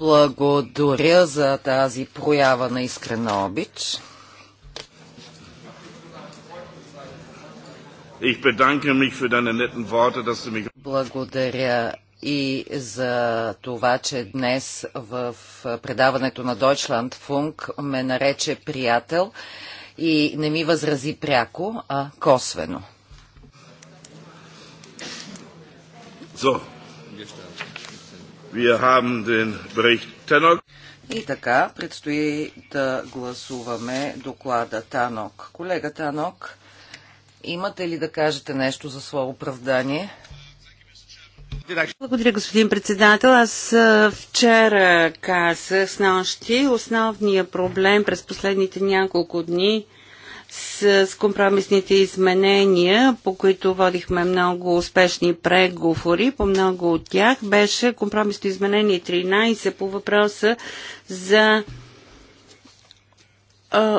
Благодаря за тази проява на искрена обич. Благодаря и за това, че днес в предаването на Deutschland Funk ме нарече приятел и не ми възрази пряко, а косвено. So. И така, предстои да гласуваме доклада Танок. Колега Танок, имате ли да кажете нещо за свое оправдание? Благодаря, господин председател. Аз вчера казах с нощи основния проблем през последните няколко дни – с, с компромисните изменения, по които водихме много успешни преговори. По много от тях беше компромисно изменение 13 по въпроса за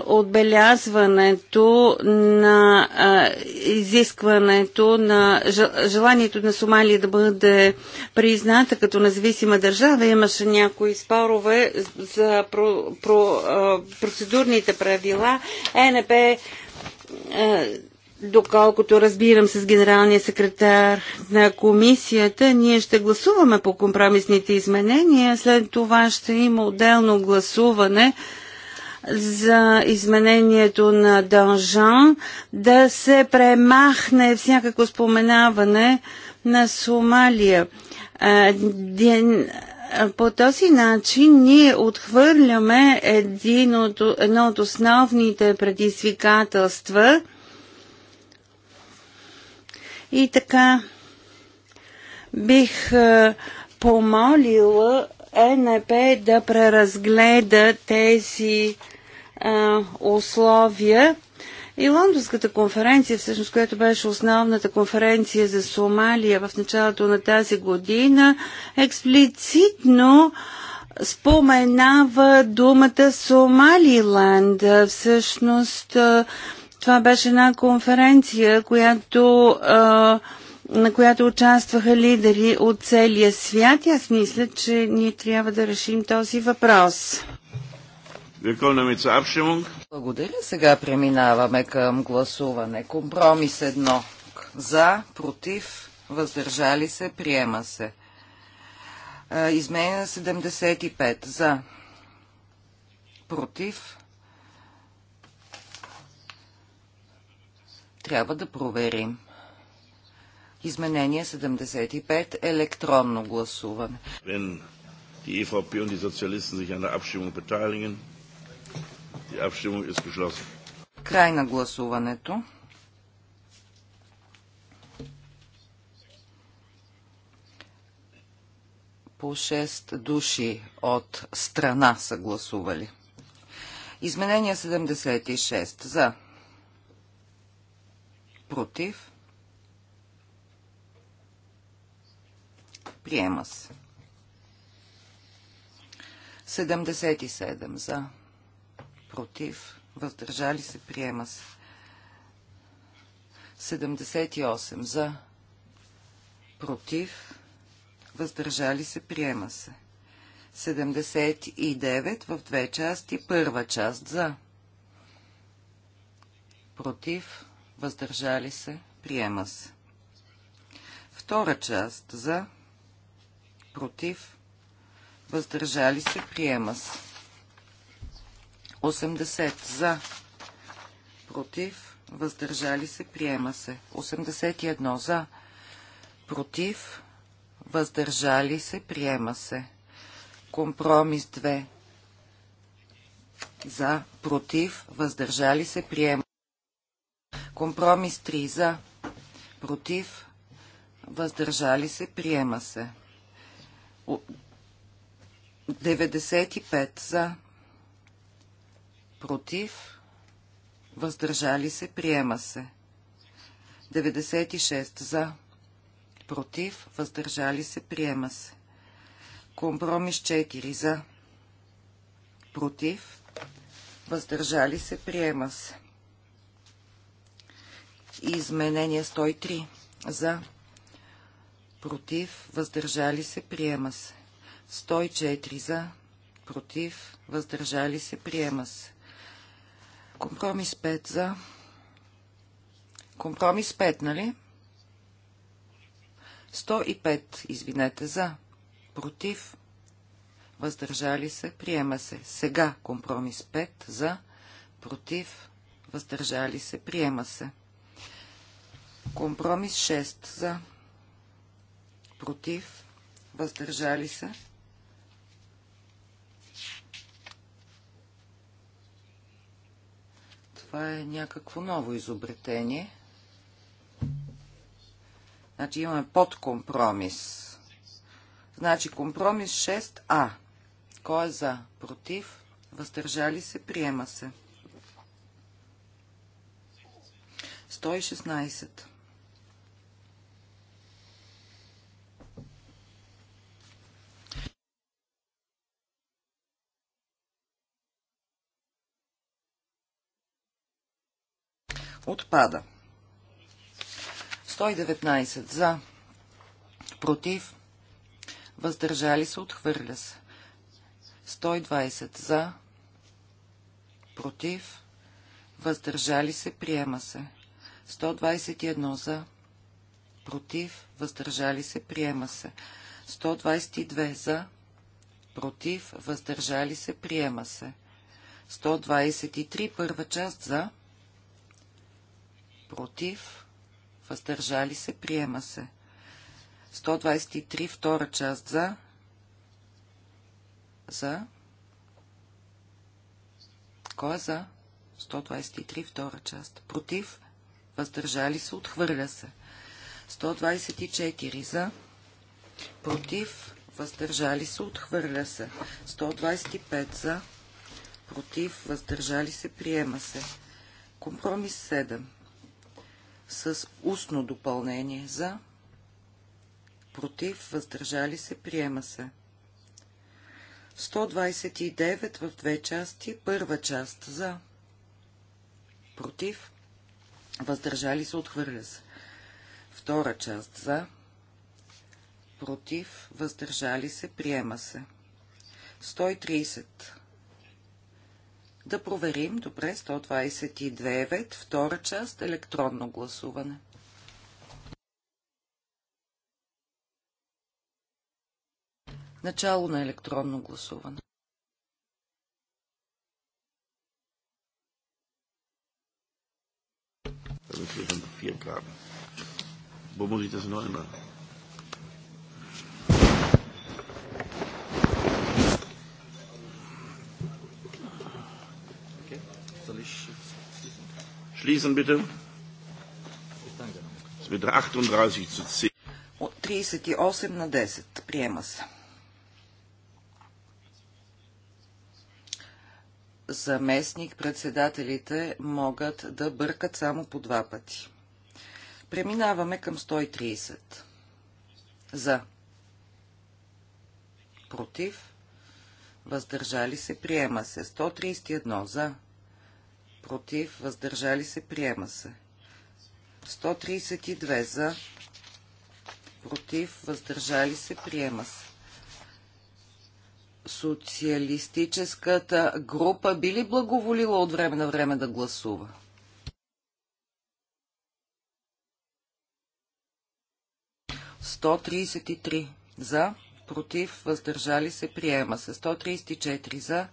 отбелязването на изискването на желанието на Сомалия да бъде призната като независима държава. Имаше някои спорове за про, про, процедурните правила. Е ЕНП Доколкото разбирам с генералния секретар на комисията, ние ще гласуваме по компромисните изменения, след това ще има отделно гласуване за изменението на Дължан да се премахне всякакво споменаване на Сомалия. По този начин ние отхвърляме един от, едно от основните предизвикателства и така бих помолила ЕНП да преразгледа тези а, условия. И Лондонската конференция, всъщност, която беше основната конференция за Сомалия в началото на тази година, експлицитно споменава думата Сомалиланд. Всъщност, това беше една конференция, която на която участваха лидери от целия свят. Аз мисля, че ние трябва да решим този въпрос. Благодаря. Сега преминаваме към гласуване. Компромис едно. За, против, въздържали се, приема се. Изменя 75. За, против. Трябва да проверим. Изменение 75. Електронно гласуване. Wenn die EVP und die Sozialisten sich an der Abstimmung beteiligen, Край на гласуването. По 6 души от страна са гласували. Изменение 76. За. Против. Приема се. 77 за против, въздържали се, приема се. 78 за, против, въздържали се, приема се. 79 в две части, първа част за, против, въздържали се, приема се. Втора част за, против, въздържали се, приема се. 80 за, против, въздържали се, приема се. 81 за, против, въздържали се, приема се. Компромис 2 за, против, въздържали се, приема. Компромис 3 за, против, въздържали се, приема се. 95 за, против, въздържали се, приема се. 96 за, против, въздържали се, приема се. Компромис 4 за, против, въздържали се, приема се. Изменение 103 за, против, въздържали се, приема се. 104 за, против, въздържали се, приема се. Компромис 5 за. Компромис 5, нали? 105, извинете, за. Против. Въздържали се. Приема се. Сега компромис 5 за. Против. Въздържали се. Приема се. Компромис 6 за. Против. Въздържали се. това е някакво ново изобретение. Значи имаме подкомпромис. Значи компромис 6А. Кой е за? Против? Въздържали се? Приема се. 116. Отпада. 119 за. Против. Въздържали се. Отхвърля се. 120 за. Против. Въздържали се. Приема се. 121 за. Против. Въздържали се. Приема се. 122 за. Против. Въздържали се. Приема се. 123 първа част за против, въздържали се, приема се. 123, втора част за, за, кой е за? 123, втора част. Против, въздържали се, отхвърля се. 124 за, против, въздържали се, отхвърля се. 125 за, против, въздържали се, приема се. Компромис 7 с устно допълнение за, против, въздържали се, приема се. 129 в две части, първа част за, против, въздържали се, отхвърля се. Втора част за, против, въздържали се, приема се. 130 да проверим. Добре, 129, втора част, електронно гласуване. Начало на електронно гласуване. Wo muss ich das neu machen? Schließen bitte. 38 38 на 10. Приема се. Заместник председателите могат да бъркат само по два пъти. Преминаваме към 130. За. Против. Въздържали се. Приема се. 131. За против, въздържали се, приема се. 132 за, против, въздържали се, приема се. Социалистическата група би ли благоволила от време на време да гласува? Сто тридесет и три за, против, въздържали се, приема се. Сто тридесет и четири за,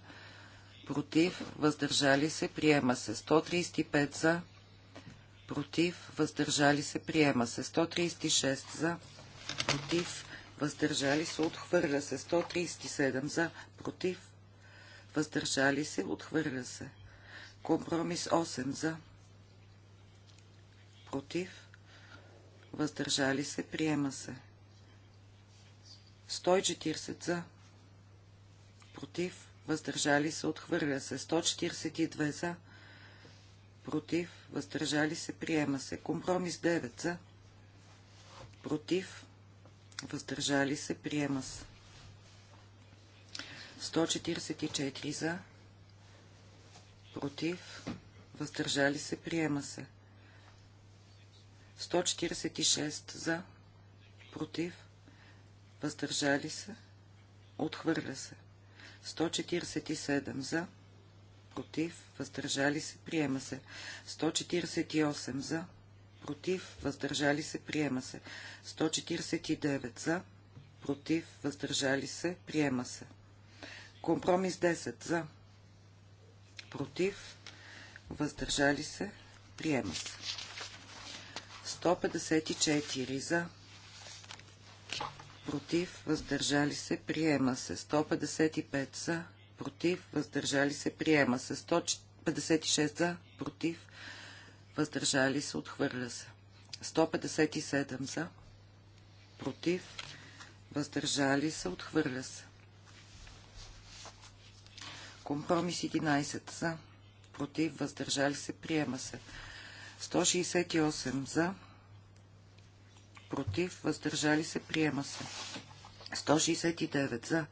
против, въздържали се, приема се. 135 за, против, въздържали се, приема се. 136 за, против, въздържали се, отхвърля се. 137 за, против, въздържали се, отхвърля се. Компромис 8 за, против, въздържали се, приема се. 140 за, против, въздържали се, отхвърля се. 142 за, против, въздържали се, приема се. Компромис 9 за, против, въздържали се, приема се. 144 за, против, въздържали се, приема се. 146 за, против, въздържали се, отхвърля се. 147 за, против, въздържали се, приема се. 148 за, против, въздържали се, приема се. 149 за, против, въздържали се, приема се. Компромис 10 за, против, въздържали се, приема се. 154 за, против, въздържали се, приема се. 155 за, против, въздържали се, приема се. 156 за, против, въздържали се, отхвърля се. 157 за, против, въздържали се, отхвърля се. Компромис 11 за, против, въздържали се, приема се. 168 за, против, въздържали се, приема се. 169 за,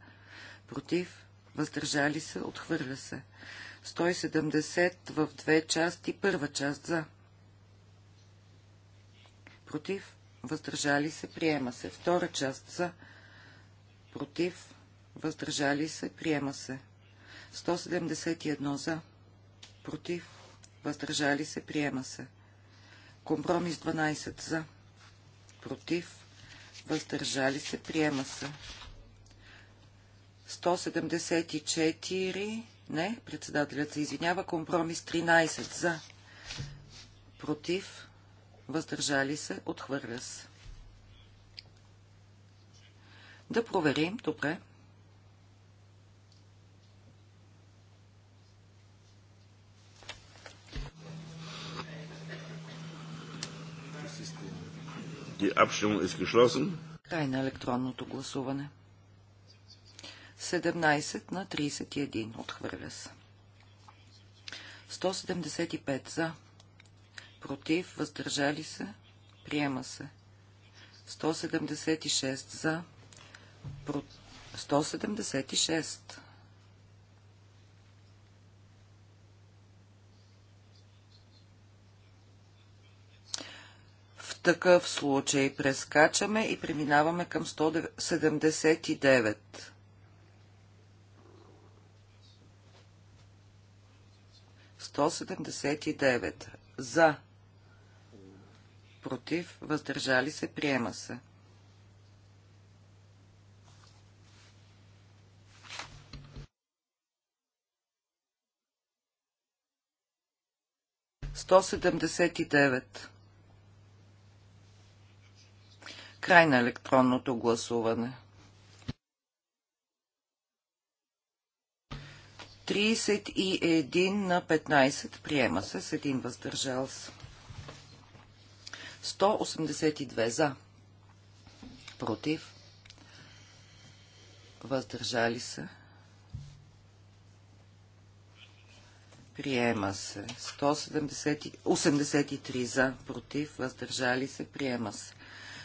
против, въздържали се, отхвърля се. 170 в две части, първа част за. Против, въздържали се, приема се. Втора част за, против, въздържали се, приема се. 171 за, против, въздържали се, приема се. Компромис 12 за, против, въздържали се, приема се. 174, не, председателят се извинява, компромис 13 за, против, въздържали се, отхвърля се. Да проверим, добре. Край на електронното гласуване. 17 на 31 отхвърля се. 175 за. Против, въздържали се, приема се. 176 за. Про... 176. такъв случай прескачаме и преминаваме към 179. Сто седемдесет и девет. За. Против. Въздържали се. Приема се. Сто седемдесет и девет. Край на електронното гласуване. 31 на 15 приема се с един въздържал се. 182 за. Против. Въздържали се. Приема се. 183 за. Против. Въздържали се. Приема се.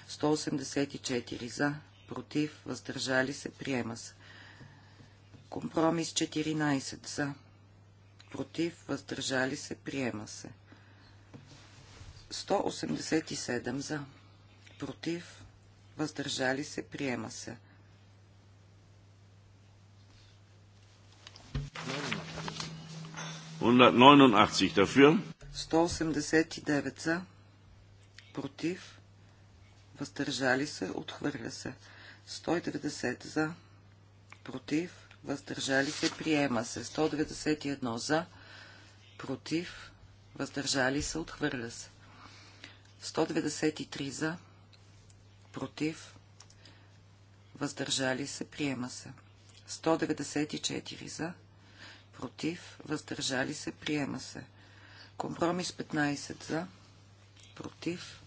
184 за, против, въздържали се, приема се. Компромис 14 за, против, въздържали се, приема се. 187 за, против, въздържали се, приема се. Dafür. 189 за, против, въздържали се, отхвърля се. 190 за, против, въздържали се, приема се. 191 за, против, въздържали се, отхвърля се. 193 за, против, въздържали се, приема се. 194 за, против, въздържали се, приема се. Компромис 15 за, против,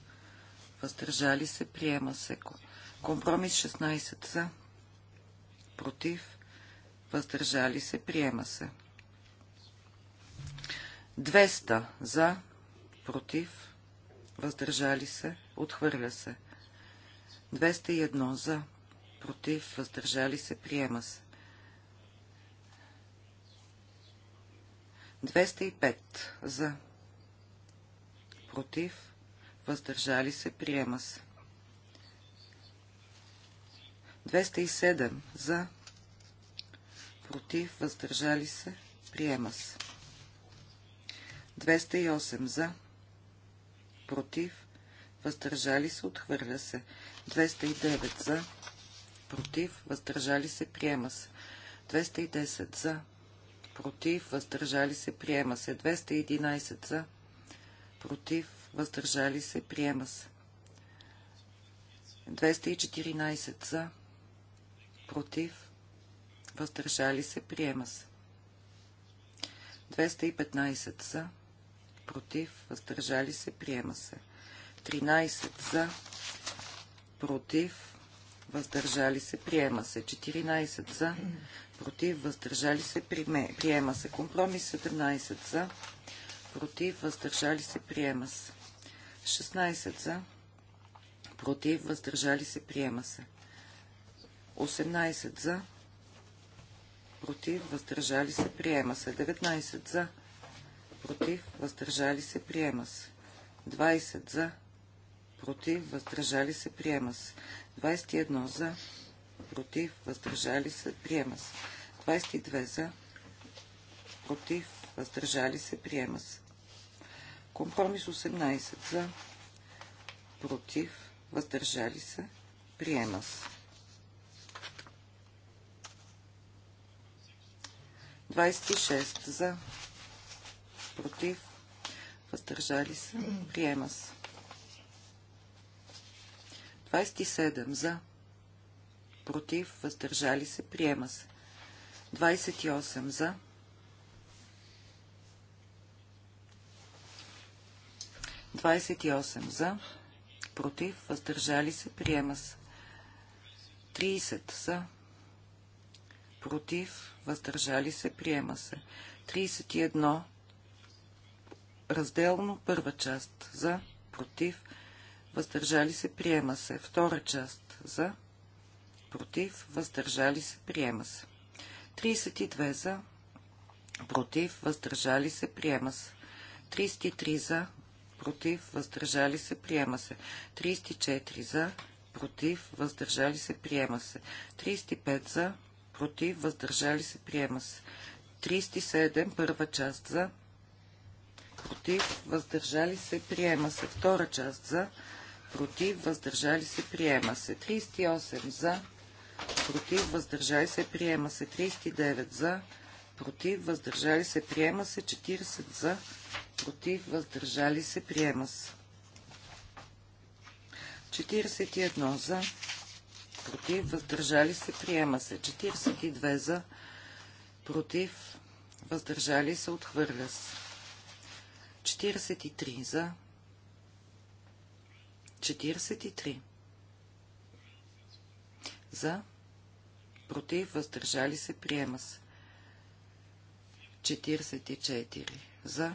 въздържали се, приема се. Компромис 16 за, против, въздържали се, приема се. 200 за, против, въздържали се, отхвърля се. 201 за, против, въздържали се, приема се. 205 за, против, въздържали се, приема се. 207 за, против, въздържали се, приема се. 208 за, против, въздържали се, отхвърля се. 209 за, против, въздържали се, приема се. 210 за, против, въздържали се, приема се. 211 за, против, въздържали се, приема се. 214 за, против, въздържали се, приема се. 215 за, против, въздържали се, приема се. 13 за, против, въздържали се, приема се. 14 за, против, въздържали се, приема се. Компромис 17 за, против, въздържали се, приема се. 16 за, против, въздържали се, приема се. 18 за, против, въздържали се, приема се. 19 за, против, въздържали се, приема се. 20 за, против, въздържали се, приема се. 21 за, против, въздържали се, приема се. 22 за, против, въздържали се, приема се. Компромис 18 за, против, въздържали се, приема се. 26 за, против, въздържали се, приема се. 27 за, против, въздържали се, приема се. 28 за, 28 за, против, въздържали се, приема се. 30 за, против, въздържали се, приема се. 31 разделно, първа част за, против, въздържали се, приема се. Втора част за, против, въздържали се, приема се. 32 за, против, въздържали се, приема се. 33 за, против, въздържали се, приема се. 34 за, против, въздържали се, приема се. 35 за, против, въздържали се, приема се. 37, първа част за, против, въздържали се, приема се. Втора част за, против, въздържали се, приема се. 38 за, против, въздържали се, приема се. 39 за, против, въздържали се, приема се. 40 за, против, въздържали се, приема се. 41 за, против, въздържали се, приема се. 42 за, против, въздържали се, отхвърля се. 43 за, 43 за, против, въздържали се, приема се. 44 за,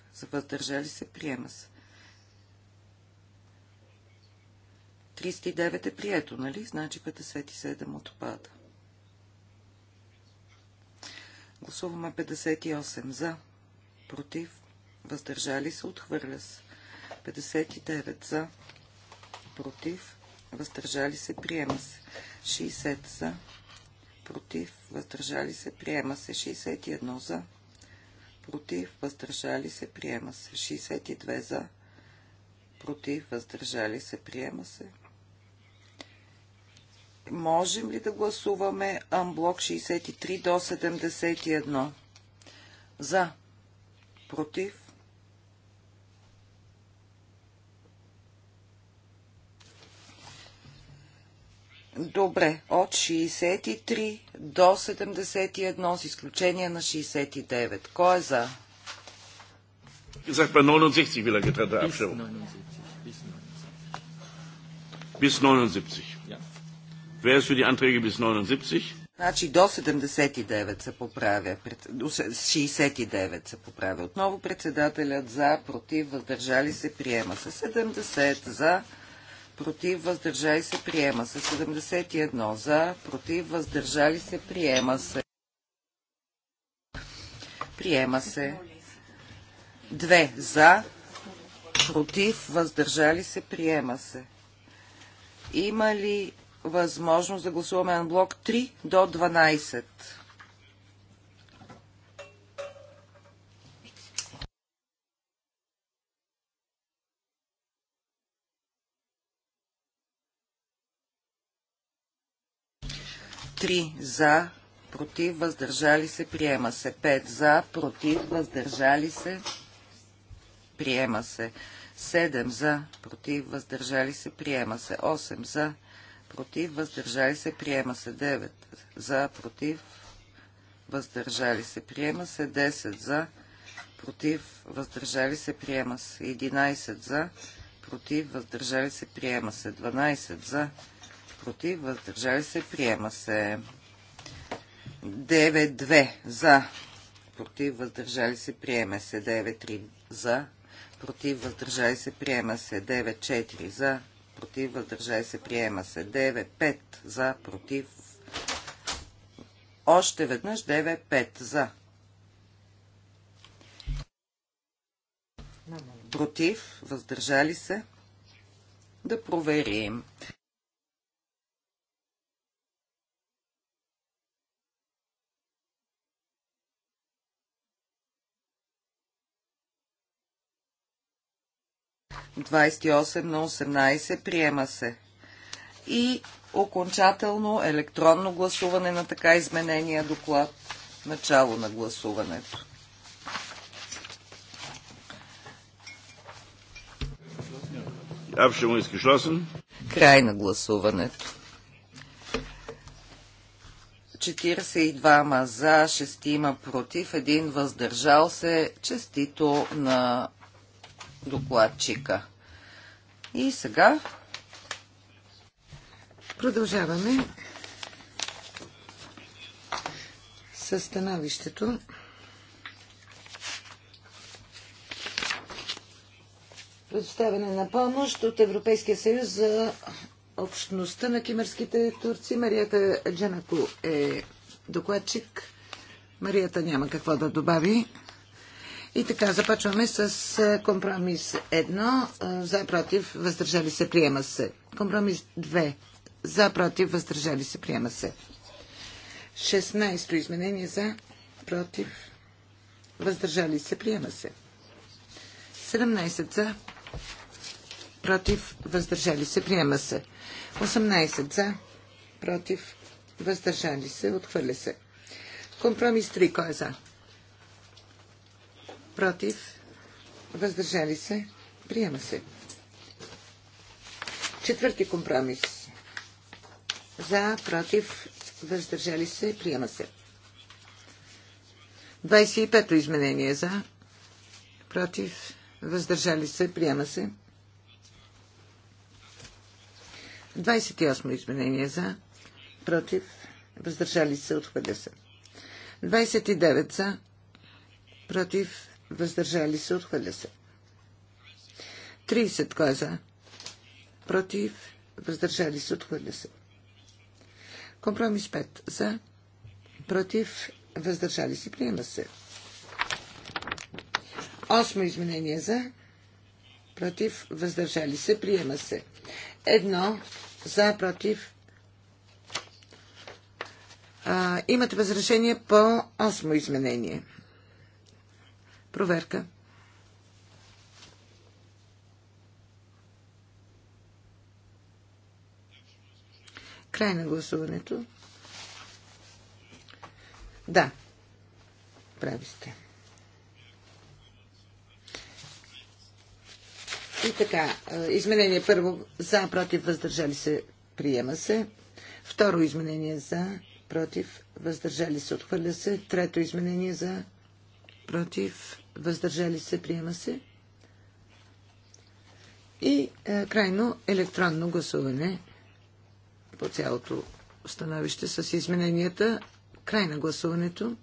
за въздържали се, приема се. 309 е прието, нали? Значи 57 отпада. Гласуваме 58 за, против, въздържали се, отхвърля се. 59 за, против, въздържали се, приема се. 60 за, против, въздържали се, приема се. 61 за, против, въздържали се, приема се. 62 за, против, въздържали се, приема се. Можем ли да гласуваме амблок 63 до 71? За, против, Добре, от 63 до 71 с изключение на 69. Кой е за? Gesagt, бе 69 will er getrennte Abstimmung. Бис 79. Вие ist ди антреги бис 79? Значи до 79 се поправя. 69 се поправя. Отново председателят за, против, въздържали се, приема се. 70 за, против, въздържали се, приема се. 71 за, против, въздържали се, приема се. Приема се. 2 за, против, въздържали се, приема се. Има ли възможност да гласуваме на блок 3 до 12? 3 за, против, въздържали се, приема се. 5 за, против, въздържали се, приема се. 7 за, против, въздържали се, приема се. 8 за, против, въздържали се, приема се. 9 за, против, въздържали се, приема се. 10 за, против, въздържали се, приема се. 11 за, против, въздържали се, приема се. 12 за, против, против, въздържали се, приема се. 9-2 за, против, въздържали се, приема се. 9-3 за, против, въздържали се, приема се. 9-4 за, против, въздържали се, приема се. 9-5 за, против. Още веднъж 9-5 за. Против, въздържали се. Да проверим. 28 на 18. Приема се. И окончателно електронно гласуване на така изменения доклад. Начало на гласуването. Край на гласуването. 42 за, 6 против, 1 въздържал се. Честито на докладчика. И сега продължаваме с становището. Предоставяне на помощ от Европейския съюз за общността на кимерските турци. Марията Джанако е докладчик. Марията няма какво да добави. И така, започваме с е, компромис 1. Е, за, против, въздържали се, приема се. Компромис 2. За, против, въздържали се, приема се. 16-то изменение за, против, въздържали се, приема се. 17 за, против, въздържали се, приема се. 18 за, против, въздържали се, отхвърля се. Компромис 3, кой е за? против, въздържали се, приема се. Четвърти компромис. За, против, въздържали се, приема се. 25-то изменение за, против, въздържали се, приема се. 28 изменение за, против, въздържали се, отхвърля се. 29 за, против, въздържали се, отхвърля се. 30 кой е за? Против, въздържали се, отхвърля се. Компромис 5 за, против, въздържали се, приема се. Осмо изменение за, против, въздържали се, приема се. Едно за, против. А, имате възражение по осмо изменение. Проверка. Край на гласуването. Да. Прави сте. И така, изменение първо за, против, въздържали се, приема се. Второ изменение за, против, въздържали се, отхвърля се. Трето изменение за, против, въздържали се, приема се. И е, крайно електронно гласуване по цялото становище с измененията. Край на гласуването.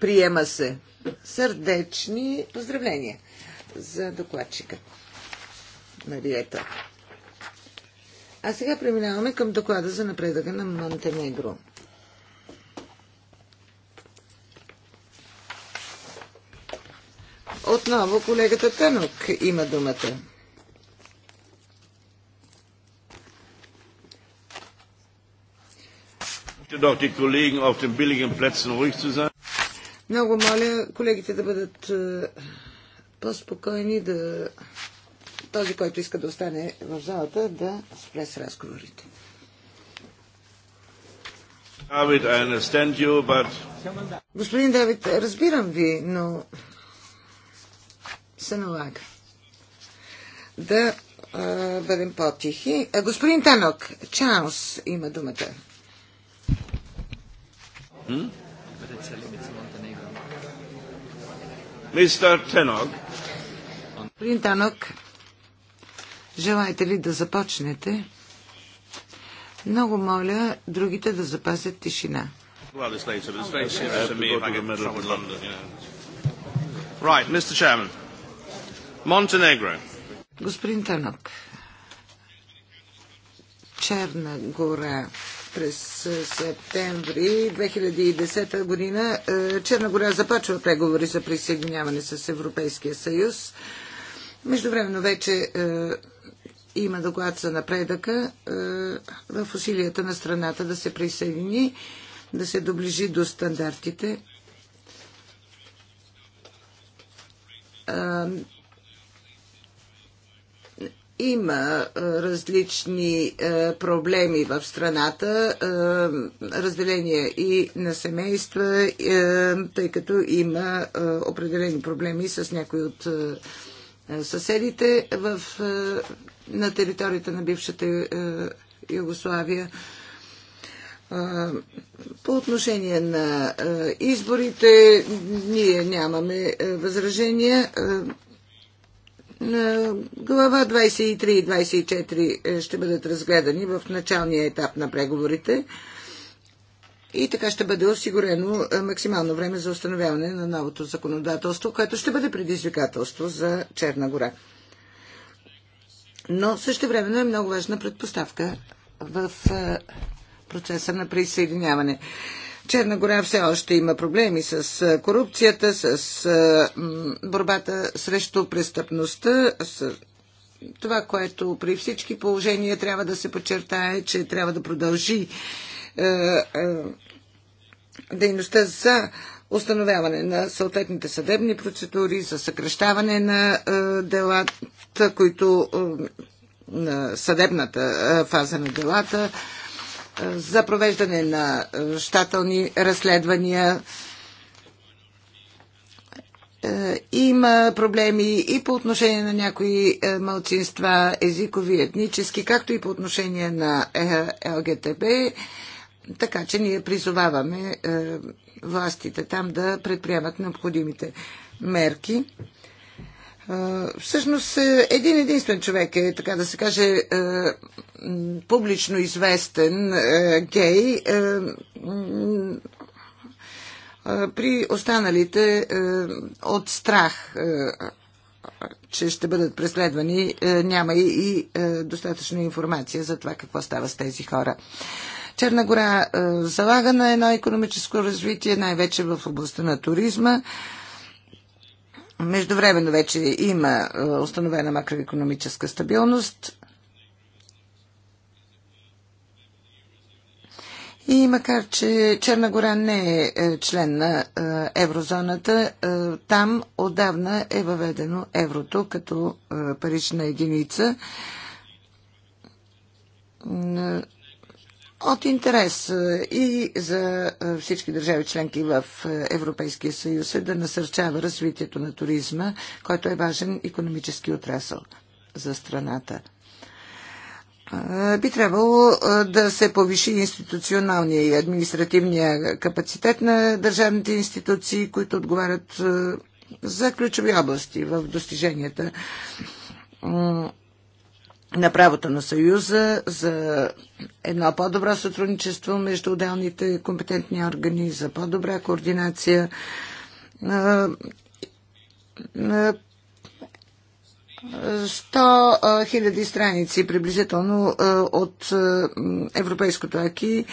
Приема се. Сърдечни поздравления за докладчика. Мариета. А сега преминаваме към доклада за напредъка на Монтенегро. Отново колегата Тънок има думата. Много моля колегите да бъдат е, по-спокойни, да този, който иска да остане в залата, да спре с разговорите. David, I understand you, but... Господин Давид, разбирам ви, но се налага да а, бъдем по-тихи. господин Танок, Чаус има думата. Мистер Господин Танок. Желаете ли да започнете? Много моля другите да запазят тишина. Господин Танок, Черна гора през септември 2010 година е, Черна гора започва преговори за присъединяване с Европейския съюз. Междувременно вече е, има доклад за напредъка е, в усилията на страната да се присъедини, да се доближи до стандартите. Е, има е, различни проблеми в страната, разделение и на семейства, тъй като има определени проблеми с някои от съседите в на територията на бившата е, Югославия. По отношение на изборите, ние нямаме е, възражения. Глава 23 и 24 е, ще бъдат разгледани в началния етап на преговорите и така ще бъде осигурено максимално време за установяване на новото законодателство, което ще бъде предизвикателство за Черна гора но също времено е много важна предпоставка в е, процеса на присъединяване. Черна гора все още има проблеми с е, корупцията, с е, борбата срещу престъпността, с това, което при всички положения трябва да се подчертае, че трябва да продължи дейността за установяване на съответните съдебни процедури, за съкрещаване на е, делата, които е, на съдебната е, фаза на делата, за провеждане на щателни разследвания. Има проблеми и по отношение на някои малцинства, езикови, етнически, както и по отношение на ЛГТБ. Така че ние призоваваме властите там да предприемат необходимите мерки. Всъщност е, един единствен човек е, така да се каже, е, публично известен е, гей. При останалите от страх, че ще бъдат преследвани, няма и достатъчно информация за това какво става с тези хора. Черна гора е, залага на едно економическо развитие, най-вече в областта на туризма. Междувременно вече има е, установена макроекономическа стабилност. И макар, че Черна гора не е, е член на еврозоната, там отдавна е въведено еврото като парична единица от интерес е, и за е, всички държави членки в е, Европейския съюз е да насърчава развитието на туризма, който е важен економически отрасъл за страната. Би трябвало да се повиши институционалния и административния капацитет на държавните институции, които отговарят за ключови области в достиженията на правото на Съюза за едно по-добро сътрудничество между отделните компетентни органи, за по-добра координация. Сто хиляди страници приблизително от Европейското АКИ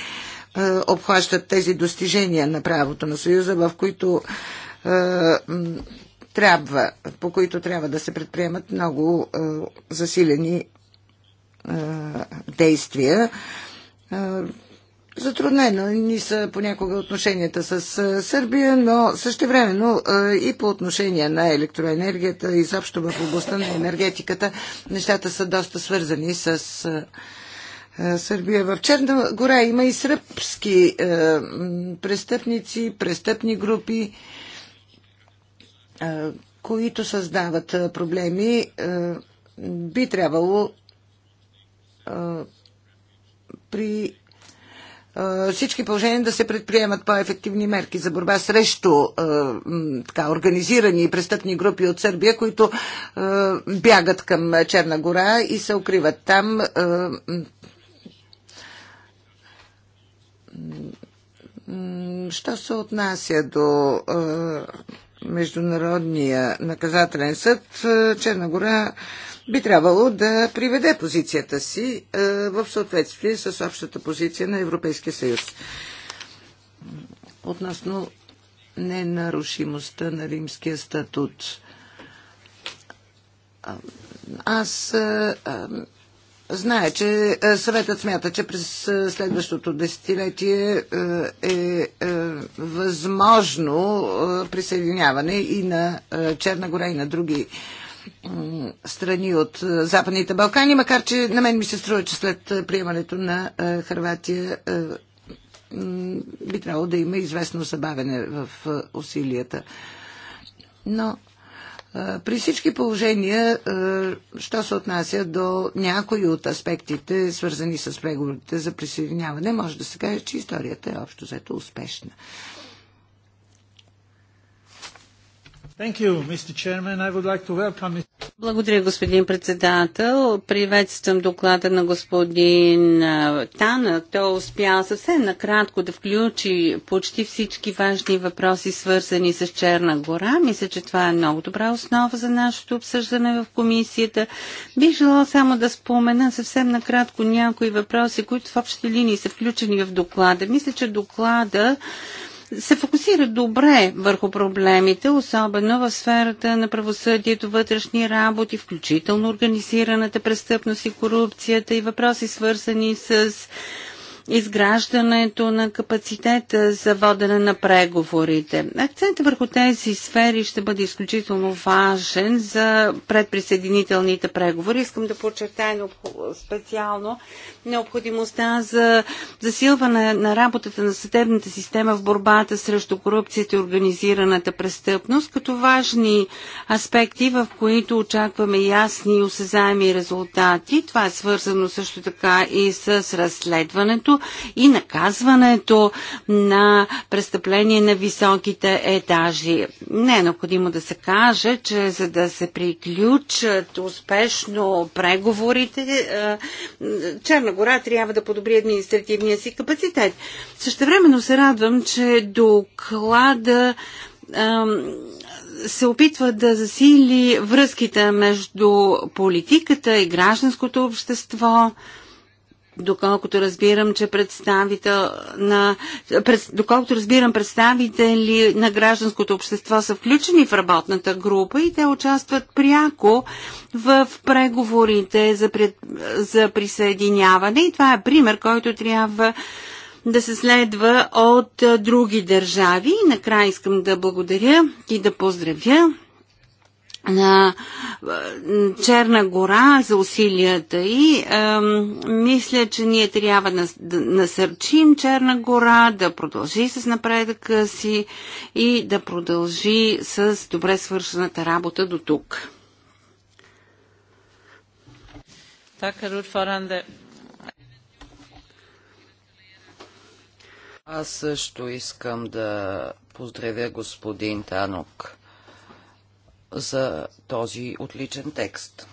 обхващат тези достижения на правото на Съюза, в които трябва, по които трябва да се предприемат много засилени действия. Затруднено ни са понякога отношенията с Сърбия, но същевременно и по отношение на електроенергията, изобщо в областта на енергетиката, нещата са доста свързани с Сърбия. В Черна гора има и сръбски престъпници, престъпни групи, които създават проблеми. Би трябвало при всички положения да се предприемат по-ефективни мерки за борба срещу така, организирани и престъпни групи от Сърбия, които бягат към Черна гора и се укриват там. Що се отнася до Международния наказателен съд, Черна гора би трябвало да приведе позицията си е, в съответствие с общата позиция на Европейския съюз. Относно ненарушимостта на римския статут. Аз е, е, Знае, че съветът смята, че през следващото десетилетие е възможно присъединяване и на Черна гора и на други страни от е, Западните Балкани, макар че на мен ми се струва, че след е, приемането на е, Харватия би трябвало да има известно забавене в усилията. Но при всички положения, що се отнася до някои от аспектите, свързани с преговорите за присъединяване, може да се каже, че историята е общо взето успешна. Благодаря, господин председател. Приветствам доклада на господин Тана. Той успя съвсем накратко да включи почти всички важни въпроси, свързани с Черна гора. Мисля, че това е много добра основа за нашето обсъждане в комисията. Бих желала само да спомена съвсем накратко някои въпроси, които в общи линии са включени в доклада. Мисля, че доклада се фокусира добре върху проблемите, особено в сферата на правосъдието, вътрешни работи, включително организираната престъпност и корупцията и въпроси свързани с изграждането на капацитета за водене на преговорите. Акцентът върху тези сфери ще бъде изключително важен за предприсъединителните преговори. Искам да подчертая специално необходимостта за засилване на работата на съдебната система в борбата срещу корупцията и организираната престъпност, като важни аспекти, в които очакваме ясни и осезаеми резултати. Това е свързано също така и с разследването и наказването на престъпление на високите етажи. Не е необходимо да се каже, че за да се приключат успешно преговорите, е, Черна гора трябва да подобри административния си капацитет. времено се радвам, че доклада се опитва да засили връзките между политиката и гражданското общество доколкото разбирам, че представител на, пред, доколкото разбирам, представители на гражданското общество са включени в работната група и те участват пряко в преговорите за, пред, за присъединяване. И това е пример, който трябва да се следва от други държави. И накрая искам да благодаря и да поздравя на Черна гора за усилията и е, мисля, че ние трябва да насърчим Черна гора да продължи с напредъка си и да продължи с добре свършената работа до тук. Аз също искам да поздравя господин Танок за този отличен текст.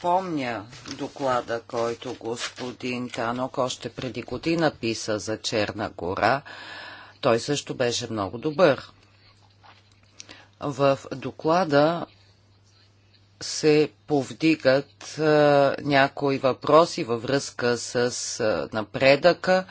Помня доклада, който господин Танок още преди година писа за Черна гора. Той също беше много добър. В доклада се повдигат а, някои въпроси във връзка с а, напредъка,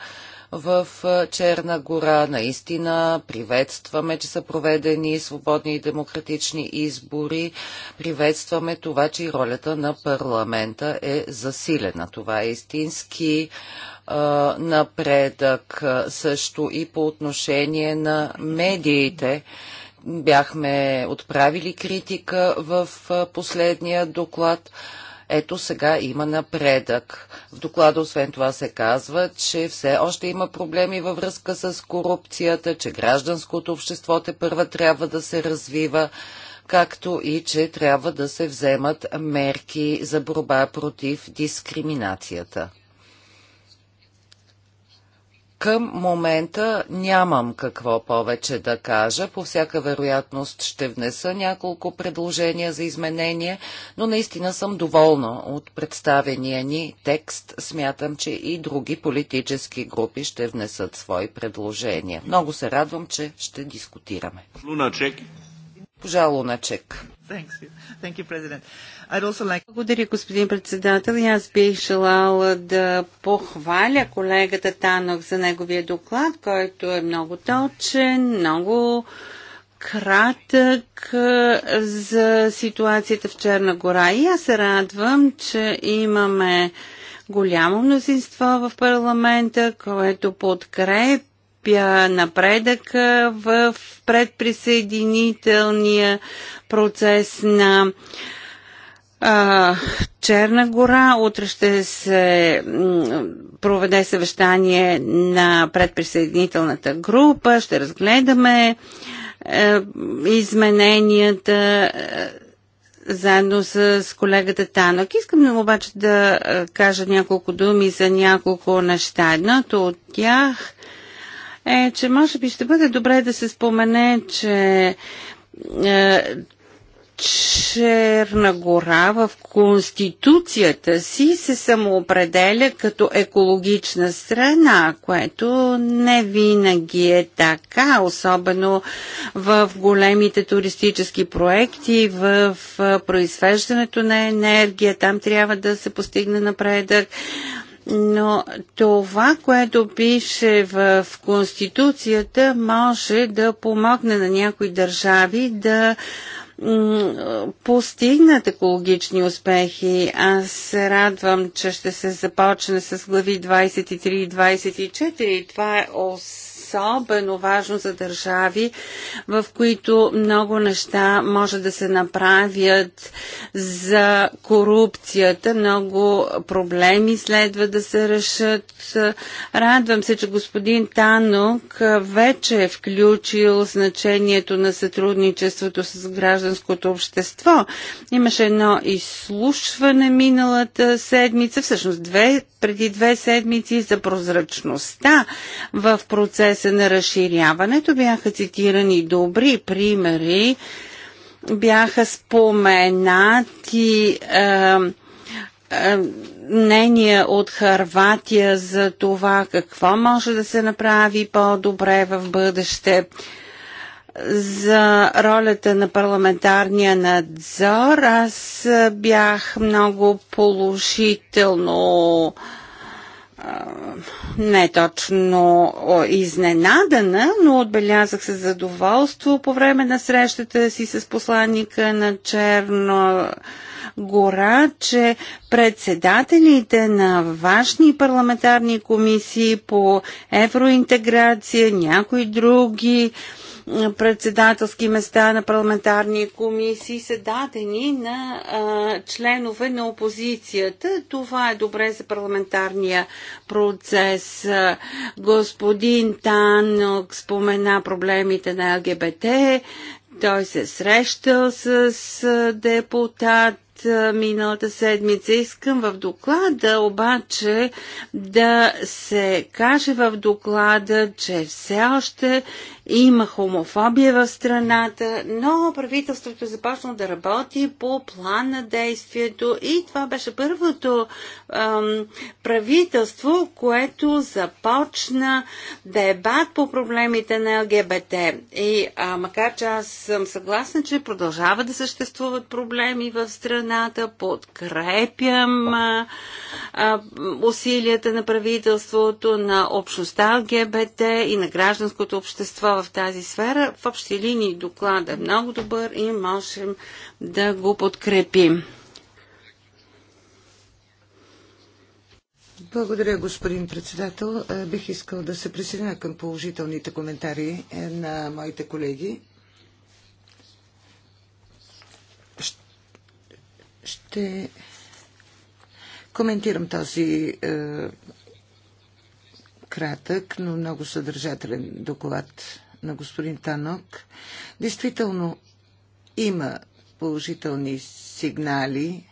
в Черна гора. Наистина приветстваме, че са проведени свободни и демократични избори. Приветстваме това, че и ролята на парламента е засилена. Това е истински напредък също и по отношение на медиите. Бяхме отправили критика в последния доклад. Ето сега има напредък. В доклада освен това се казва, че все още има проблеми във връзка с корупцията, че гражданското общество те първа трябва да се развива както и че трябва да се вземат мерки за борба против дискриминацията. Към момента нямам какво повече да кажа. По всяка вероятност ще внеса няколко предложения за изменение, но наистина съм доволна от представения ни текст. Смятам, че и други политически групи ще внесат свои предложения. Много се радвам, че ще дискутираме. Луначек. Пожалуй, Луначек. Благодаря, господин председател. И аз бих желала да похваля колегата Танок за неговия доклад, който е много точен, много кратък е, за ситуацията в Черна гора. И аз се радвам, че имаме голямо мнозинство в парламента, което подкрепя подкрепя напредъка в предприсъединителния процес на а, Черна гора. Утре ще се проведе съвещание на предприсъединителната група. Ще разгледаме е, измененията е, заедно с колегата Танок. Искам обаче да е, кажа няколко думи за няколко неща. Едното от тях – е, че може би ще бъде добре да се спомене, че е, Черна гора в конституцията си се самоопределя като екологична страна, което не винаги е така, особено в големите туристически проекти, в е, произвеждането на енергия, там трябва да се постигне напредък но това, което пише в Конституцията, може да помогне на някои държави да постигнат екологични успехи. Аз се радвам, че ще се започне с глави 23 и 24. Това е ос особено важно за държави, в които много неща може да се направят за корупцията. Много проблеми следва да се решат. Радвам се, че господин Танок вече е включил значението на сътрудничеството с гражданското общество. Имаше едно изслушване миналата седмица, всъщност две, преди две седмици за прозрачността в процеса процеса на разширяването. Бяха цитирани добри примери, бяха споменати е, е, мнения от Харватия за това какво може да се направи по-добре в бъдеще за ролята на парламентарния надзор. Аз бях много положително Е, не точно изненадана, но отбелязах се задоволство по време на срещата си с посланника на Черно гора, че председателите на важни парламентарни комисии по евроинтеграция, някои други председателски места на парламентарни комисии са дадени на а, членове на опозицията. Това е добре за парламентарния процес. Господин Танок спомена проблемите на ЛГБТ. Той се срещал с депутат миналата седмица. Искам в доклада обаче да се каже в доклада, че все още има хомофобия в страната, но правителството започна да работи по план на действието и това беше първото ам, правителство, което започна дебат по проблемите на ЛГБТ. И а, макар че аз съм съгласна, че продължава да съществуват проблеми в страната, подкрепям а, а, усилията на правителството, на общността ЛГБТ и на гражданското общество в тази сфера. В общи линии доклада е много добър и можем да го подкрепим. Благодаря, господин председател. Е, бих искал да се присъединя към положителните коментари е, на моите колеги. Ще коментирам този е, кратък, но много съдържателен доклад на господин Танок. Действително има положителни сигнали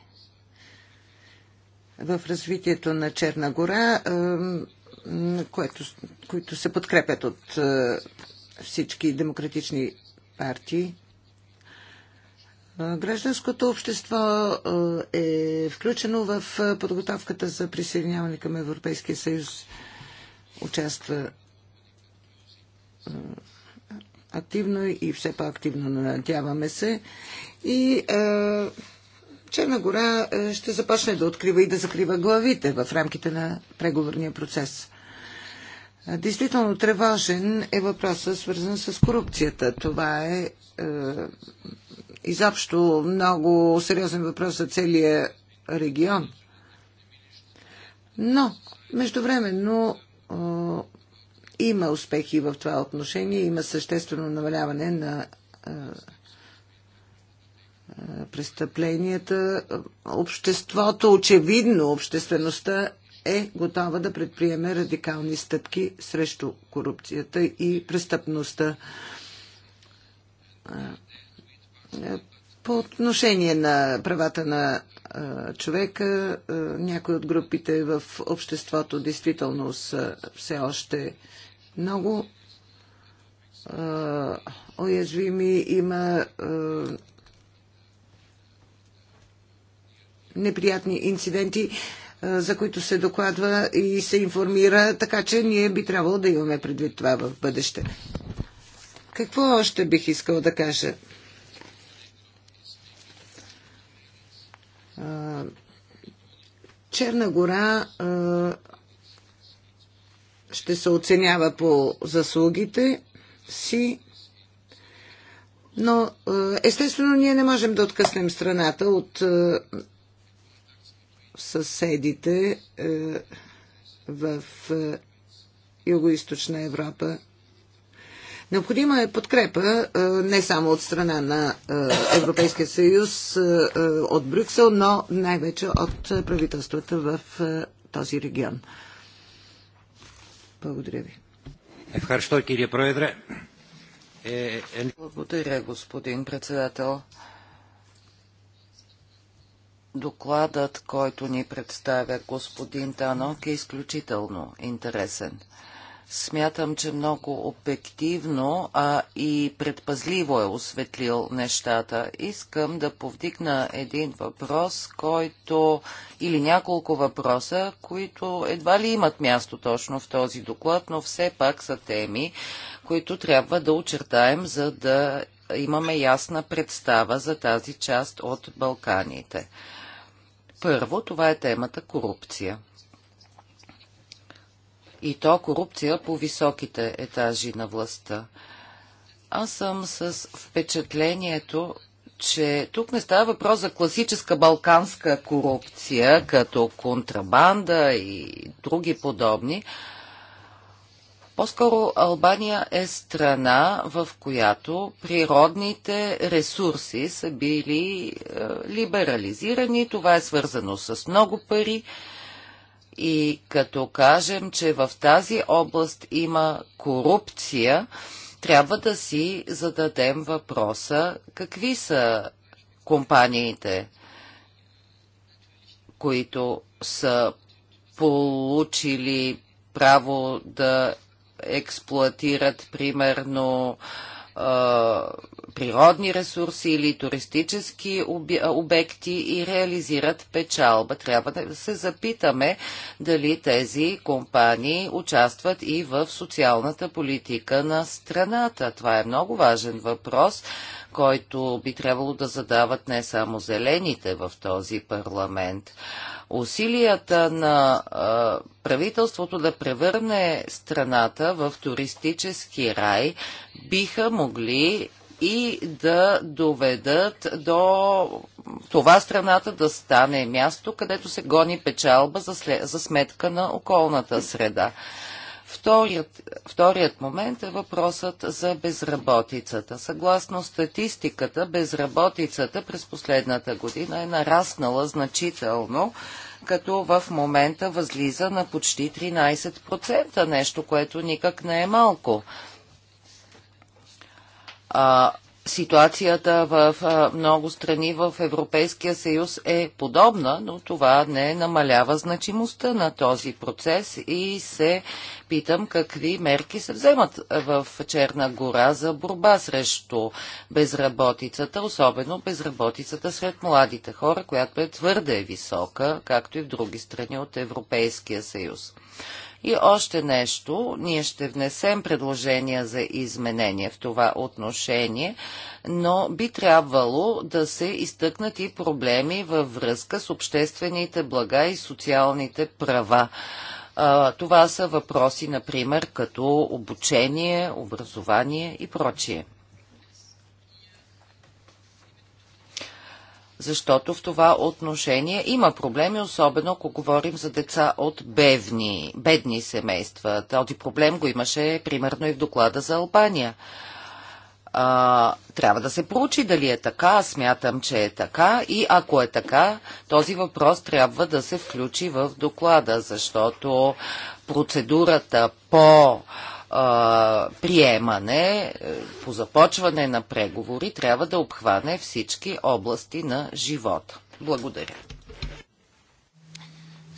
в развитието на Черна гора, което, които се подкрепят от е, всички демократични партии. Е, гражданското общество е, е включено в подготовката за присъединяване към Европейския съюз. Участва активно и все по-активно надяваме се. И е, Черна гора ще започне да открива и да закрива главите в рамките на преговорния процес. Действително тревожен е въпросът, свързан с корупцията. Това е, е изобщо много сериозен въпрос за целия регион. Но, междувременно, има успехи в това отношение, има съществено намаляване на престъпленията. Обществото, очевидно, обществеността е готова да предприеме радикални стъпки срещу корупцията и престъпността. По отношение на правата на човека, някои от групите в обществото действително са все още много а, уязвими, има а, неприятни инциденти, а, за които се докладва и се информира, така че ние би трябвало да имаме предвид това в бъдеще. Какво още бих искал да кажа? Черна гора ще се оценява по заслугите си. Но е, естествено ние не можем да откъснем страната от е, съседите е, в Юго-Источна Европа. Необходима е подкрепа не само от страна на Европейския съюз, от Брюксел, но най-вече от правителствата в този регион. Благодаря ви. Е, е, е. Благодаря, господин председател. Докладът, който ни представя господин Танок, е изключително интересен смятам, че много обективно а и предпазливо е осветлил нещата. Искам да повдигна един въпрос, който или няколко въпроса, които едва ли имат място точно в този доклад, но все пак са теми, които трябва да очертаем, за да имаме ясна представа за тази част от Балканите. Първо, това е темата корупция и то корупция по високите етажи на властта. Аз съм с впечатлението, че тук не става въпрос за класическа балканска корупция, като контрабанда и други подобни. По-скоро Албания е страна, в която природните ресурси са били е, либерализирани. Това е свързано с много пари, и като кажем, че в тази област има корупция, трябва да си зададем въпроса какви са компаниите, които са получили право да експлуатират примерно природни ресурси или туристически обекти и реализират печалба. Трябва да се запитаме дали тези компании участват и в социалната политика на страната. Това е много важен въпрос, който би трябвало да задават не само зелените в този парламент. Усилията на а, правителството да превърне страната в туристически рай биха могли и да доведат до това страната да стане място, където се гони печалба за, след, за сметка на околната среда. Вторият, вторият момент е въпросът за безработицата. Съгласно статистиката, безработицата през последната година е нараснала значително, като в момента възлиза на почти 13%, нещо, което никак не е малко. А, ситуацията в много страни в Европейския съюз е подобна, но това не намалява значимостта на този процес и се питам какви мерки се вземат в Черна гора за борба срещу безработицата, особено безработицата сред младите хора, която е твърде висока, както и в други страни от Европейския съюз. И още нещо, ние ще внесем предложения за изменение в това отношение, но би трябвало да се изтъкнат и проблеми във връзка с обществените блага и социалните права. Това са въпроси, например, като обучение, образование и прочие. защото в това отношение има проблеми, особено ако говорим за деца от бедни, бедни семейства. Този проблем го имаше примерно и в доклада за Албания. А, трябва да се проучи дали е така, аз смятам, че е така и ако е така, този въпрос трябва да се включи в доклада, защото процедурата по а, а, приемане, е, по започване на преговори, трябва да обхване всички области на живота. Благодаря.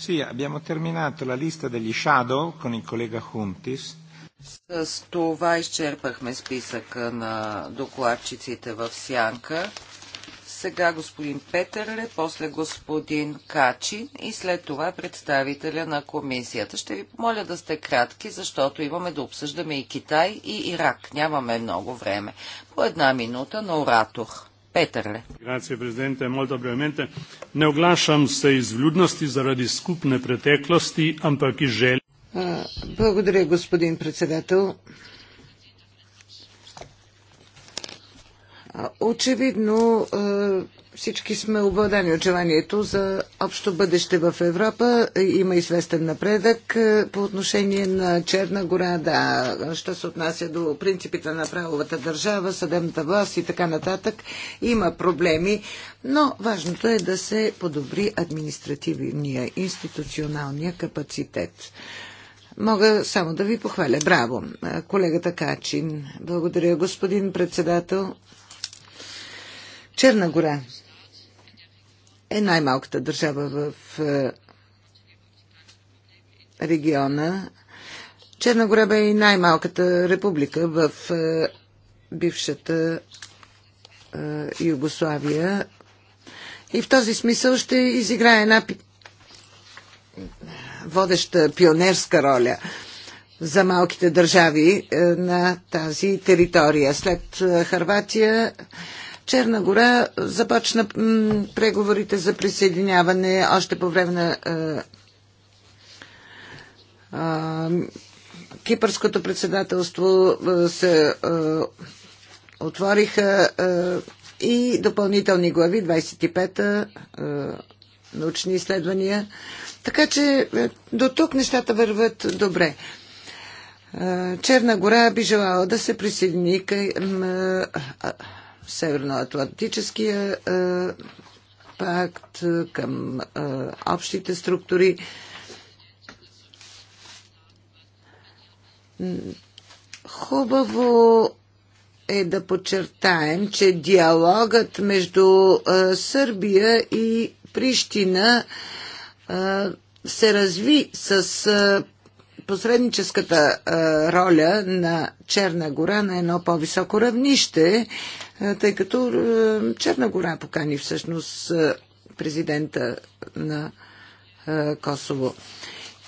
Sì, abbiamo terminato la lista degli shadow con il collega Huntis. С това изчерпахме списъка на докладчиците в Сянка. Сега господин Петърле, после господин Качин и след това представителя на комисията. Ще ви помоля да сте кратки, защото имаме да обсъждаме и Китай и Ирак. Нямаме много време. По една минута на оратор. Петърле. Грация, президенте, молто бревменте. Не оглашам се из влюдности заради скупне претеклости, ампак и жели. Благодаря, господин председател. Очевидно всички сме обладани от желанието за общо бъдеще в Европа. Има известен напредък по отношение на Черна гора, да, що се отнася до принципите на правовата държава, съдебната власт и така нататък. Има проблеми, но важното е да се подобри административния, институционалния капацитет. Мога само да ви похваля. Браво! Колегата Качин. Благодаря, господин председател. Черна гора е най-малката държава в е, региона. Черна гора бе и най-малката република в е, бившата е, Югославия. И в този смисъл ще изиграе една водеща пионерска роля за малките държави на тази територия. След Харватия Черна гора започна преговорите за присъединяване още по време на е, кипърското председателство е, се е, отвориха и допълнителни глави, 25-та, научни изследвания. Така че до тук нещата върват добре. Черна гора би желала да се присъедини към Северноатлантическия е, пакт, е, към е, общите структури. Хубаво е да подчертаем, че диалогът между Сърбия и Прищина се разви с посредническата роля на Черна гора на едно по-високо равнище, тъй като Черна гора покани всъщност президента на Косово.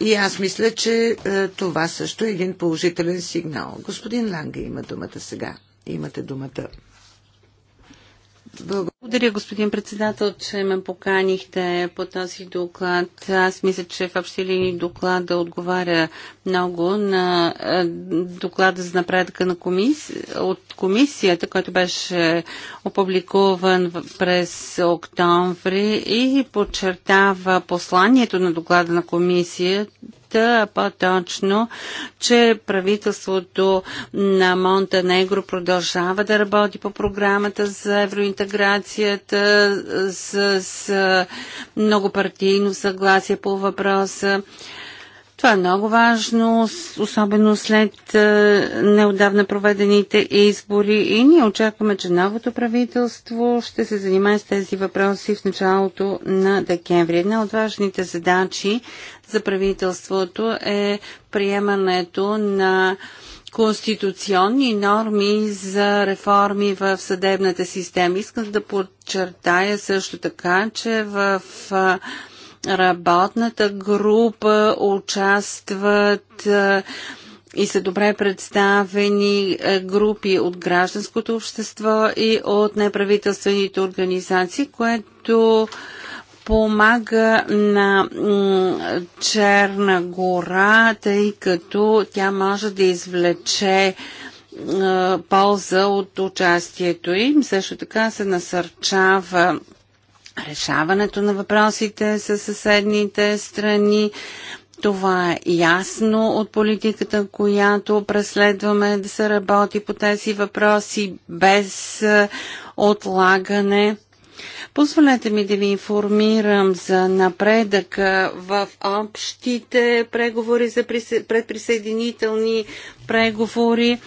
И аз мисля, че това също е един положителен сигнал. Господин Ланга има думата сега. Имате думата. Благодаря, господин председател, че ме поканихте по този доклад. Аз мисля, че в общи линии доклада отговаря много на е, доклада за напредъка на комисия, от комисията, който беше опубликуван през октомври и подчертава посланието на доклада на комисията а по-точно, че правителството на Монтенегро продължава да работи по програмата за евроинтеграцията с, с многопартийно съгласие по въпроса. Това е много важно, особено след е, неодавна проведените избори и ние очакваме, че новото правителство ще се занимае с тези въпроси в началото на декември. Една от важните задачи за правителството е приемането на конституционни норми за реформи в съдебната система. Искам да подчертая също така, че в е, работната група участват и са добре представени групи от гражданското общество и от неправителствените организации, което помага на Черна гора, тъй като тя може да извлече полза от участието им. Също така се насърчава решаването на въпросите с съседните страни. Това е ясно от политиката, която преследваме да се работи по тези въпроси без е, отлагане. Позволете ми да ви информирам за напредъка в общите преговори за предприсъединителни преговори. Е,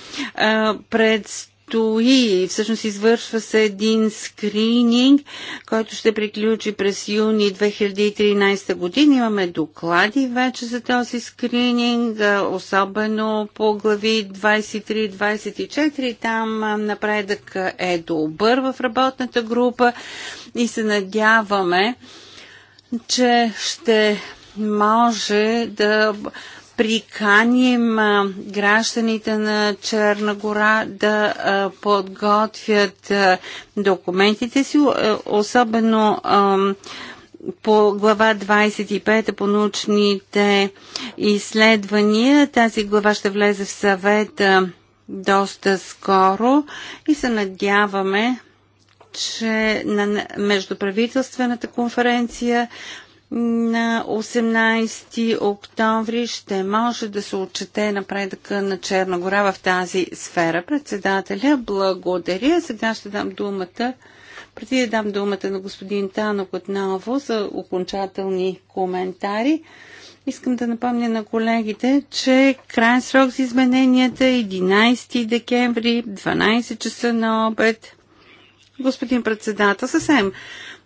пред предстои, всъщност извършва се един скрининг, който ще приключи през юни 2013 година. Имаме доклади вече за този скрининг, особено по глави 23-24. Там напредък е добър в работната група и се надяваме, че ще може да приканим гражданите на Черна гора да подготвят документите си, е, особено по глава 25 по научните изследвания. Тази глава ще влезе в съвета доста скоро и се надяваме, че на междуправителствената конференция на 18 октомври ще може да се отчете напредъка на Черна гора в тази сфера. Председателя, благодаря. Сега ще дам думата, преди да дам думата на господин Танок отново за окончателни коментари. Искам да напомня на колегите, че крайен срок за измененията е 11 декември, 12 часа на обед. Господин председател, съвсем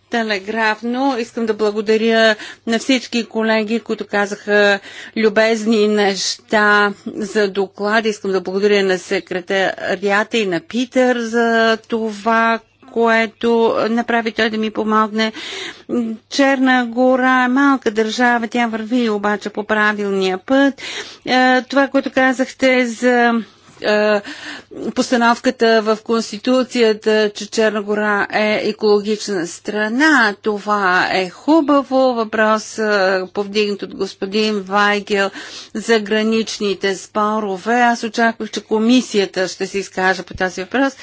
телеграфно. Искам да благодаря на всички колеги, които казаха любезни неща за доклада. Искам да благодаря на секретарията и на Питър за това, което направи той да ми помогне. Черна гора е малка държава, тя върви обаче по правилния път. Е, това, което казахте за постановката в Конституцията, че Черна гора е екологична страна. Това е хубаво. Въпрос повдигнат от господин Вайгел за граничните спорове. Аз очаквах, че комисията ще се изкаже по този въпрос.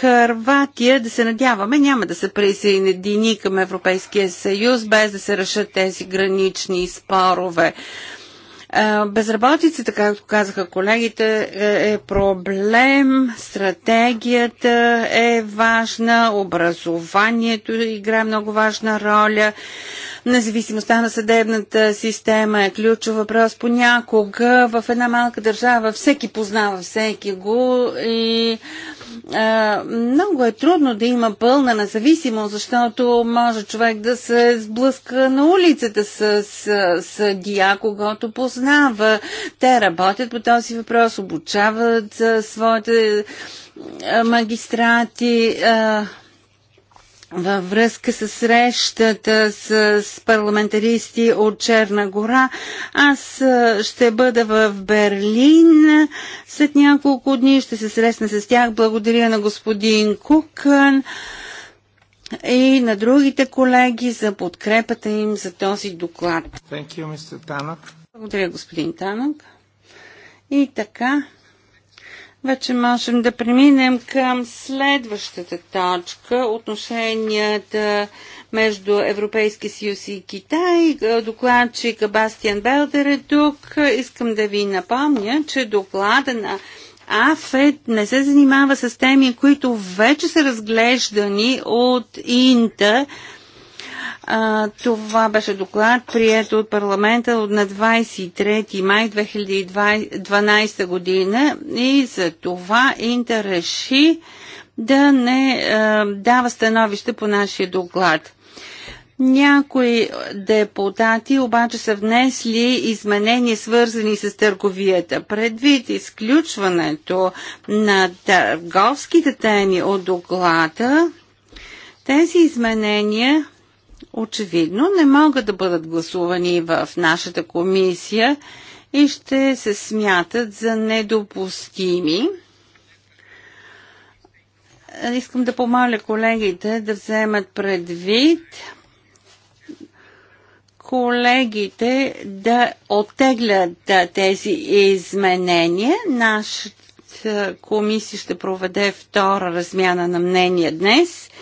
Харватия, да се надяваме, няма да се присъедини към Европейския съюз, без да се решат тези гранични спорове. Безработицата, както казаха колегите, е, е проблем, стратегията е важна, образованието играе много важна роля, независимостта на съдебната система е ключов въпрос. Понякога в една малка държава всеки познава всеки го и много е трудно да има пълна независимост, защото може човек да се сблъска на улицата с, с съдия, когато познава. Те работят по този въпрос, обучават своите магистрати. А, във връзка с срещата с, парламентаристи от Черна гора. Аз ще бъда в Берлин след няколко дни. Ще се срещна с тях. Благодаря на господин Кукън и на другите колеги за подкрепата им за този доклад. You, Благодаря, господин Танък. И така, вече можем да преминем към следващата точка отношенията между Европейски съюз и Китай. Докладчик Бастиан Белдер е тук. Искам да ви напомня, че доклада на АФЕД не се занимава с теми, които вече са разглеждани от Инта а, това беше доклад, прият от парламента на 23 май 2012 година и за това Интер реши да не а, дава становище по нашия доклад. Някои депутати обаче са внесли изменения, свързани с търговията. Предвид изключването на търговските теми от доклада, тези изменения очевидно не могат да бъдат гласувани в нашата комисия и ще се смятат за недопустими. Искам да помоля колегите да вземат предвид колегите да оттеглят тези изменения. Нашата комисия ще проведе втора размяна на мнение днес –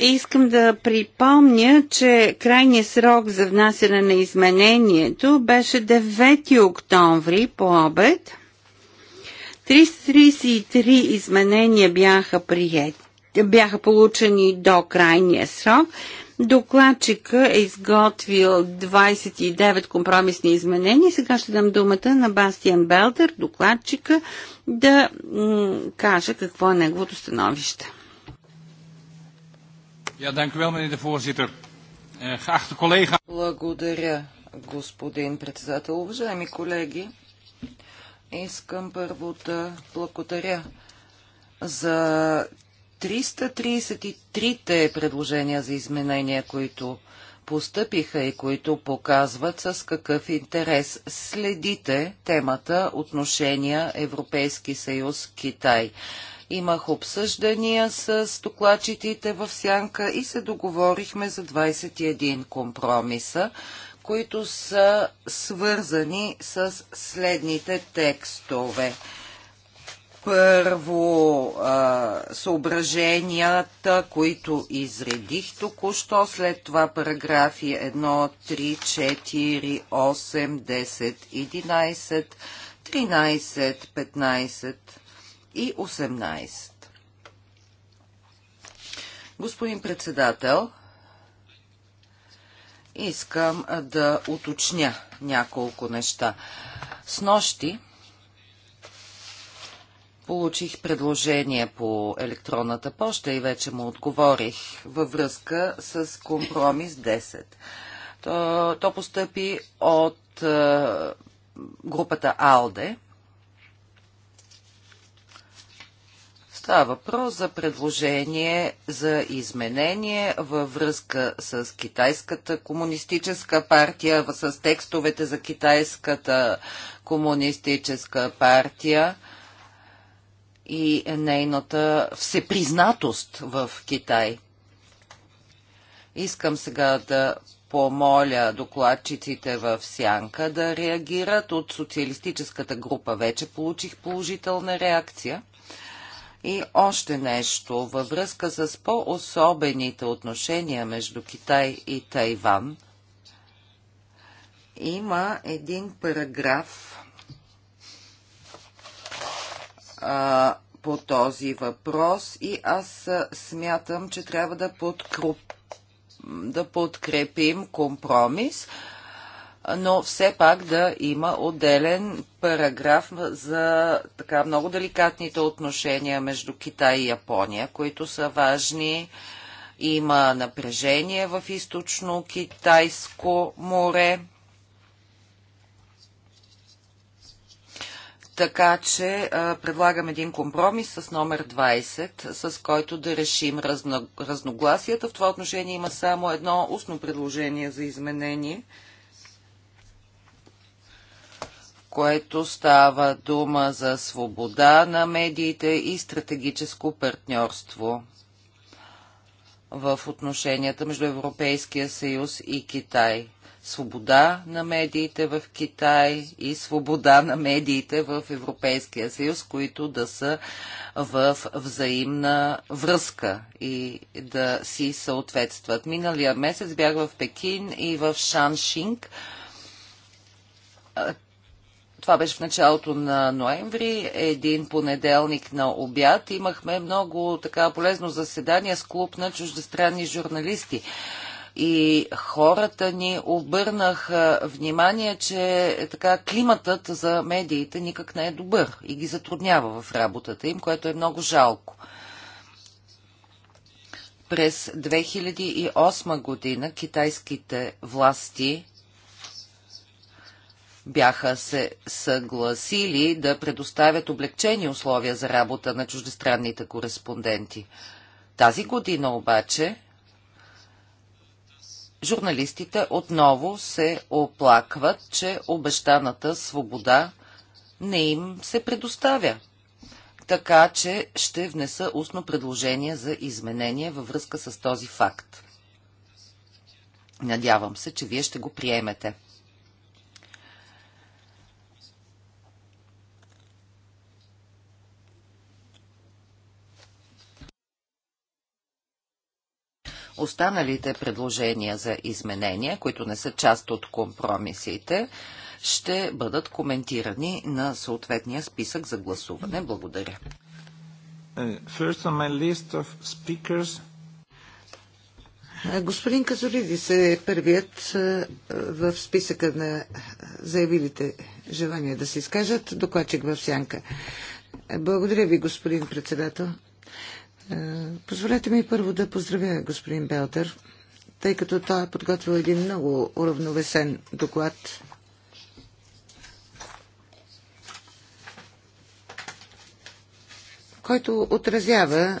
Искам да припомня, че крайният срок за внасяне на изменението беше 9 октомври по обед. 333 изменения бяха, прият... бяха получени до крайния срок. Докладчика е изготвил 29 компромисни изменения. Сега ще дам думата на Бастиан Белдер, докладчика, да каже какво е неговото становище. Ja, dank u wel, meneer de voorzitter. Eh, geachte collega. Благодаря, господин председател. Уважаеми колеги, искам първо да благодаря за 333-те предложения за изменения, които постъпиха и които показват с какъв интерес следите темата отношения Европейски съюз Китай. Имах обсъждания с докладчиците в Сянка и се договорихме за 21 компромиса, които са свързани с следните текстове първо а, съображенията, които изредих току-що, след това параграфи 1, 3, 4, 8, 10, 11, 13, 15, и 18. Господин председател, искам да уточня няколко неща. С нощи получих предложение по електронната поща и вече му отговорих във връзка с компромис 10. То, то постъпи от е, групата АЛДЕ – Става въпрос за предложение за изменение във връзка с Китайската комунистическа партия, с текстовете за Китайската комунистическа партия и нейната всепризнатост в Китай. Искам сега да помоля докладчиците в Сянка да реагират. От социалистическата група вече получих положителна реакция. И още нещо, във връзка с по-особените отношения между Китай и Тайван, има един параграф а, по този въпрос и аз смятам, че трябва да, подкруп... да подкрепим компромис, но все пак да има отделен параграф за така много деликатните отношения между Китай и Япония, които са важни. Има напрежение в източно Китайско море. Така че предлагам един компромис с номер 20, с който да решим разногласията. В това отношение има само едно устно предложение за изменение – което става дума за свобода на медиите и стратегическо партньорство в отношенията между Европейския съюз и Китай. Свобода на медиите в Китай и свобода на медиите в Европейския съюз, които да са в взаимна връзка и да си съответстват. Миналия месец бях в Пекин и в Шаншинг това беше в началото на ноември, един понеделник на обяд. Имахме много така полезно заседание с клуб на чуждестранни журналисти. И хората ни обърнаха внимание, че така климатът за медиите никак не е добър и ги затруднява в работата им, което е много жалко през 2008 година китайските власти бяха се съгласили да предоставят облегчени условия за работа на чуждестранните кореспонденти. Тази година обаче журналистите отново се оплакват, че обещаната свобода не им се предоставя. Така че ще внеса устно предложение за изменение във връзка с този факт. Надявам се, че вие ще го приемете. Останалите предложения за изменения, които не са част от компромисите, ще бъдат коментирани на съответния списък за гласуване. Благодаря. Е, е, господин се е първият е, в списъка на заявилите желания да се изкажат. Докладчик в сянка. Благодаря ви, господин председател. Е, позволете ми първо да поздравя господин Белтер, тъй като той е подготвил един много уравновесен доклад. който отразява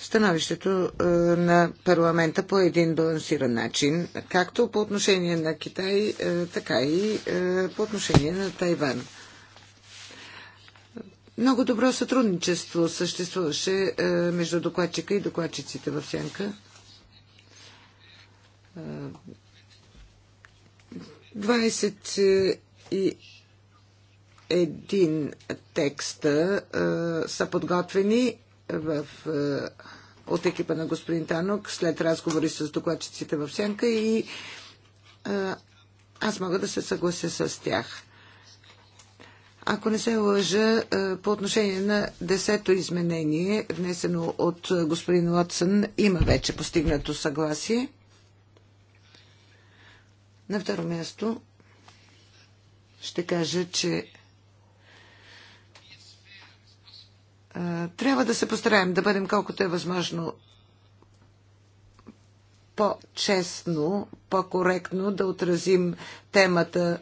становището е, на парламента по един балансиран начин, както по отношение на Китай, е, така и по отношение на Тайван. Много добро сътрудничество съществуваше е, между докладчика и докладчиците в Сянка. Е, Двадесет и един текста е, са подготвени в от екипа на господин Танок след разговори с докладчиците в Сянка и аз мога да се съглася с тях. Ако не се лъжа, е, по отношение на десето изменение, внесено от е, господин Лотсън, има вече постигнато съгласие. На второ място ще кажа, че е, трябва да се постараем да бъдем колкото е възможно по-честно, по-коректно да отразим темата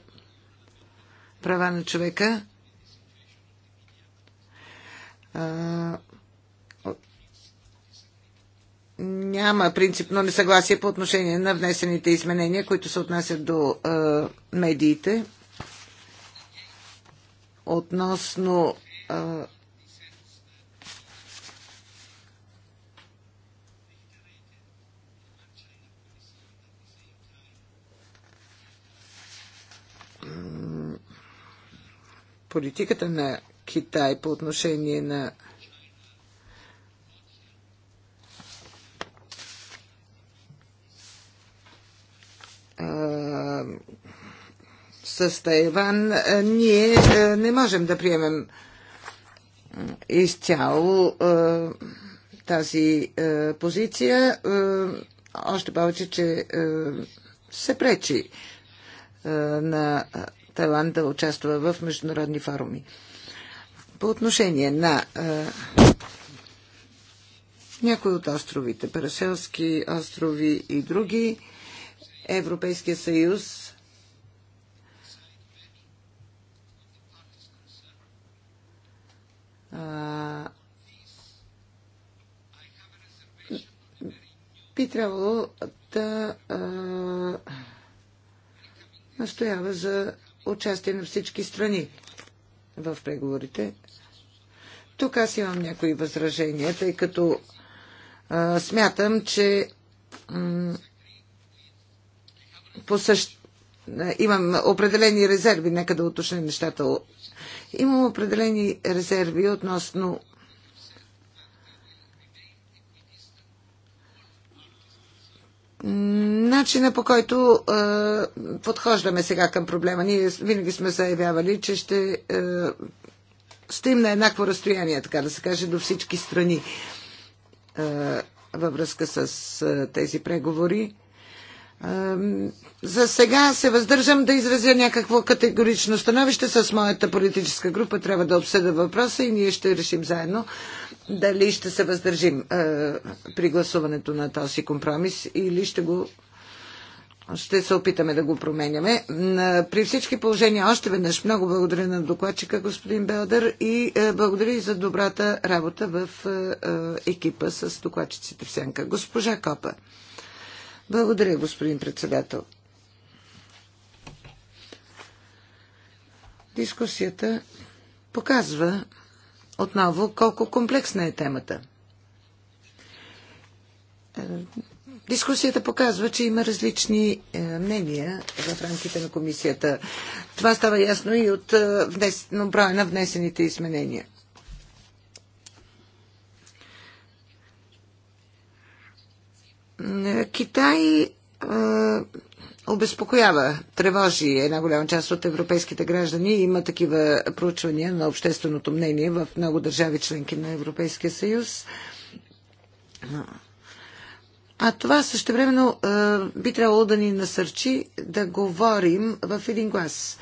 права на човека. няма принципно несъгласие по отношение на внесените изменения, които се отнасят до а, медиите. Относно е, политиката на Китай по отношение на а, с Тайван, ние не можем да приемем изцяло тази позиция. Още повече, че се пречи на талант да участва в международни форуми. По отношение на а, е, някои от островите, Парашелски острови и други, Европейския съюз а, е, би трябвало да а, е, настоява за участие на всички страни в преговорите. Тук аз имам някои възражения, тъй като а, смятам, че по същ... имам определени резерви, нека да уточня нещата. Имам определени резерви относно начина по който е, подхождаме сега към проблема. Ние винаги сме заявявали, че ще е, стоим на еднакво разстояние, така да се каже, до всички страни е, във връзка с е, тези преговори. Е, за сега се въздържам да изразя някакво категорично становище с моята политическа група. Трябва да обсъда въпроса и ние ще решим заедно дали ще се въздържим е, при гласуването на този компромис или ще го ще се опитаме да го променяме. Е, при всички положения още веднъж много благодаря на докладчика господин Белдър и е, благодаря и за добрата работа в екипа с докладчиците в Сенка. Госпожа Копа. Благодаря, господин председател. Дискусията показва отново колко комплексна е темата. Е, дискусията показва, че има различни е, мнения в рамките на комисията. Това става ясно и от е, броя на внесените изменения. Китай обезпокоява, тревожи една голяма част от европейските граждани. Има такива проучвания на общественото мнение в много държави членки на Европейския съюз. А това същевременно би трябвало да ни насърчи да говорим в един глас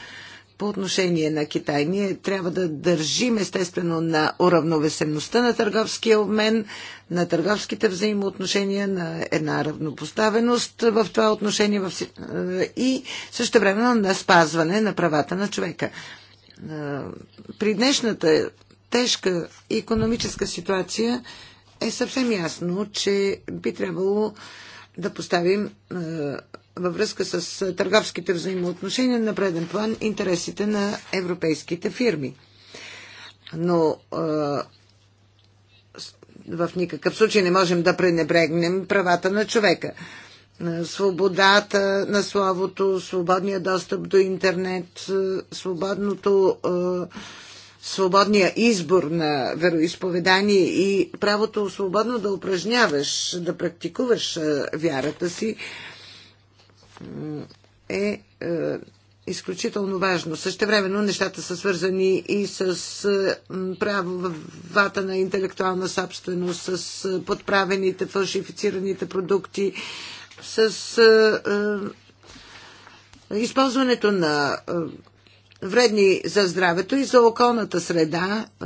по отношение на Китай. Ние трябва да държим естествено на уравновесеността на търговския обмен, на търговските взаимоотношения, на една равнопоставеност в това отношение е, и също време на спазване на правата на човека. Е, при днешната тежка економическа ситуация е съвсем ясно, че би трябвало да поставим във връзка с търговските взаимоотношения на преден план интересите на европейските фирми. Но в никакъв случай не можем да пренебрегнем правата на човека. Свободата на словото, свободния достъп до интернет, свободното свободния избор на вероисповедание и правото свободно да упражняваш, да практикуваш вярата си е, е изключително важно. Същевременно нещата са свързани и с е, правата на интелектуална собственост, с е, подправените, фалшифицираните продукти, с е, е, използването на е, вредни за здравето и за околната среда е,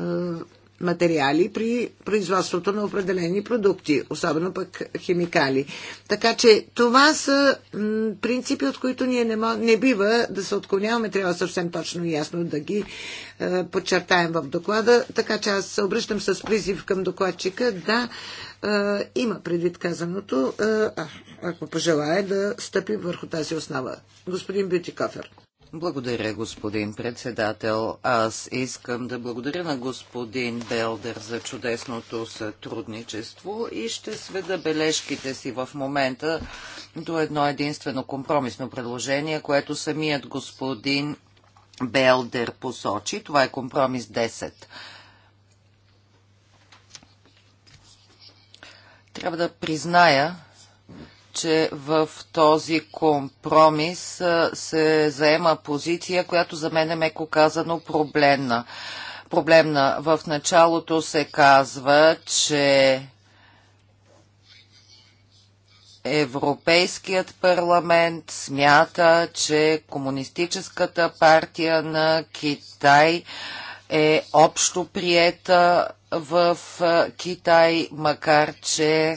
материали при производството на определени продукти, особено пък химикали. Така че това са принципи, от които ние не, мож, не бива да се отклоняваме, трябва съвсем точно и ясно да ги е, подчертаем в доклада. Така че аз се обръщам с призив към докладчика да е, има предвид казаното, е, ако пожелая да стъпи върху тази основа. Господин Бютикофер. Благодаря, господин председател. Аз искам да благодаря на господин Белдер за чудесното сътрудничество и ще сведа бележките си в момента до едно единствено компромисно предложение, което самият господин Белдер посочи. Това е компромис 10. Трябва да призная, че в този компромис се заема позиция, която за мен е меко казано проблемна. проблемна. В началото се казва, че Европейският парламент смята, че Комунистическата партия на Китай е общо приета в Китай, макар че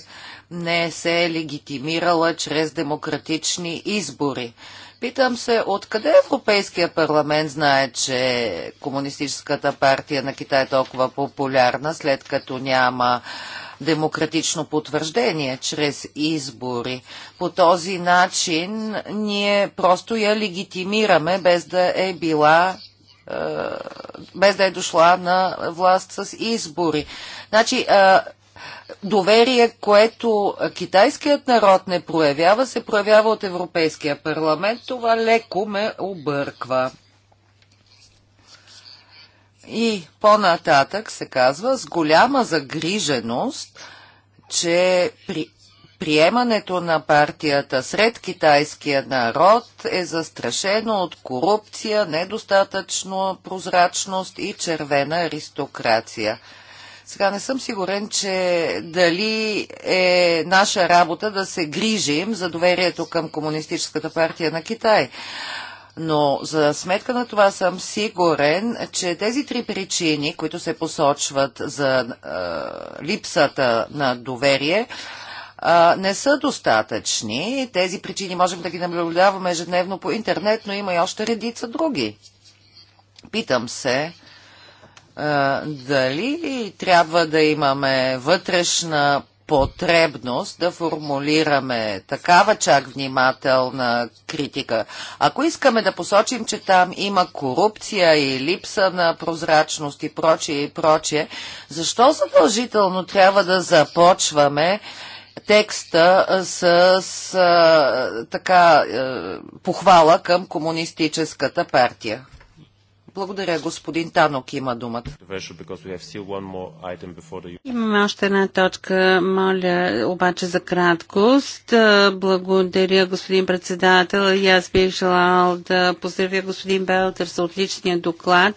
не се е легитимирала чрез демократични избори. Питам се, откъде Европейския парламент знае, че Комунистическата партия на Китай е толкова популярна, след като няма демократично потвърждение чрез избори. По този начин ние просто я легитимираме, без да е била е, без да е дошла на власт с избори. Значи, е, доверие, което китайският народ не проявява, се проявява от Европейския парламент. Това леко ме обърква. И по-нататък се казва с голяма загриженост, че при приемането на партията сред китайския народ е застрашено от корупция, недостатъчно прозрачност и червена аристокрация. Сега не съм сигурен, че дали е наша работа да се грижим за доверието към Комунистическата партия на Китай. Но за сметка на това съм сигурен, че тези три причини, които се посочват за е, липсата на доверие, е, не са достатъчни. Тези причини можем да ги наблюдаваме ежедневно по интернет, но има и още редица други. Питам се, е, дали трябва да имаме вътрешна потребност да формулираме такава чак внимателна критика. Ако искаме да посочим, че там има корупция и липса на прозрачност и прочие и прочие, защо задължително трябва да започваме текста с, с е, така е, похвала към комунистическата партия? Благодаря, господин Танок има думата. Имаме още една точка, моля, обаче за краткост. Благодаря, господин председател. И аз бих желал да поздравя господин Белтер за отличния доклад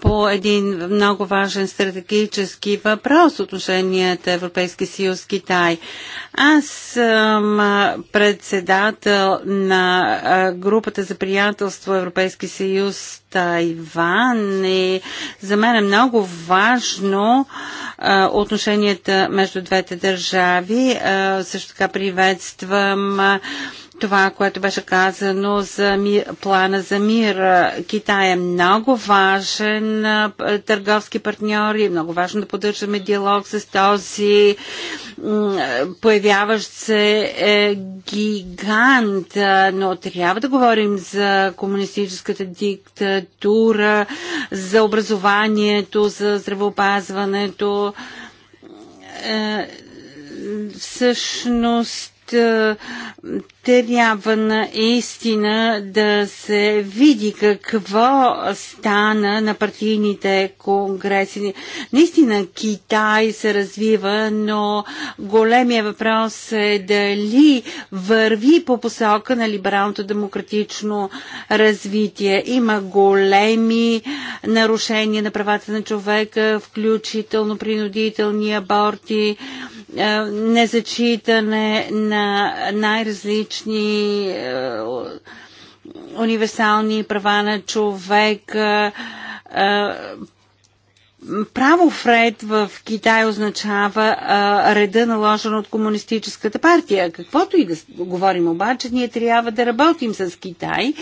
по един много важен стратегически въпрос отношенията Европейски съюз Китай. Аз съм председател на групата за приятелство Европейски съюз Тайван и за мен е много важно отношенията между двете държави. също така приветствам това, което беше казано за мир, плана за мир. Китай е много важен търговски партньор и е много важно да поддържаме диалог с този появяващ се е, гигант, но трябва да говорим за комунистическата диктатура, за образованието, за здравеопазването. Е, всъщност трябва наистина да се види какво стана на партийните конгреси. Наистина Китай се развива, но големия въпрос е дали върви по посока на либералното демократично развитие. Има големи нарушения на правата на човека, включително принудителни аборти, незачитане на най-различни универсални права на човека, Право ред в Китай означава реда наложен от комунистическата партия. Каквото и да говорим обаче, ние трябва да работим с Китай,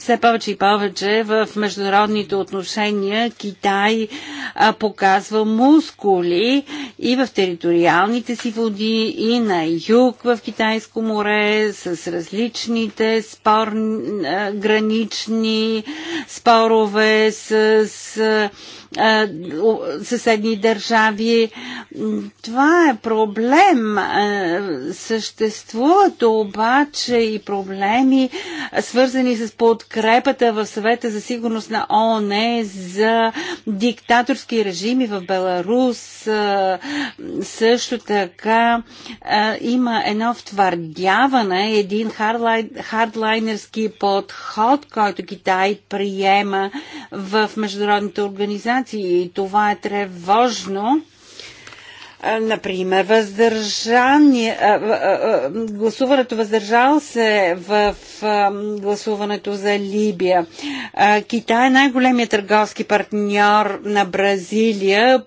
все повече и повече в международните отношения Китай а, показва мускули и в териториалните си води, и на юг в Китайско море с различните спор, а, гранични спорове с. с е, съседни държави. Това е проблем. Е, съществуват обаче и проблеми, свързани с подкрепата в съвета за сигурност на ООН за диктаторски режими в Беларус. Е, също така има едно втвърдяване, един хардлайнерски подход, който Китай приема в международните организации демокрация и това е тревожно. Например, въздържание, гласуването въздържал се в гласуването за Либия. Китай е най-големият търговски партньор на Бразилия,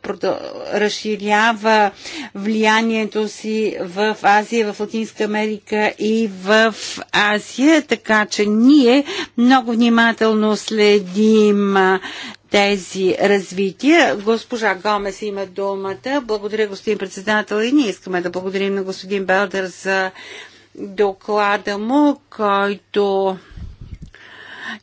разширява влиянието си в Азия, в Латинска Америка и в Азия, така че ние много внимателно следим тези развития. Госпожа Гомес има думата. Благодаря, господин председател. И ние искаме да благодарим на господин Белдер за доклада му, който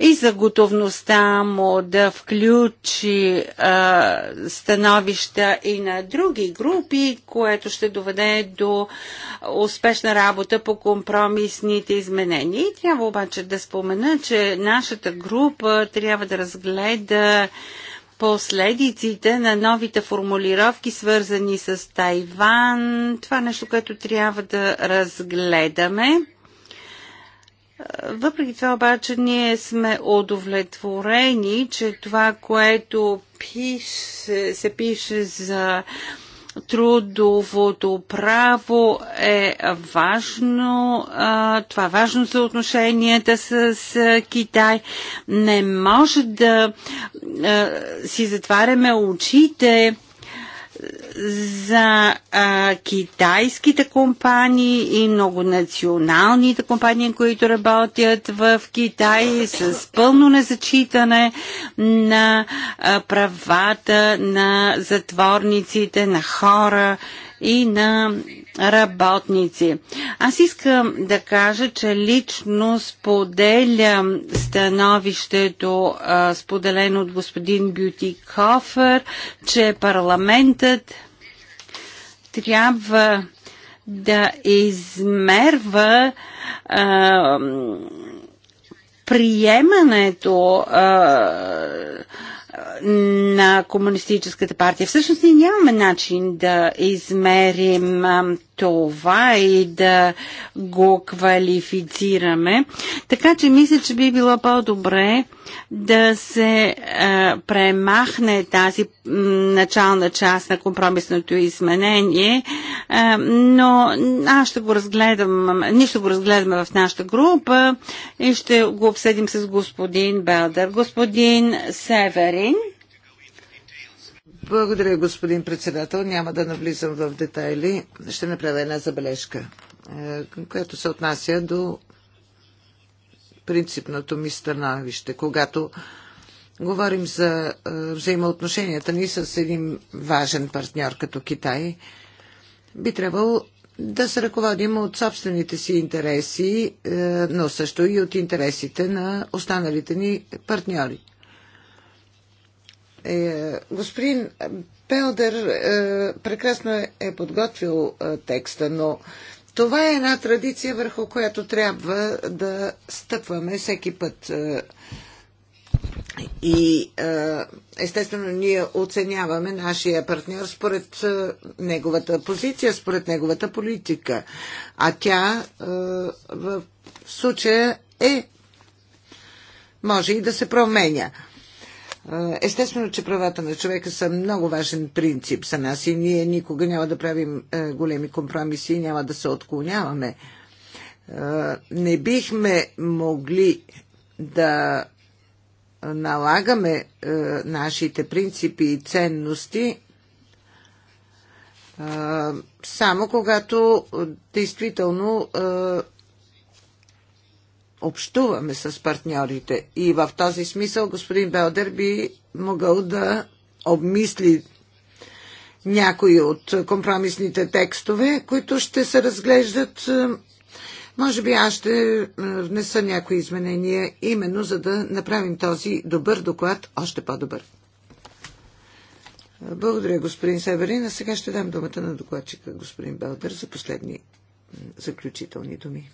и за готовността му да включи а, становища и на други групи, което ще доведе до успешна работа по компромисните изменения. И трябва обаче да спомена, че нашата група трябва да разгледа последиците на новите формулировки, свързани с Тайван. Това е нещо, което трябва да разгледаме. Въпреки това обаче ние сме удовлетворени, че това, което пише, се пише за трудовото право е важно. Това е важно за отношенията с Китай. Не може да си затваряме очите за а, китайските компании и многонационалните компании, които работят в Китай с пълно незачитане на а, правата на затворниците, на хора и на работници. Аз искам да кажа, че лично споделям становището, споделено от господин Бюти Кофер, че парламентът трябва да измерва а, приемането а, на Комунистическата партия. Всъщност ние нямаме начин да измерим а, това и да го квалифицираме. Така че мисля, че би било по-добре да се а, премахне тази начална част на компромисното изменение, а, но аз ще го разгледам, ние ще го разгледаме в нашата група и ще го обсъдим с господин Белдър. Господин Северин. Благодаря, господин председател. Няма да навлизам в детайли. Ще направя една забележка, е, която се отнася до принципното ми становище, когато говорим за е, взаимоотношенията ни с един важен партньор като Китай, би трябвало да се ръководим от собствените си интереси, е, но също и от интересите на останалите ни партньори е, господин Пелдер е, прекрасно е подготвил е, текста, но това е една традиция, върху която трябва да стъпваме всеки път. И естествено ние оценяваме нашия партньор според неговата позиция, според неговата политика. А тя в случая е може и да се променя. Естествено, че правата на човека са много важен принцип за нас и ние никога няма да правим е, големи компромиси и няма да се отклоняваме. Не бихме могли да налагаме е, нашите принципи и ценности е, само когато действително общуваме с партньорите. И в този смисъл господин Белдер би могъл да обмисли някои от компромисните текстове, които ще се разглеждат. Може би аз ще е, внеса някои изменения, именно за да направим този добър доклад още по-добър. Благодаря, господин Северин. А сега ще дам думата на докладчика, господин Белдер, за последни заключителни думи.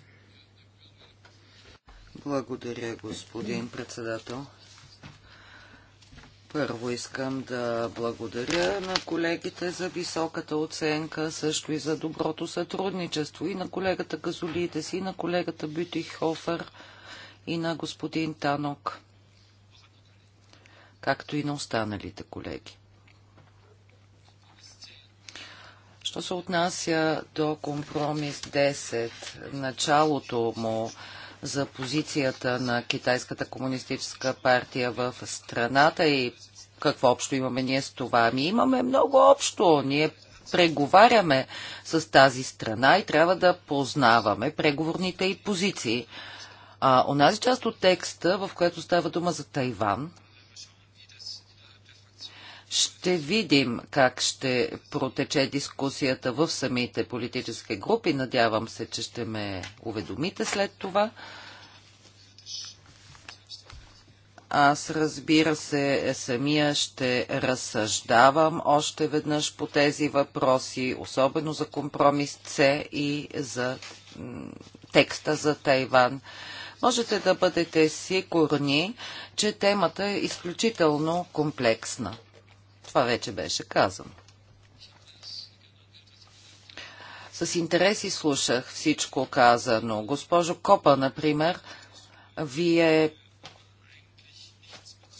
Благодаря, господин председател. Първо искам да благодаря на колегите за високата оценка, също и за доброто сътрудничество и на колегата Газолидес, и на колегата Бютихофер, и на господин Танок, както и на останалите колеги. Що се отнася до компромис 10, началото му за позицията на Китайската комунистическа партия в страната и какво общо имаме ние с това? Ми имаме много общо. Ние преговаряме с тази страна и трябва да познаваме преговорните и позиции. А, онази част от текста, в която става дума за Тайван, ще видим как ще протече дискусията в самите политически групи. Надявам се, че ще ме уведомите след това. Аз разбира се самия ще разсъждавам още веднъж по тези въпроси, особено за компромис С и за текста за Тайван. Можете да бъдете сигурни, че темата е изключително комплексна. Това вече беше казано. С интерес и слушах всичко казано. Госпожо Копа, например, вие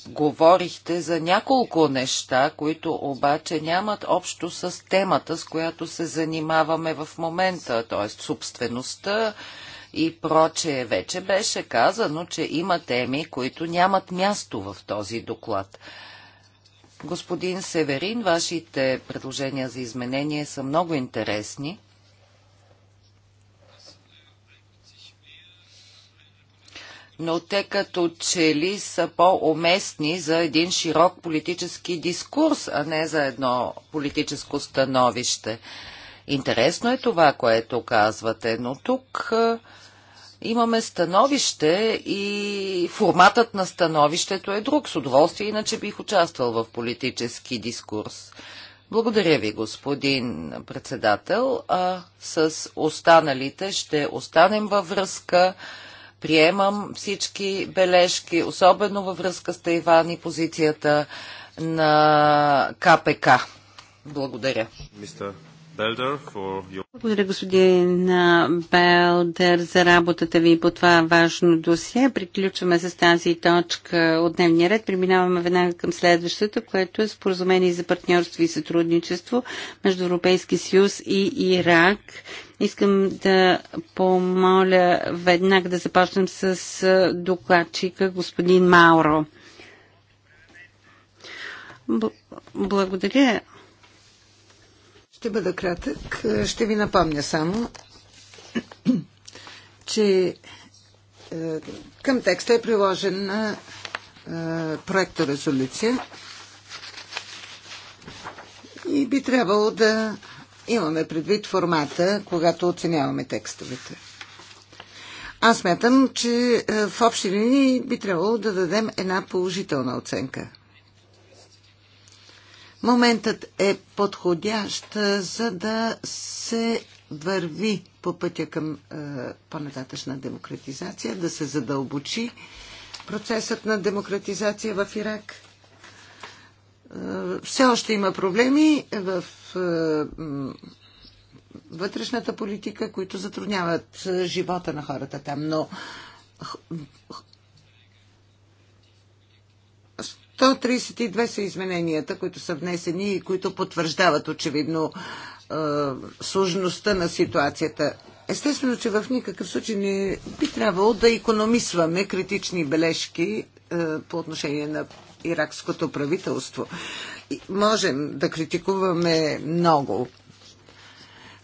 говорихте за няколко неща, които обаче нямат общо с темата, с която се занимаваме в момента, т.е. собствеността и прочее. Вече беше казано, че има теми, които нямат място в този доклад. Господин Северин, вашите предложения за изменение са много интересни. но те като че ли са по-уместни за един широк политически дискурс, а не за едно политическо становище. Интересно е това, което казвате, но тук имаме становище и форматът на становището е друг. С удоволствие, иначе бих участвал в политически дискурс. Благодаря ви, господин председател. А с останалите ще останем във връзка. Приемам всички бележки, особено във връзка с Тайван и позицията на КПК. Благодаря. Мистер благодаря, господин Белдер, за работата ви по това важно досие. Приключваме с тази точка от дневния ред. Преминаваме веднага към следващата, което е споразумение за партньорство и сътрудничество между Европейски съюз и Ирак. Искам да помоля веднага да започнем с докладчика господин Мауро. Благодаря. Ще бъда кратък. Ще ви напомня само, че е, към текста е приложен на е, проекта резолюция и би трябвало да имаме предвид формата, когато оценяваме текстовете. Аз мятам, че е, в общи линии би трябвало да дадем една положителна оценка Моментът е подходящ, за да се върви по пътя към е, по-нататъчна демократизация, да се задълбочи процесът на демократизация в Ирак. Е, все още има проблеми в е, вътрешната политика, които затрудняват живота на хората там, но 132 са измененията, които са внесени и които потвърждават очевидно е, сложността на ситуацията. Естествено, че в никакъв случай не би трябвало да економисваме критични бележки е, по отношение на иракското правителство. И можем да критикуваме много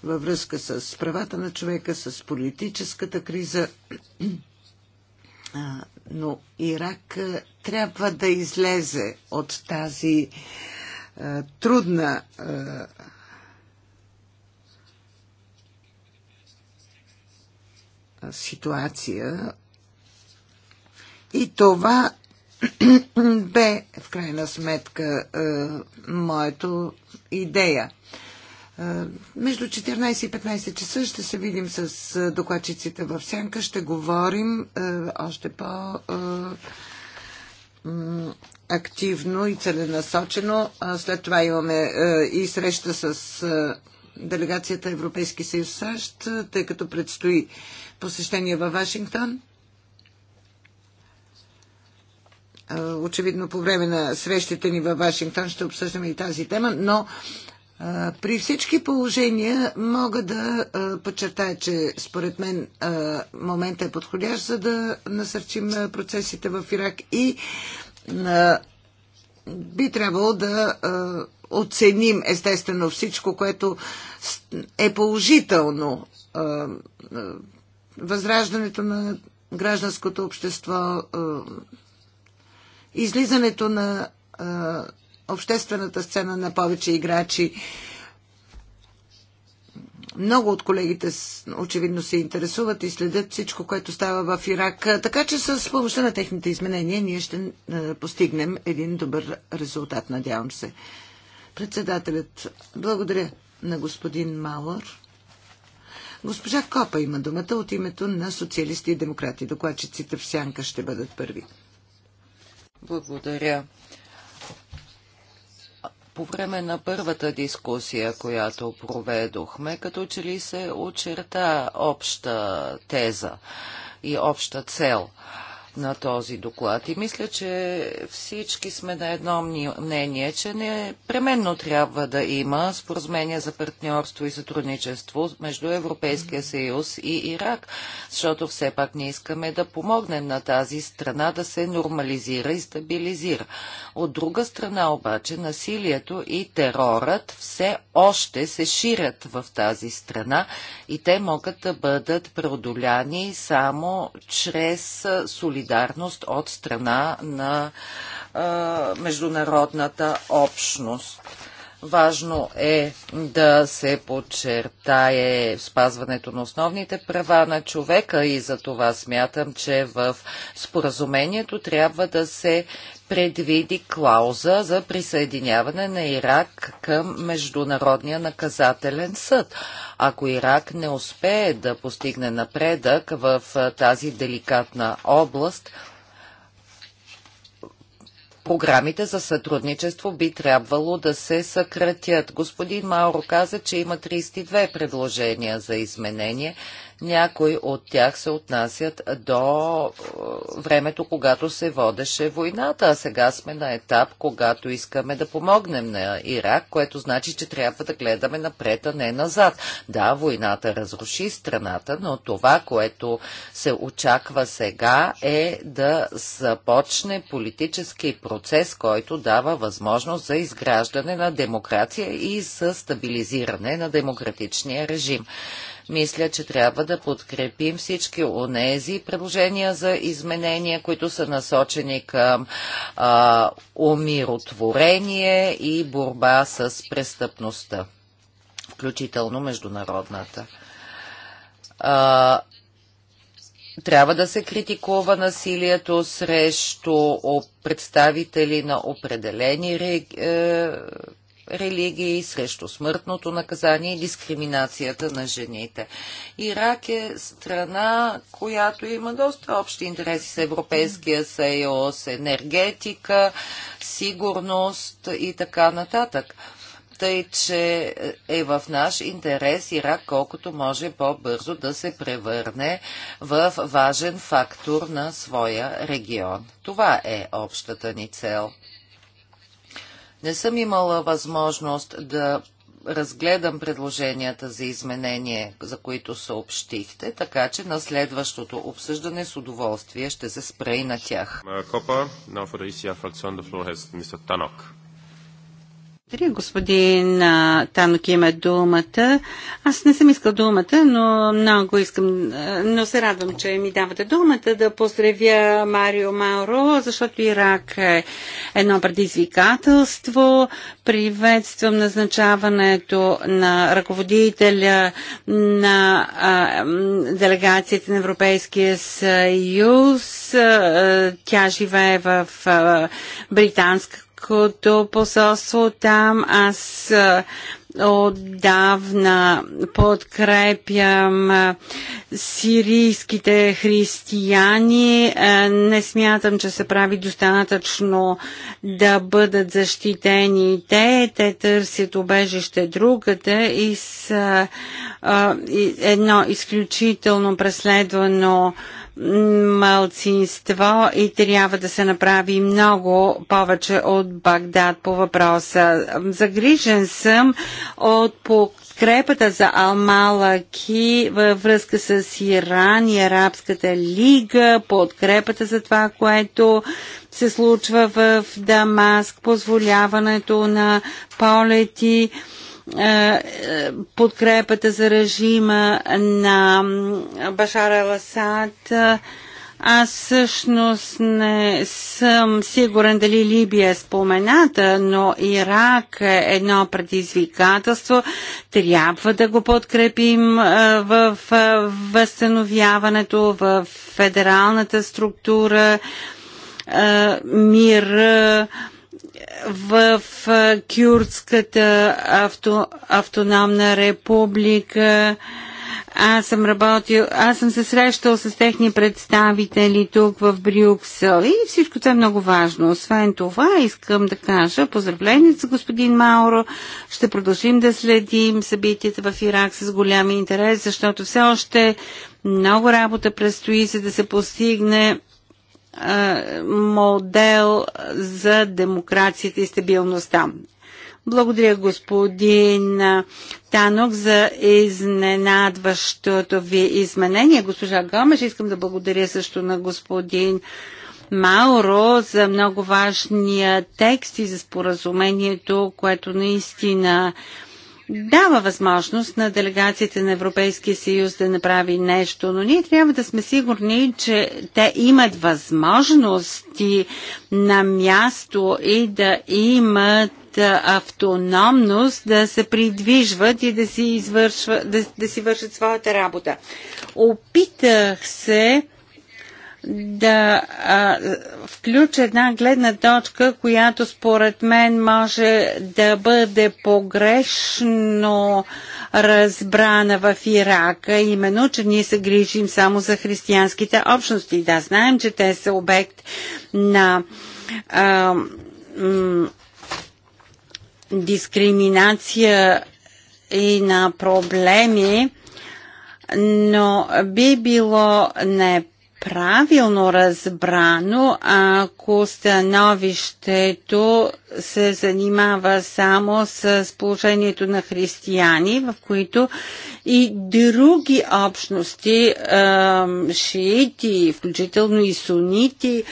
във връзка с правата на човека, с политическата криза но Ирак е, трябва да излезе от тази е, трудна е, ситуация. И това бе, в крайна сметка, е, моето идея. Е, между 14 и 15 часа ще се видим с докладчиците в Сянка. Ще говорим още по- активно и целенасочено. След това имаме и среща с делегацията Европейски съюз САЩ, тъй като предстои посещение във Вашингтон. Очевидно по време на срещите ни във Вашингтон ще обсъждаме и тази тема, но при всички положения мога да подчертая, че според мен момента е подходящ, за да насърчим процесите в Ирак и би трябвало да оценим естествено всичко, което е положително. Възраждането на гражданското общество, излизането на обществената сцена на повече играчи. Много от колегите очевидно се интересуват и следят всичко, което става в Ирак. Така че с помощта на техните изменения ние ще е, постигнем един добър резултат, надявам се. Председателят, благодаря на господин Малър. Госпожа Копа има думата от името на социалисти и демократи. Докладчиците в сянка ще бъдат първи. Благодаря по време на първата дискусия, която проведохме, като че ли се очерта обща теза и обща цел – на този доклад. И мисля, че всички сме на едно мнение, че не пременно трябва да има споразумение за партньорство и сътрудничество между Европейския съюз и Ирак, защото все пак не искаме да помогнем на тази страна да се нормализира и стабилизира. От друга страна обаче насилието и терорът все още се ширят в тази страна и те могат да бъдат преодоляни само чрез солидарност солидарност от страна на а, международната общност. Важно е да се подчертае спазването на основните права на човека и за това смятам, че в споразумението трябва да се предвиди клауза за присъединяване на Ирак към Международния наказателен съд. Ако Ирак не успее да постигне напредък в тази деликатна област, Програмите за сътрудничество би трябвало да се съкратят. Господин Мауро каза, че има 32 предложения за изменение. Някои от тях се отнасят до е, времето, когато се водеше войната, а сега сме на етап, когато искаме да помогнем на Ирак, което значи, че трябва да гледаме напред, а не назад. Да, войната разруши страната, но това, което се очаква сега е да започне политически процес, който дава възможност за изграждане на демокрация и за стабилизиране на демократичния режим. Мисля, че трябва да подкрепим всички онези предложения за изменения, които са насочени към а, умиротворение и борба с престъпността, включително международната. А, трябва да се критикува насилието срещу представители на определени е, религии, срещу смъртното наказание и дискриминацията на жените. Ирак е страна, която има доста общи интереси с Европейския съюз, енергетика, сигурност и така нататък. Тъй, че е в наш интерес Ирак колкото може по-бързо да се превърне в важен фактор на своя регион. Това е общата ни цел. Не съм имала възможност да разгледам предложенията за изменение, за които съобщихте, така че на следващото обсъждане с удоволствие ще се спре и на тях. Благодаря, господин Танок има думата. Аз не съм искал думата, но много искам, но се радвам, че ми давате думата да поздравя Марио Мауро, защото Ирак е едно предизвикателство. Приветствам назначаването на ръководителя на делегацията на Европейския съюз. Тя живее в британска като посолство там. Аз отдавна подкрепям сирийските християни. Не смятам, че се прави достатъчно да бъдат защитени те. Те търсят убежище другата и с едно изключително преследвано малцинство и трябва да се направи много повече от Багдад по въпроса. Загрижен съм от подкрепата за Алмалаки във връзка с Иран и Арабската лига, подкрепата за това, което се случва в Дамаск, позволяването на полети е, е, подкрепата за режима на Башара Ласад. Аз всъщност не съм сигурен дали Либия е спомената, но Ирак е едно предизвикателство. Трябва да го подкрепим е, в възстановяването, в федералната структура, мир, в Кюрдската авто, автономна република. Аз съм работил, аз съм се срещал с техни представители тук в Брюксел и всичко това е много важно. Освен това, искам да кажа поздравление за господин Мауро. Ще продължим да следим събитията в Ирак с голям интерес, защото все още много работа предстои, за да се постигне модел за демокрацията и стабилността. Благодаря господин Танок за изненадващото ви изменение. Госпожа Гамеш, искам да благодаря също на господин Мауро за много важния текст и за споразумението, което наистина дава възможност на делегациите на Европейския съюз да направи нещо, но ние трябва да сме сигурни, че те имат възможности на място и да имат автономност да се придвижват и да си, извършва, да, да си вършат своята работа. Опитах се да а, включа една гледна точка, която според мен може да бъде погрешно разбрана в Ирака, именно, че ние се грижим само за християнските общности. Да, знаем, че те са обект на а, дискриминация и на проблеми, но би било не правилно разбрано, ако становището се занимава само с положението на християни, в които и други общности, шиити, включително и сунити,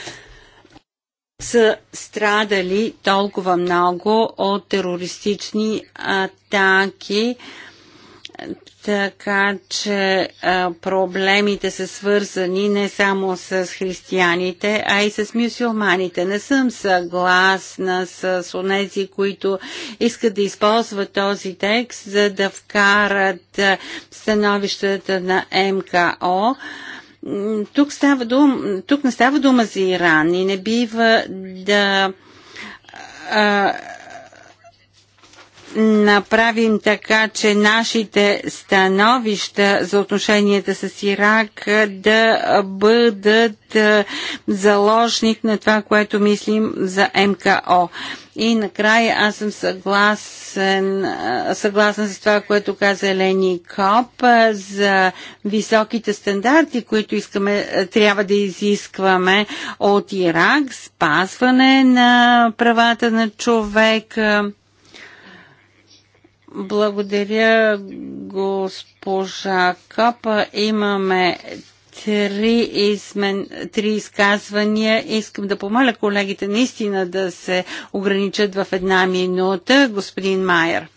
са страдали толкова много от терористични атаки. Така че а, проблемите са свързани не само с християните, а и с мюсюлманите. Не съм съгласна с онези, които искат да използват този текст, за да вкарат становищата на МКО тук, става дум, тук не става дума за Иран и не бива да а, направим така, че нашите становища за отношенията с Ирак да бъдат е, заложник на това, което мислим за МКО. И накрая аз съм съгласен, е, съгласен с това, което каза Елени Коп е, за високите стандарти, които искаме, трябва да изискваме от Ирак, спазване на правата на човека, благодаря, госпожа Капа. Имаме три, измен, три изказвания. Искам да помоля колегите наистина да се ограничат в една минута. Господин Майер.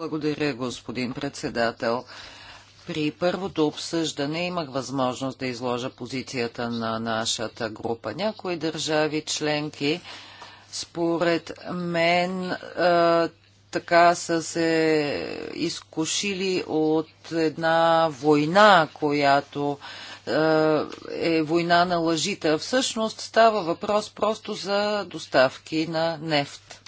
Благодаря, господин председател. При първото обсъждане имах възможност да изложа позицията на нашата група. Някои държави членки, според мен, така са се изкушили от една война, която е, е война на лъжите. Всъщност става въпрос просто за доставки на нефт.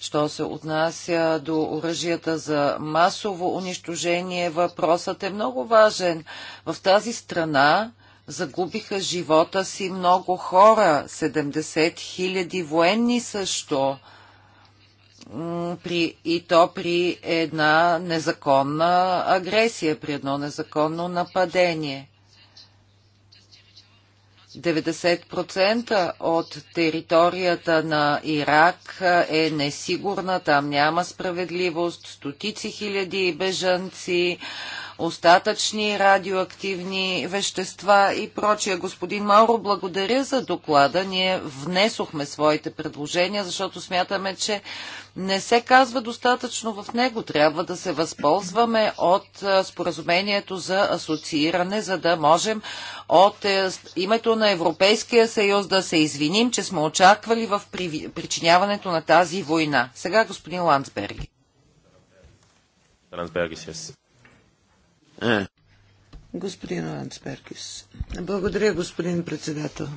Що се отнася до оръжията за масово унищожение, въпросът е много важен. В тази страна загубиха живота си много хора, 70 хиляди военни също, при, и то при една незаконна агресия, при едно незаконно нападение. 90% от територията на Ирак е несигурна, там няма справедливост, стотици хиляди бежанци, остатъчни радиоактивни вещества и прочие. Господин Мауро, благодаря за доклада. Ние внесохме своите предложения, защото смятаме, че не се казва достатъчно в него. Трябва да се възползваме от споразумението за асоцииране, за да можем от е, името на Европейския съюз да се извиним, че сме очаквали в причиняването на тази война. Сега господин Ландсберги. Ландсбергис, Господин Ландсбергис. Благодаря, господин председател.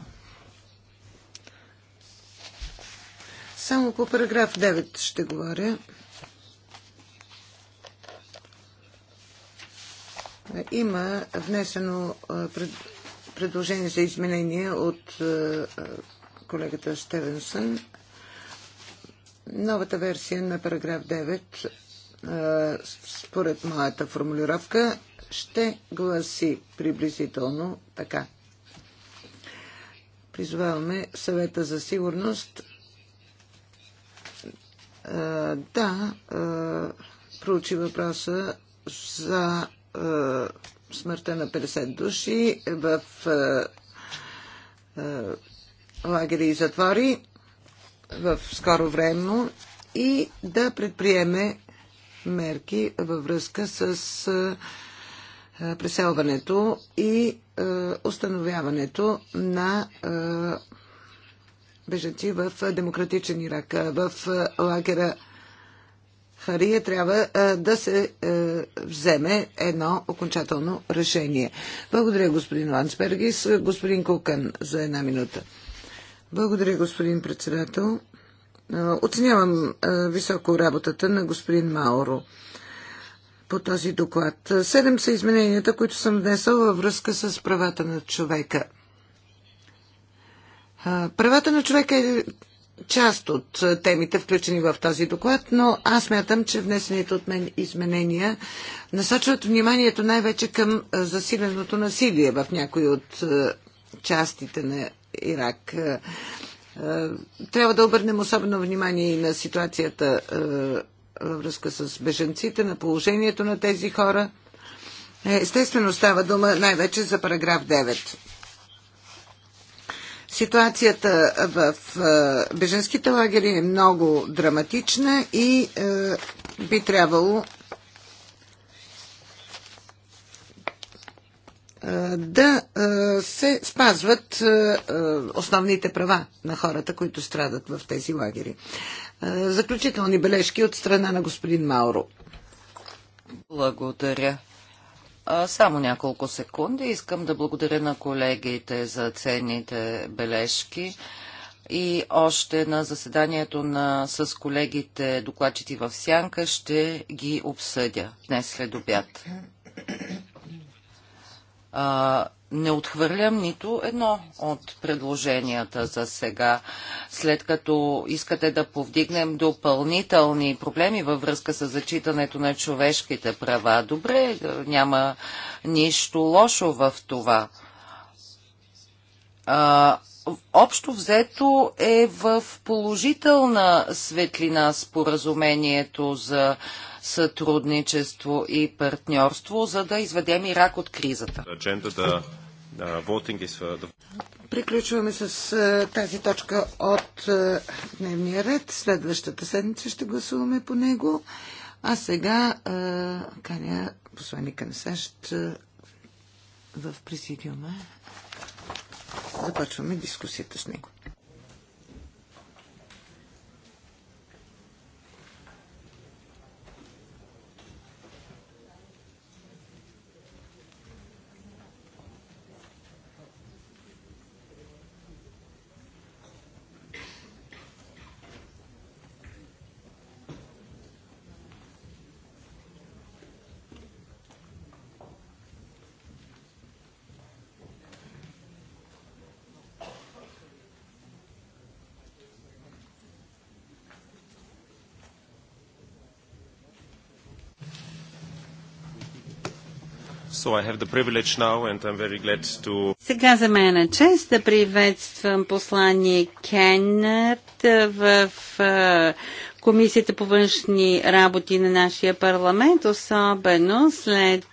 Само по параграф 9 ще говоря. Има внесено пред, предложение за изменение от колегата Стевенсън. Новата версия на параграф 9, според моята формулировка, ще гласи приблизително така. Призоваваме съвета за сигурност да проучи въпроса за смъртта на 50 души в лагери и затвори в скоро време и да предприеме мерки във връзка с е, преселването и е, установяването на е, бежанци в демократичен Ирак. В лагера Хария трябва да се вземе едно окончателно решение. Благодаря господин Лансбергис. Господин Кукан за една минута. Благодаря господин председател. Оценявам високо работата на господин Мауро по този доклад. Седем са измененията, които съм внесъл във връзка с правата на човека. Правата на човека е част от темите, включени в този доклад, но аз мятам, че внесените от мен изменения насочват вниманието най-вече към засиленото насилие в някои от частите на Ирак. Трябва да обърнем особено внимание и на ситуацията във връзка с беженците, на положението на тези хора. Е, естествено става дума най-вече за параграф 9. Ситуацията в е, беженските лагери е много драматична и е, би трябвало да се спазват основните права на хората, които страдат в тези лагери. Е, заключителни бележки от страна на господин Мауро. Благодаря. Само няколко секунди. Искам да благодаря на колегите за ценните бележки. И още на заседанието на, с колегите докладчици в Сянка ще ги обсъдя днес след обяд не отхвърлям нито едно от предложенията за сега. След като искате да повдигнем допълнителни проблеми във връзка с зачитането на човешките права, добре, няма нищо лошо в това. А, общо взето е в положителна светлина споразумението за сътрудничество и партньорство, за да изведем Ирак от кризата. Приключваме с тази точка от дневния ред. Следващата седмица ще гласуваме по него. А сега каня посланника на САЩ в президиума. Започваме дискусията с него. To... Сега за мен е чест да приветствам послание Кеннет в Комисията по външни работи на нашия парламент, особено след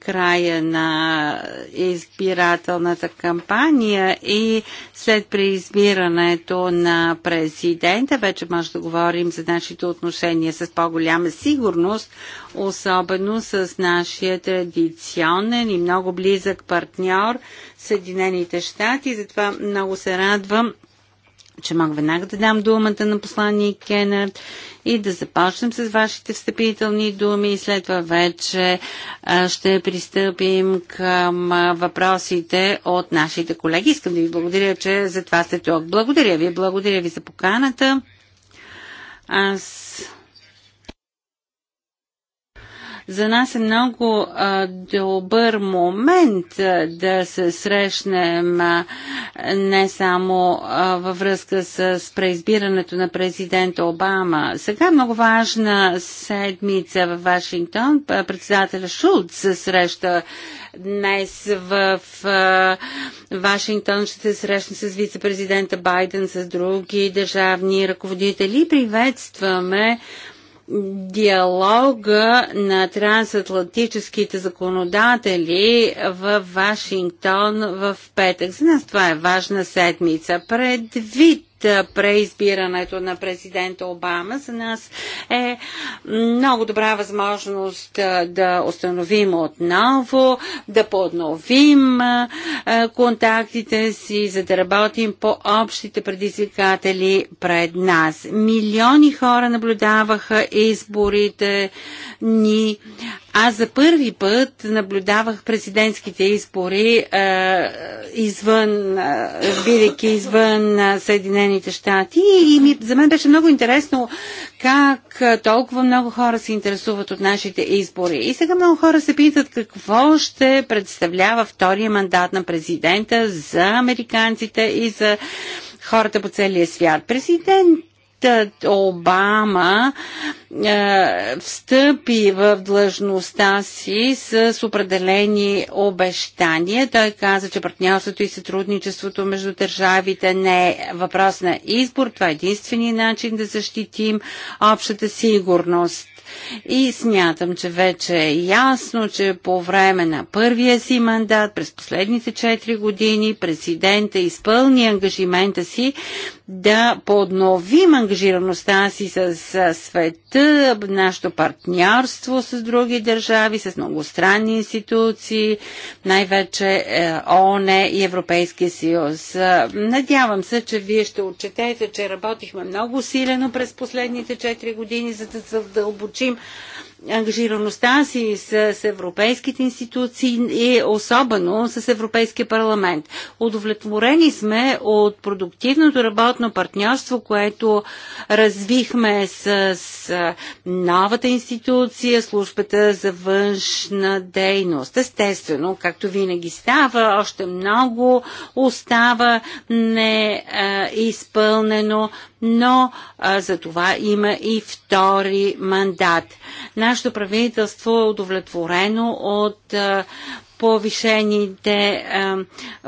края на избирателната кампания и след преизбирането на президента. Вече може да говорим за нашите отношения с по-голяма сигурност, особено с нашия традиционен и много близък партньор Съединените щати. Затова много се радвам че мога веднага да дам думата на посланник Кенърт и да започнем с вашите встъпителни думи и след това вече ще пристъпим към въпросите от нашите колеги. Искам да ви благодаря, че за това сте тук. Благодаря ви, благодаря ви за поканата. Аз За нас е много а, добър момент а, да се срещнем а, не само а, във връзка с, с преизбирането на президента Обама. Сега е много важна седмица в Вашингтон. Председателя Шулц се среща днес в а, Вашингтон ще се срещне с вице-президента Байден, с други държавни ръководители. Приветстваме диалога на трансатлантическите законодатели в Вашингтон в петък. За нас това е важна седмица. Предвид преизбирането на президента Обама, за нас е много добра възможност да установим отново, да подновим контактите си, за да работим по общите предизвикатели пред нас. Милиони хора наблюдаваха изборите ни аз за първи път наблюдавах президентските избори е, извън, е, бидейки извън е, Съединените щати и ми, за мен беше много интересно как е, толкова много хора се интересуват от нашите избори. И сега много хора се питат какво ще представлява втория мандат на президента за американците и за хората по целия свят. Президент Обама е, встъпи в длъжността си с определени обещания. Той каза, че партньорството и сътрудничеството между държавите не е въпрос на избор. Това е единствения начин да защитим общата сигурност. И смятам, че вече е ясно, че по време на първия си мандат, през последните 4 години, президента изпълни ангажимента си да подновим ангажираността си с света, нашето партньорство с други държави, с многостранни институции, най-вече е, ООН и Европейския съюз. Е, надявам се, че вие ще отчетете, че работихме много силено през последните 4 години, за да задълбочим ангажираността си с европейските институции и особено с Европейския парламент. Удовлетворени сме от продуктивното работно партньорство, което развихме с, с новата институция, службата за външна дейност. Естествено, както винаги става, още много остава неизпълнено, но а, за това има и втори мандат. Нашето правителство е удовлетворено от а, повишените,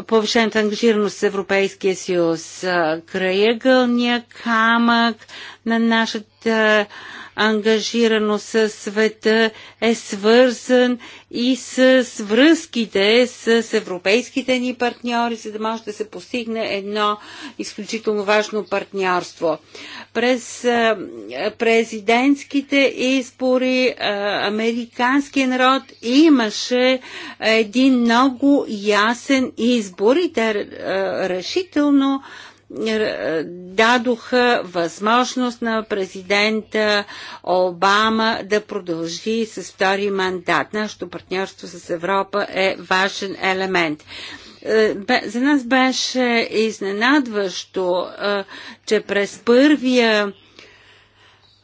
повишената ангажираност с Европейския съюз, краягълния камък на нашата ангажирано със света, е свързан и с връзките с европейските ни партньори, за да може да се постигне едно изключително важно партньорство. През президентските избори американският народ имаше един много ясен избор и те решително е, дадоха възможност на президента Обама да продължи с втори мандат. Нашето партньорство с Европа е важен елемент е, за нас беше изненадващо, е, че през първия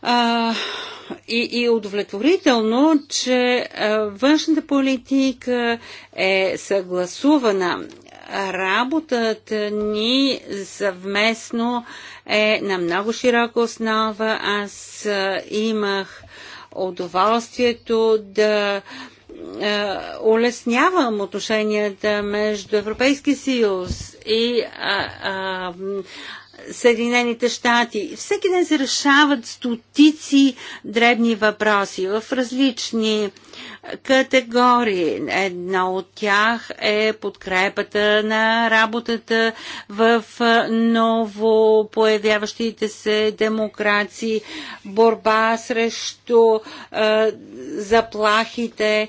а, и, и удовлетворително, че външната политика е съгласувана работата ни съвместно е на много широка основа. Аз имах удоволствието да улеснявам отношенията между Европейския съюз и а, а, Съединените щати. Всеки ден се решават стотици дребни въпроси в различни е, категории. Една от тях е подкрепата на работата в е, ново появяващите се демокрации, борба срещу е, заплахите, е,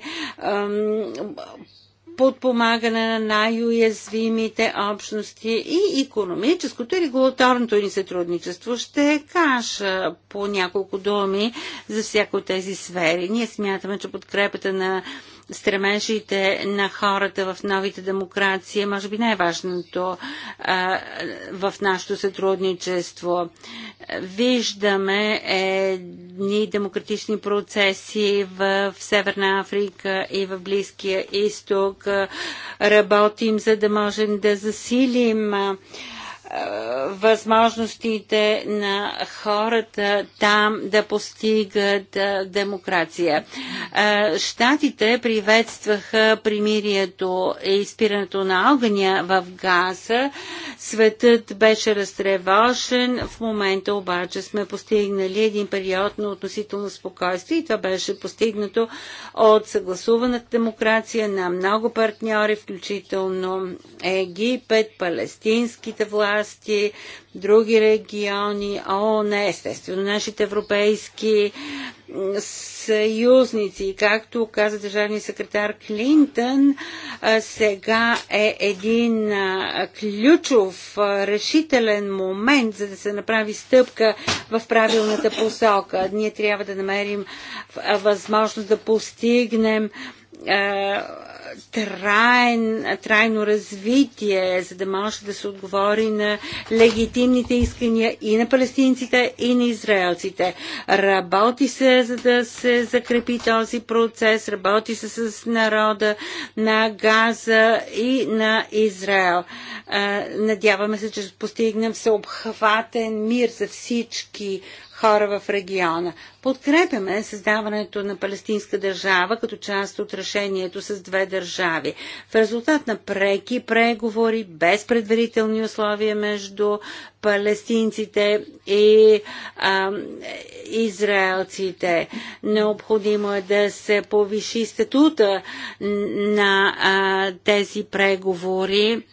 подпомагане на най-уязвимите общности и економическото и регулаторното ни сътрудничество. Ще кажа по няколко думи за всяко от тези сфери. Ние смятаме, че подкрепата на стремежите на хората в новите демокрации, е, може би най-важното в нашето сътрудничество. Виждаме едни демократични процеси в Северна Африка и в Близкия изток. Работим, за да можем да засилим е, възможностите на хората там да постигат е, демокрация. Е, Штатите приветстваха примирието и изпирането на огъня в Газа. Светът беше разтревожен. В момента обаче сме постигнали един период на относително спокойствие и това беше постигнато от съгласуваната демокрация на много партньори, включително Египет, палестинските власти, области, други региони, ООН, естествено, нашите европейски съюзници. Както каза държавния секретар Клинтън, сега е един ключов, решителен момент, за да се направи стъпка в правилната посока. Ние трябва да намерим възможност да постигнем траен, трайно развитие, за да може да се отговори на легитимните искания и на палестинците, и на израелците. Работи се, за да се закрепи този процес, работи се с народа на Газа и на Израел. Надяваме се, че постигнем всеобхватен мир за всички хора в региона. Подкрепяме създаването на палестинска държава като част от решението с две държави. В резултат на преки преговори, без предварителни условия между палестинците и а, израелците. Необходимо е да се повиши статута на а, тези преговори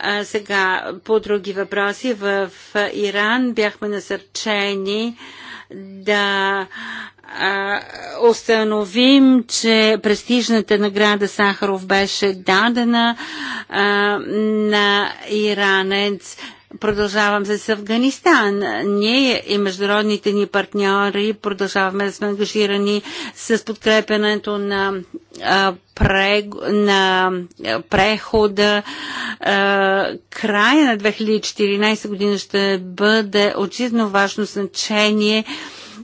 а, сега, по други въпроси, в Иран бяхме насърчени да а, установим, че престижната награда Сахаров беше дадена а, на иранец. Продължавам с Афганистан. Ние и международните ни партньори продължаваме да сме ангажирани с подкрепянето на, на прехода. Края на 2014 година ще бъде очевидно важно значение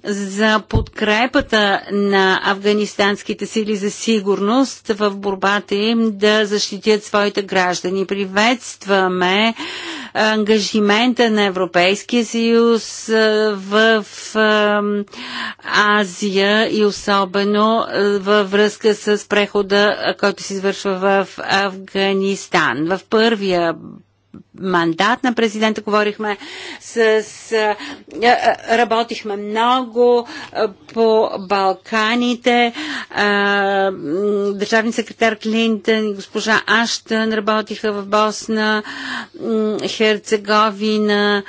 за подкрепата на афганистанските сили за сигурност в борбата им да защитят своите граждани. Приветстваме ангажимента на Европейския съюз в Азия и особено във връзка с прехода, който се извършва в Афганистан. В първия мандат на президента. Говорихме с... с работихме много по Балканите. Държавни секретар Клинтън и госпожа Аштън работиха в Босна, Херцеговина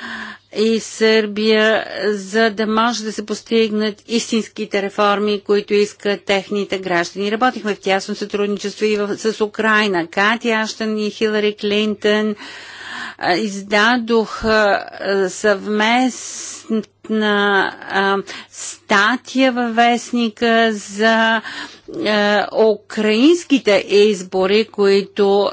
и Сърбия, за да може да се постигнат истинските реформи, които искат техните граждани. Работихме в тясно сътрудничество и в, с Украина. Кати Аштън и Хилари Клинтън издадох съвместна статия във вестника за украинските избори, които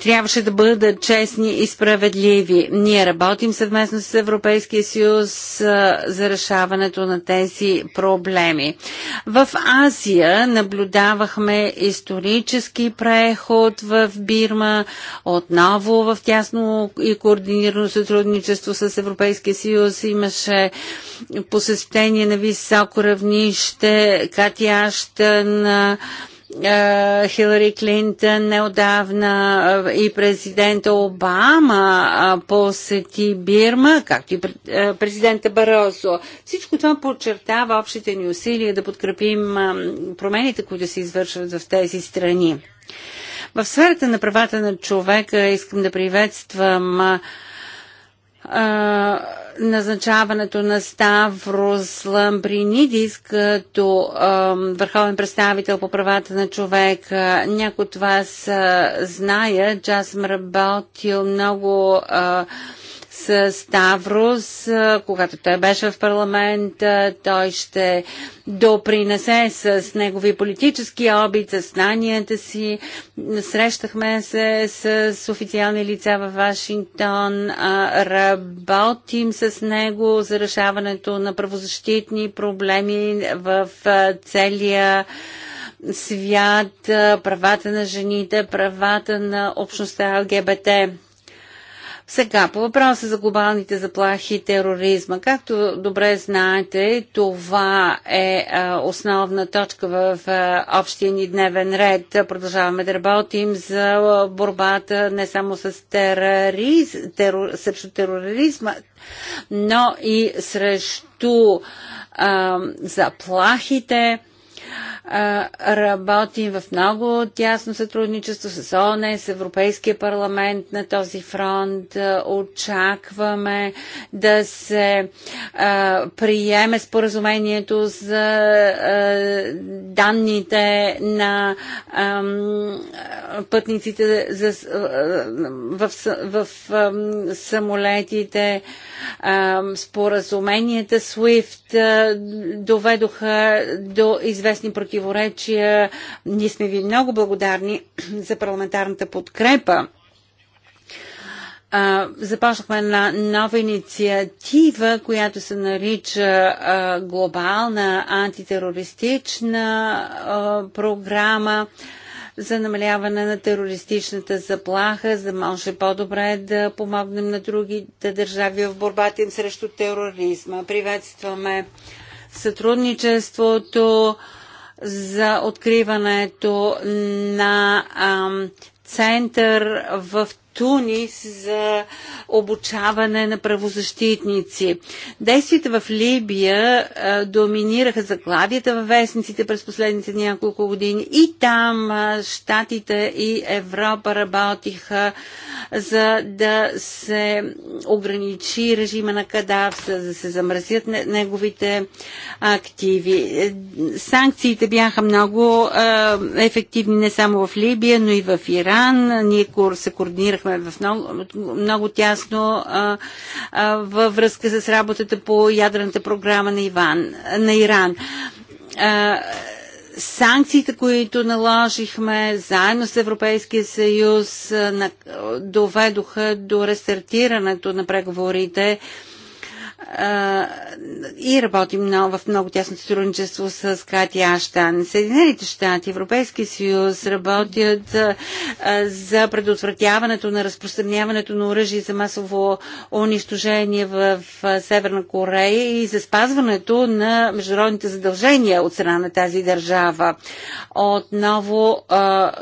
трябваше да бъдат честни и справедливи. Ние работим съвместно с Европейския съюз за решаването на тези проблеми. В Азия наблюдавахме исторически преход в Бирма, отново в тясно и координирано сътрудничество с Европейския съюз. Имаше посещение на високо равнище, Катя Аштън, е, Хилари Клинтън неодавна е, и президента Обама е, посети Бирма, както и президента Баросо. Всичко това подчертава общите ни усилия да подкрепим промените, които се извършват в тези страни. В сферата на правата на човека искам да приветствам назначаването на Ставрос Ламбринидис като върховен представител по правата на човека. Някои от вас а, знаят, че аз съм работил много а, с Ставрос, когато той беше в парламента, той ще допринесе с негови политически обид, с знанията си. Срещахме се с официални лица във Вашингтон, работим с него за решаването на правозащитни проблеми в целия свят, правата на жените, правата на общността ЛГБТ. Сега, по въпроса за глобалните заплахи и тероризма. Както добре знаете, това е основна точка в общия ни дневен ред. Продължаваме да работим за борбата не само с терориз, терор, срещу тероризма, но и срещу а, заплахите работим в много тясно сътрудничество с ООН, с Европейския парламент на този фронт. Очакваме да се приеме споразумението за данните на пътниците в самолетите споразуменията SWIFT доведоха до известни противоречия. Ние сме ви много благодарни за парламентарната подкрепа започнахме на нова инициатива, която се нарича глобална антитерористична програма за намаляване на терористичната заплаха, за да може по-добре да помогнем на другите държави в борбата им срещу тероризма. Приветстваме сътрудничеството за откриването на ам, център в Тунис за обучаване на правозащитници. Действията в Либия а, доминираха заглавията във вестниците през последните няколко години и там а, Штатите и Европа работиха за да се ограничи режима на Кадав, за да се замразят неговите активи. Санкциите бяха много а, ефективни не само в Либия, но и в Иран. Ние се координирахме работихме в много, много тясно а, а, във връзка с работата по ядрената програма на, Иван, на Иран. А, санкциите, които наложихме заедно с Европейския съюз, доведоха до рестартирането на преговорите и работим много, в много тясно сътрудничество с Кати Аштан. Съединените щати, Европейски съюз работят за предотвратяването на разпространяването на оръжие за масово унищожение в, Северна Корея и за спазването на международните задължения от страна на тази държава. Отново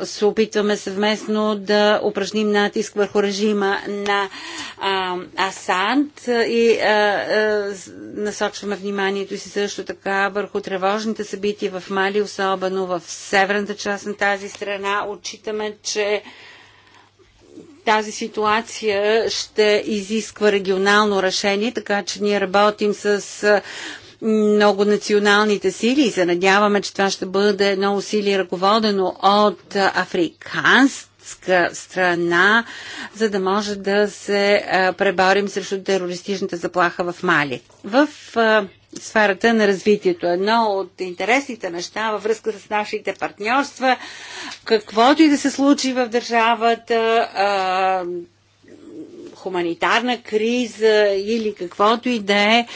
се опитваме съвместно да упражним натиск върху режима на Асант Асанд и е, насочваме вниманието си също така върху тревожните събития в Мали, особено в северната част на тази страна. Отчитаме, че тази ситуация ще изисква регионално решение, така че ние работим с е, много националните сили и се надяваме, че това ще бъде едно усилие ръководено от е, африкански страна, за да може да се преборим срещу терористичната заплаха в Мали. В сферата на развитието. Едно от интересните неща във връзка с нашите партньорства, каквото и да се случи в държавата, хуманитарна криза или каквото и да е.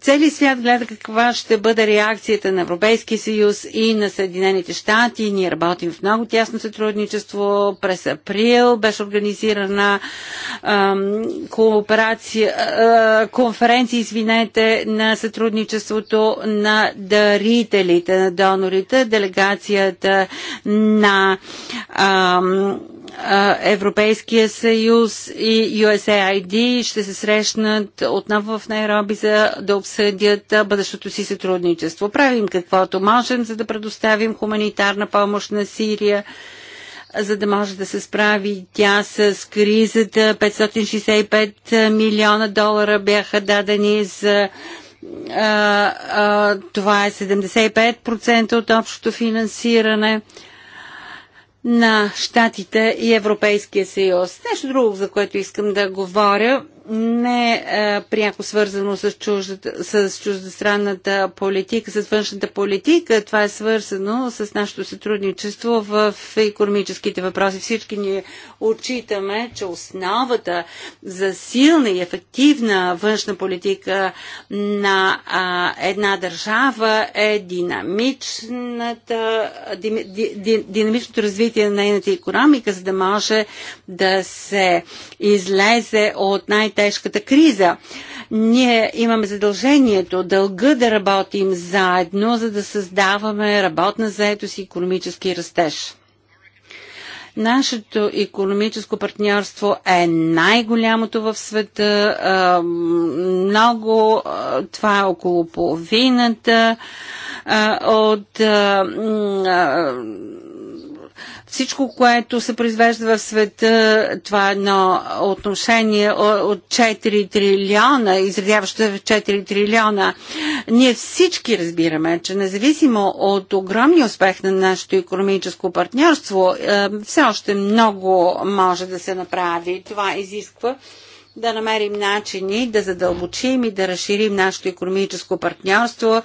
Цели свят гледа каква ще бъде реакцията на Европейския съюз и на Съединените щати. Ние работим в много тясно сътрудничество. През април беше организирана ам, кооперация, а, конференция, извинете, на сътрудничеството на дарителите, на донорите, делегацията на ам, Европейския съюз и USAID ще се срещнат отново в Найроби за да обсъдят бъдещото си сътрудничество. Правим каквото можем, за да предоставим хуманитарна помощ на Сирия за да може да се справи тя с кризата. 565 милиона долара бяха дадени за а, а, това е 75% от общото финансиране на Штатите и Европейския съюз. Нещо друго, за което искам да говоря, не е пряко свързано с, чуждата, с чуждестранната политика, с външната политика. Това е свързано с нашето сътрудничество в економическите въпроси. Всички ние отчитаме, че основата за силна и ефективна външна политика на а, една държава е динамичната, ди, ди, ди, динамичното развитие на нейната економика, за да може да се излезе от най тежката криза. Ние имаме задължението, дълга да работим заедно, за да създаваме работна заетост и економически растеж. Нашето економическо партньорство е най-голямото в света. Много, това е около половината от всичко, което се произвежда в света, това е едно отношение от 4 трилиона, изразяващо в 4 трилиона. Ние всички разбираме, че независимо от огромния успех на нашето економическо партньорство, е, все още много може да се направи. Това изисква да намерим начини да задълбочим и да разширим нашето економическо партньорство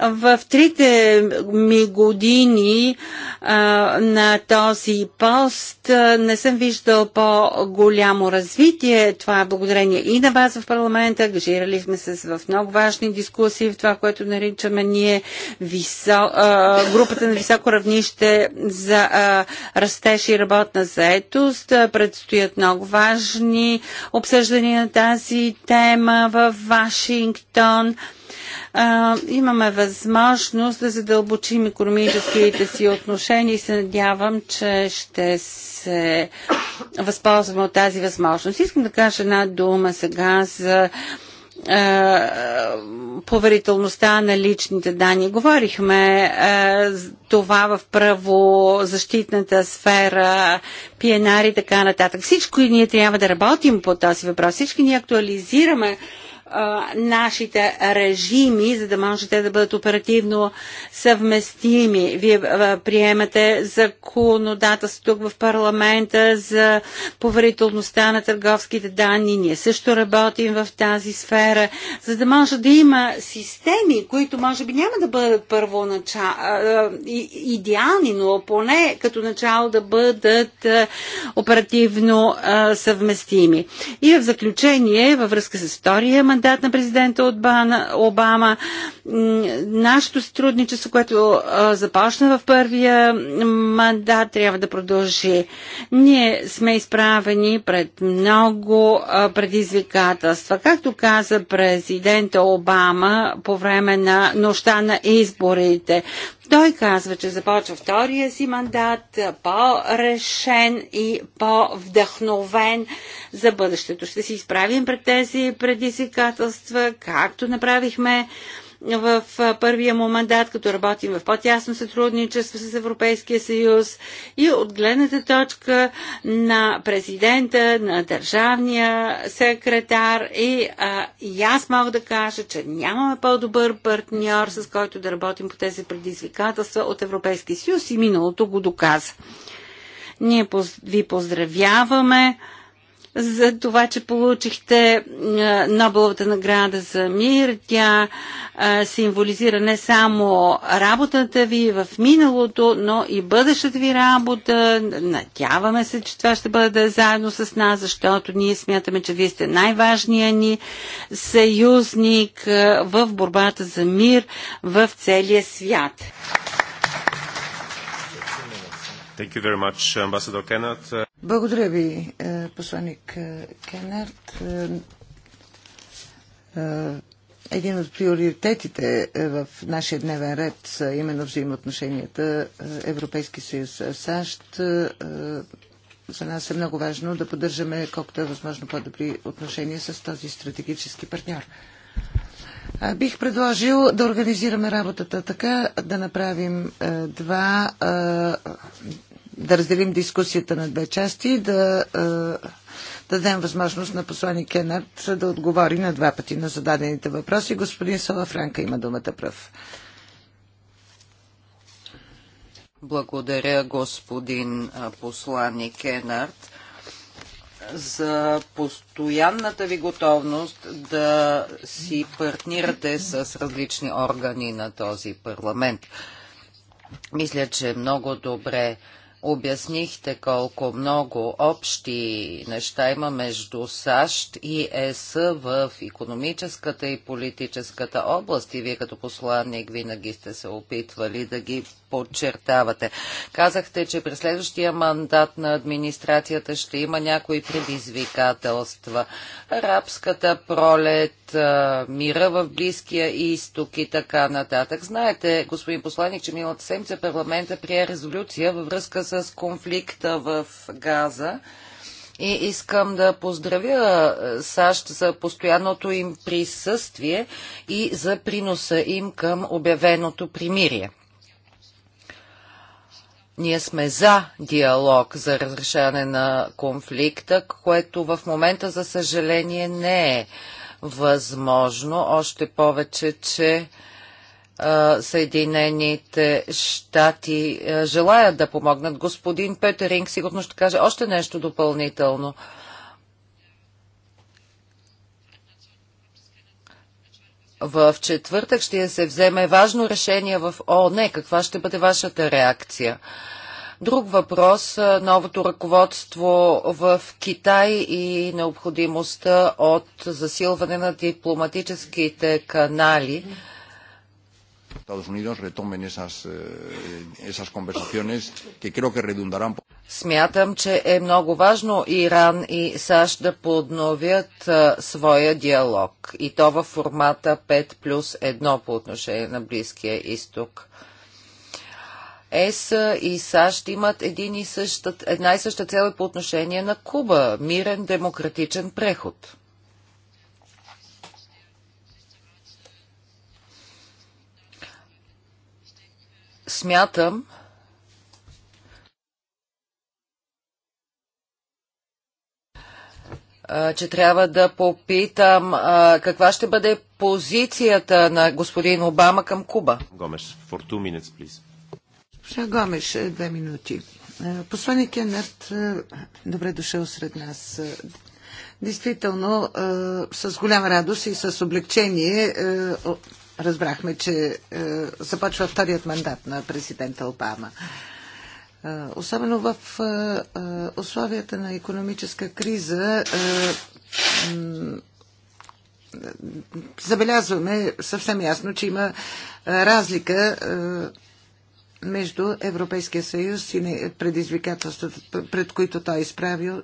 в трите ми години а, на този пост а, не съм виждал по-голямо развитие. Това е благодарение и на вас в парламента. Ангажирали сме се в много важни дискусии в това, което наричаме ние висо, а, групата на високо равнище за а, растеж и работна заетост. Предстоят много важни обсъждания на тази тема в Вашингтон а, имаме възможност да задълбочим економическите си отношения и се надявам, че ще се възползваме от тази възможност. Искам да кажа една дума сега за поверителността на личните данни. Говорихме е, това в правозащитната сфера, пиенари и така нататък. Всичко и ние трябва да работим по този въпрос. Всички ние актуализираме нашите режими, за да може те да бъдат оперативно съвместими. Вие приемате законодателство тук в парламента за поверителността на търговските данни. Ние също работим в тази сфера, за да може да има системи, които може би няма да бъдат първонача... идеални, но поне като начало да бъдат оперативно съвместими. И в заключение, във връзка с втория мандат на президента Обама, нашето сътрудничество, което започна в първия мандат, трябва да продължи. Ние сме изправени пред много предизвикателства. Както каза президента Обама по време на нощта на изборите, той казва, че започва втория си мандат по-решен и по-вдъхновен за бъдещето. Ще се изправим пред тези предизвикателства, както направихме в първия му мандат, като работим в по-тясно сътрудничество с Европейския съюз и от гледната точка на президента, на държавния секретар и, а, и аз мога да кажа, че нямаме по-добър партньор, с който да работим по тези предизвикателства от Европейския съюз и миналото го доказа. Ние ви поздравяваме за това, че получихте е, Нобеловата награда за мир. Тя е, символизира не само работата ви в миналото, но и бъдещата ви работа. Надяваме се, че това ще бъде заедно с нас, защото ние смятаме, че вие сте най-важният ни съюзник е, в борбата за мир в целия свят. Thank you very much, Ambassador Kennard. Благодаря ви, е, посланник е, Кеннерт. Е, един от приоритетите в нашия дневен ред са именно взаимоотношенията Европейски съюз САЩ. За нас е много важно да поддържаме колкото е възможно по-добри отношения с този стратегически партньор. Бих предложил да организираме работата така, да направим два да разделим дискусията на две части и да дадем възможност на послани Кенард да отговори на два пъти на зададените въпроси. Господин Салафранка има думата пръв. Благодаря, господин посланник Кенард, за постоянната ви готовност да си партнирате с различни органи на този парламент. Мисля, че много добре обяснихте колко много общи неща има между САЩ и ЕС в економическата и политическата област и вие като посланник винаги сте се опитвали да ги подчертавате. Казахте, че през следващия мандат на администрацията ще има някои предизвикателства. Арабската пролет, мира в Близкия изток и така нататък. Знаете, господин посланник, че миналата седмица парламента прие резолюция във връзка с конфликта в Газа. И искам да поздравя е, САЩ за постоянното им присъствие и за приноса им към обявеното примирие. Ние сме за диалог за разрешаване на конфликта, което в момента, за съжаление, не е възможно. Още повече, че Съединените щати желаят да помогнат. Господин Петеринг сигурно ще каже още нещо допълнително. В четвъртък ще се вземе важно решение в ООН. Каква ще бъде вашата реакция? Друг въпрос – новото ръководство в Китай и необходимостта от засилване на дипломатическите канали – Estados Unidos retomen esas, eh, esas eh, conversaciones que que creo redundarán. Смятам, че е много важно Иран и САЩ да подновят а, своя диалог и то във формата 5 плюс 1 по отношение на Близкия изток. ЕС и САЩ имат един и същ, една и съща цел по отношение на Куба – мирен демократичен преход. смятам, че трябва да попитам каква ще бъде позицията на господин Обама към Куба. Гомеш, for two minutes, please. Гомеш, е, две минути. Е, Посланник Енерт, е, добре дошъл сред нас. Действително, с голяма радост и с облегчение разбрахме, че е, започва вторият мандат на президента Обама. Е, особено в е, е условията на економическа криза е, забелязваме съвсем ясно, че има разлика е, между Европейския съюз и предизвикателствата, пред които той е изправил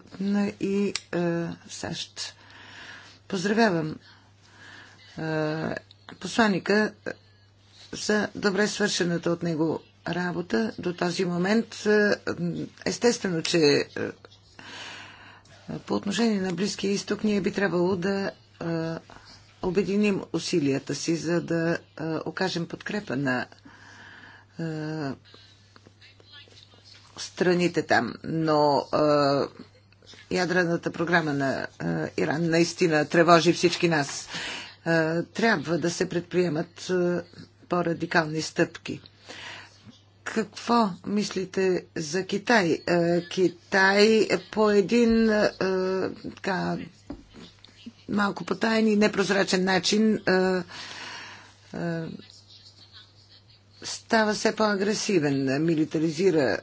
и е, САЩ. Поздравявам посланика е, за добре свършената от него работа до този момент. Е, естествено, че е, по отношение на Близкия изток ние би трябвало да обединим усилията си, за да окажем подкрепа на страните там. Но ядрената програма на Иран наистина тревожи всички нас. Е, трябва да се предприемат е, по-радикални стъпки. Какво мислите за Китай? Е, Китай по един така, малко потайен и непрозрачен начин става все по-агресивен, милитаризира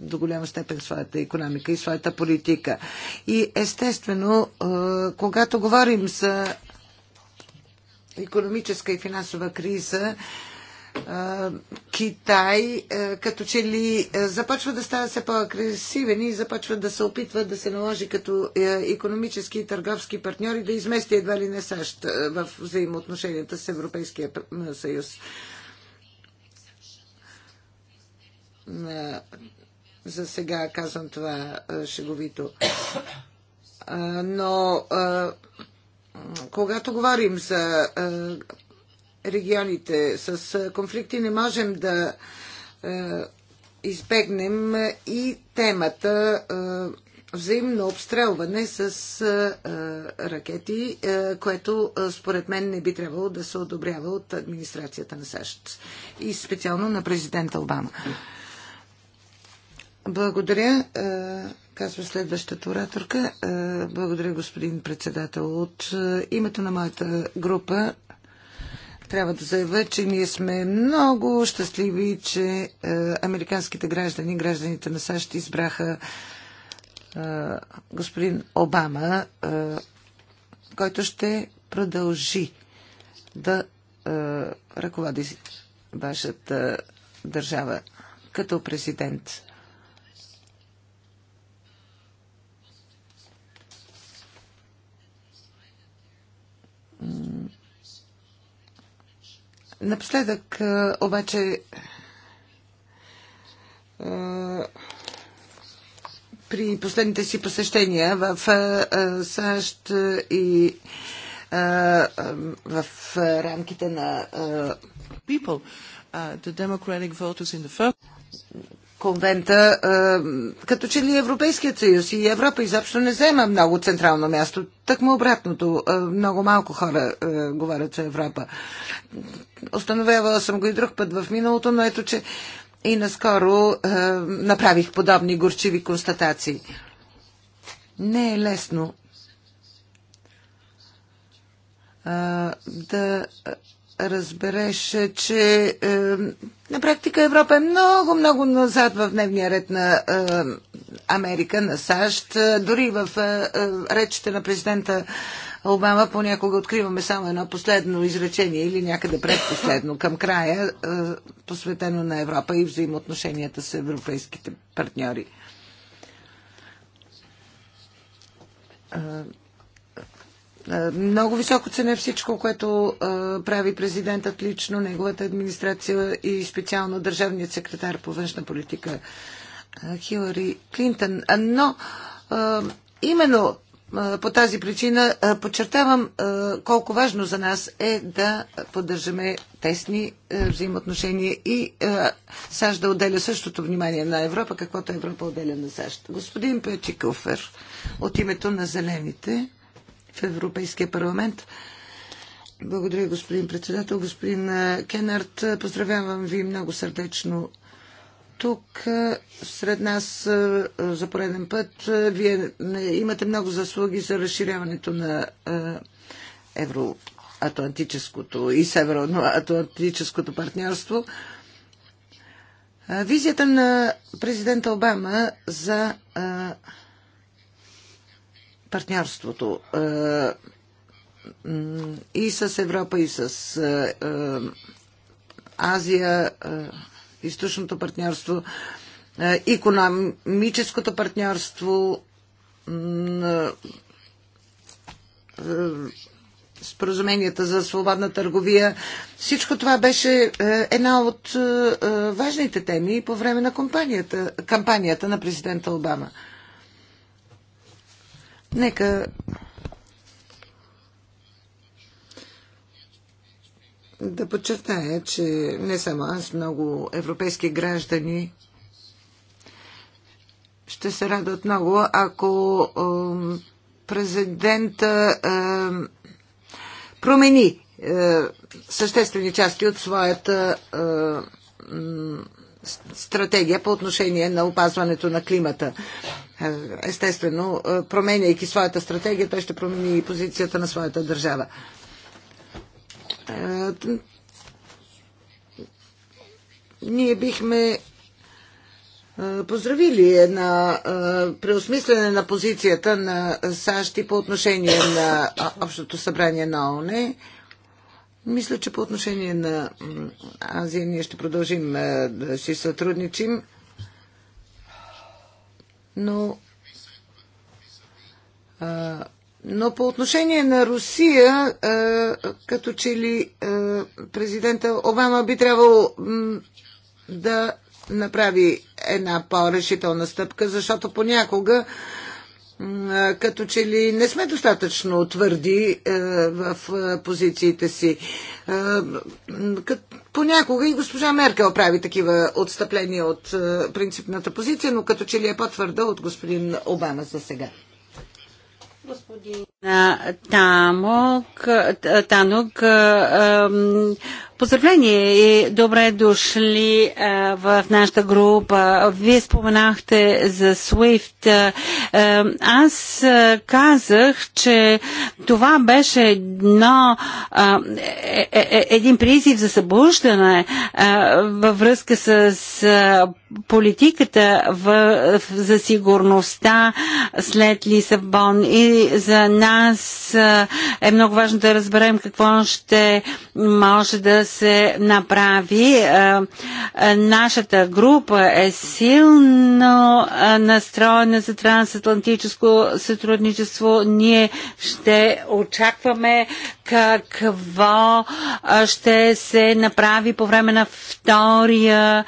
до голяма степен своята економика и своята политика. И естествено, когато говорим за економическа и финансова криза Китай като че ли започва да става все по-агресивен и започва да се опитва да се наложи като економически и търговски партньори да измести едва ли не САЩ в взаимоотношенията с Европейския съюз. За сега казвам това шеговито но когато говорим за регионите с конфликти, не можем да избегнем и темата взаимно обстрелване с ракети, което според мен не би трябвало да се одобрява от администрацията на САЩ и специално на президента Обама. Благодаря казва следващата ораторка. Е, благодаря, господин председател. От е, името на моята група трябва да заявя, че ние сме много щастливи, че е, американските граждани, гражданите на САЩ избраха господин Обама, който ще продължи да ръководи вашата държава като президент. Напоследък обаче при последните си посещения в САЩ и в рамките на People, uh, the Democratic voters in the first конвента, е, като че ли Европейският съюз и Европа изобщо не взема много централно място. му обратното, е, много малко хора е, говорят за Европа. Остановявала съм го и друг път в миналото, но ето, че и наскоро направих подобни горчиви констатации. Не е лесно да разбереш, че е, на практика Европа е много, много назад в дневния ред на е, Америка, на САЩ. Е, дори в е, е, речите на президента Обама понякога откриваме само едно последно изречение или някъде предпоследно към края, е, посветено на Европа и взаимоотношенията с европейските партньори е, е, много високо ценя всичко, което е, прави президентът лично, неговата администрация и специално държавният секретар по външна политика е, Хилари Клинтън. Но именно по тази причина подчертавам колко важно за нас е да поддържаме тесни взаимоотношения и САЩ да отделя същото внимание на Европа, каквото Европа отделя на САЩ. Господин Печикофер, от името на Зелените в Европейския парламент. Благодаря, господин председател. Господин Кенърт, поздравявам ви много сърдечно тук сред нас за пореден път. Вие имате много заслуги за разширяването на евроатлантическото и североатлантическото партньорство. Визията на президента Обама за партньорството е, и с Европа, и с е, е, Азия, източното партньорство, економическото партньорство, споразуменията за свободна търговия. Всичко това беше една от важните теми по време на кампанията, кампанията на президента Обама. Нека да подчертая, че не само аз, много европейски граждани ще се радват много, ако президента промени е, съществени части от своята е, стратегия по отношение на опазването на климата. Е, естествено, е, променяйки своята стратегия, той ще промени и позицията на своята държава. Е, ние бихме поздравили на преосмислене на позицията на САЩ и по отношение на Общото събрание на ОНЕ. Мисля, че по отношение на Азия ние ще продължим да си сътрудничим, но, но по отношение на Русия, като че ли президента Обама би трябвало да направи една по-решителна стъпка, защото понякога като че ли не сме достатъчно твърди е, в е, позициите си. Е, понякога и госпожа Меркел прави такива отстъпления от принципната позиция, но като че ли е по-твърда от господин Обама за сега. Господин Тамок, Танок, Поздравление и добре дошли в нашата група. Вие споменахте за SWIFT. аз казах, че това беше едно, е, е, е, един призив за събуждане във връзка с политиката в, в, за сигурността след Лисабон. И за нас е много важно да разберем какво ще може да се направи. Е, е, нашата група е силно е, настроена за трансатлантическо сътрудничество. Ние ще очакваме какво ще се направи по време на втория,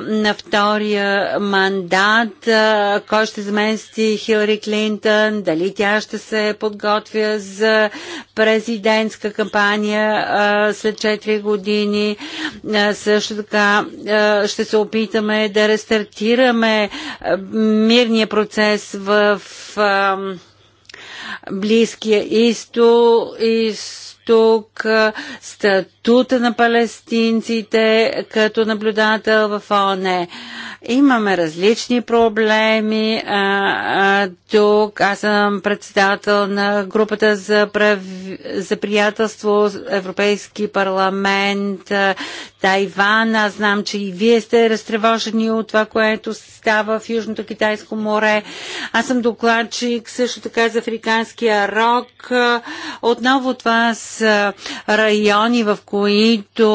на втория мандат, кой ще замести Хилари Клинтън, дали тя ще се подготвя за президентска кампания след 4 3 години. Също така ще се опитаме да рестартираме мирния процес в Близкия изток, изток, статута на палестинците като наблюдател в ОНЕ. Имаме различни проблеми. А, а, тук аз съм председател на групата за, прав... за приятелство Европейски парламент а, Тайван. Аз знам, че и вие сте разтревожени от това, което става в Южното Китайско море. Аз съм докладчик също така за Африканския рок. Отново това са райони, в които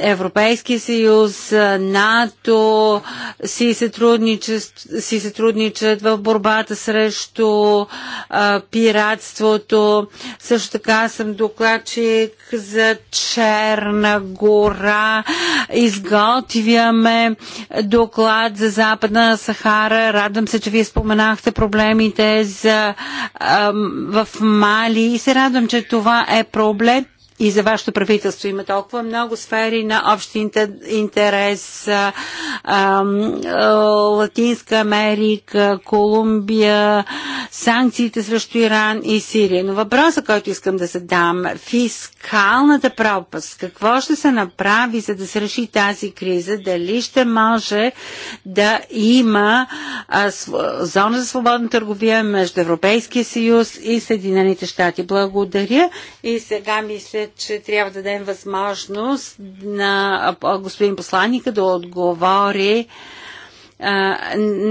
Европейския съюз, НАТО, НАТО си сътрудничат, си сътрудничат в борбата срещу а, пиратството. Също така съм докладчик за Черна гора. Изготвяме доклад за Западна Сахара. Радвам се, че вие споменахте проблемите за, а, в Мали и се радвам, че това е проблем и за вашето правителство. Има толкова много сфери на общ интерес. Латинска Америка, Колумбия, санкциите срещу Иран и Сирия. Но въпроса, който искам да задам, фискалната пропаст. Какво ще се направи, за да се реши тази криза? Дали ще може да има зона за свободна търговия между Европейския съюз и Съединените щати? Благодаря. И сега мисля, мисля, че трябва да дадем възможност на господин посланника да отговори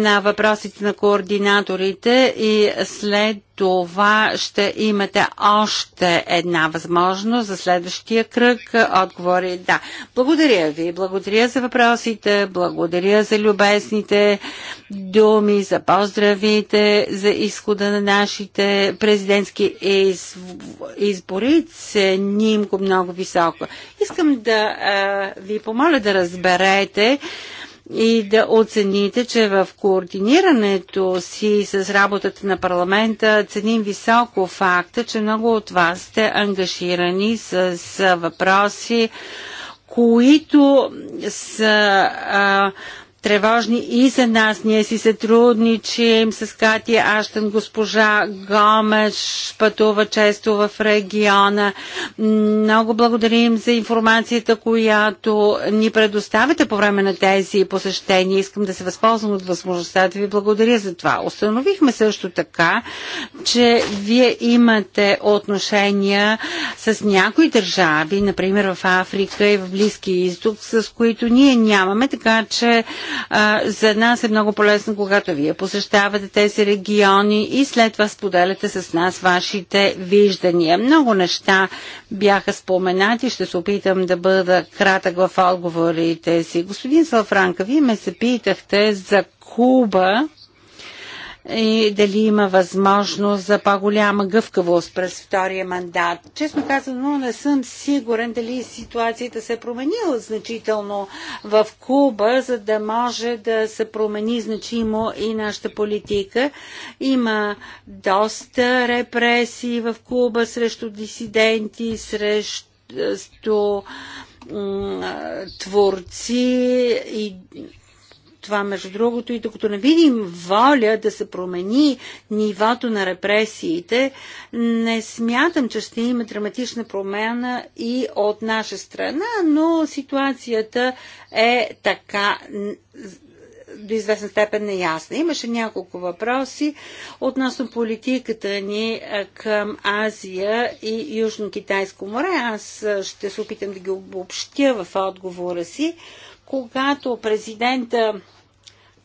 на въпросите на координаторите и след това ще имате още една възможност за следващия кръг отговори. Да, благодаря ви, благодаря за въпросите, благодаря за любезните думи, за поздравите, за изхода на нашите президентски из... избори. Ценим го много високо. Искам да а, ви помоля да разберете, и да оцените, че в координирането си с работата на парламента ценим високо факта, че много от вас сте ангажирани с, въпроси, които са а, тревожни и за нас. Ние си сътрудничим с Катия Аштън, госпожа Гомеш пътува често в региона. Много благодарим за информацията, която ни предоставяте по време на тези посещения. Искам да се възползвам от възможността да ви благодаря за това. Установихме също така, че вие имате отношения с някои държави, например в Африка и в Близкия изток, с които ние нямаме, така че за нас е много полезно, когато вие посещавате тези региони и след това споделяте с нас вашите виждания. Много неща бяха споменати. Ще се опитам да бъда кратък в отговорите си. Господин Салфранка, вие ме се питахте за Куба и дали има възможност за по-голяма гъвкавост през втория мандат. Честно казано, не съм сигурен дали ситуацията се е променила значително в Куба, за да може да се промени значимо и нашата политика. Има доста репресии в Куба срещу дисиденти, срещу творци и това, между другото, и докато не видим воля да се промени нивото на репресиите, не смятам, че ще има драматична промяна и от наша страна, но ситуацията е така до известна степен неясна. Имаше няколко въпроси относно политиката ни към Азия и Южно-Китайско море. Аз ще се опитам да ги обобщя в отговора си. Когато президента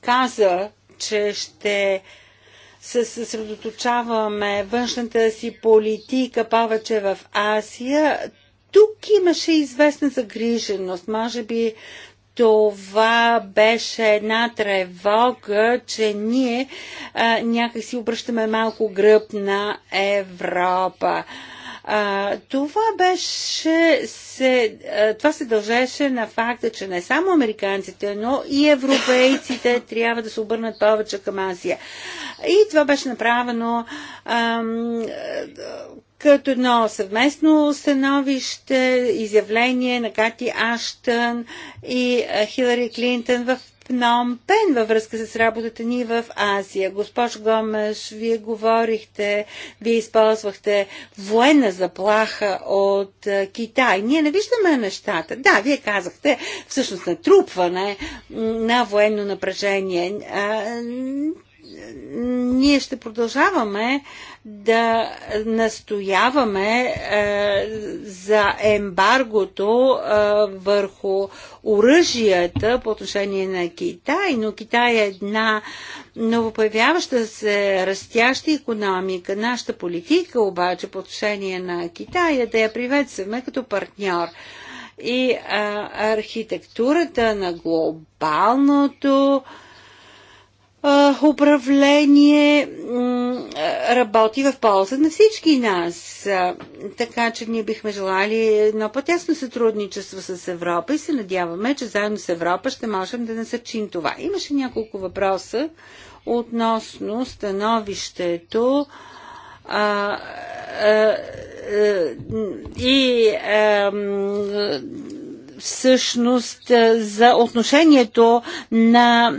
каза, че ще се съсредоточаваме външната си политика повече в Азия, тук имаше известна загриженост. Може би това беше една тревога, че ние а, някак си обръщаме малко гръб на Европа. А, това беше, се, а, това се дължеше на факта, че не само американците, но и европейците трябва да се обърнат повече към Азия. И това беше направено ам, като едно съвместно становище, изявление на Кати Аштън и Хилари Клинтон в Пном Пен във връзка с работата ни в Азия. Госпожо Гомеш, вие говорихте, вие използвахте военна заплаха от е, Китай. Ние не виждаме нещата. Да, вие казахте всъщност натрупване на военно напрежение ние ще продължаваме да настояваме е, за ембаргото е, върху оръжията по отношение на Китай, но Китай е една новопоявяваща се растяща економика. Нашата политика обаче по отношение на Китай е да я приветстваме като партньор и е, архитектурата на глобалното управление работи в полза на всички нас. Така че ние бихме желали едно по-тясно сътрудничество с Европа и се надяваме, че заедно с Европа ще можем да насърчим това. Имаше няколко въпроса относно становището а, а, а, и а, всъщност за отношението на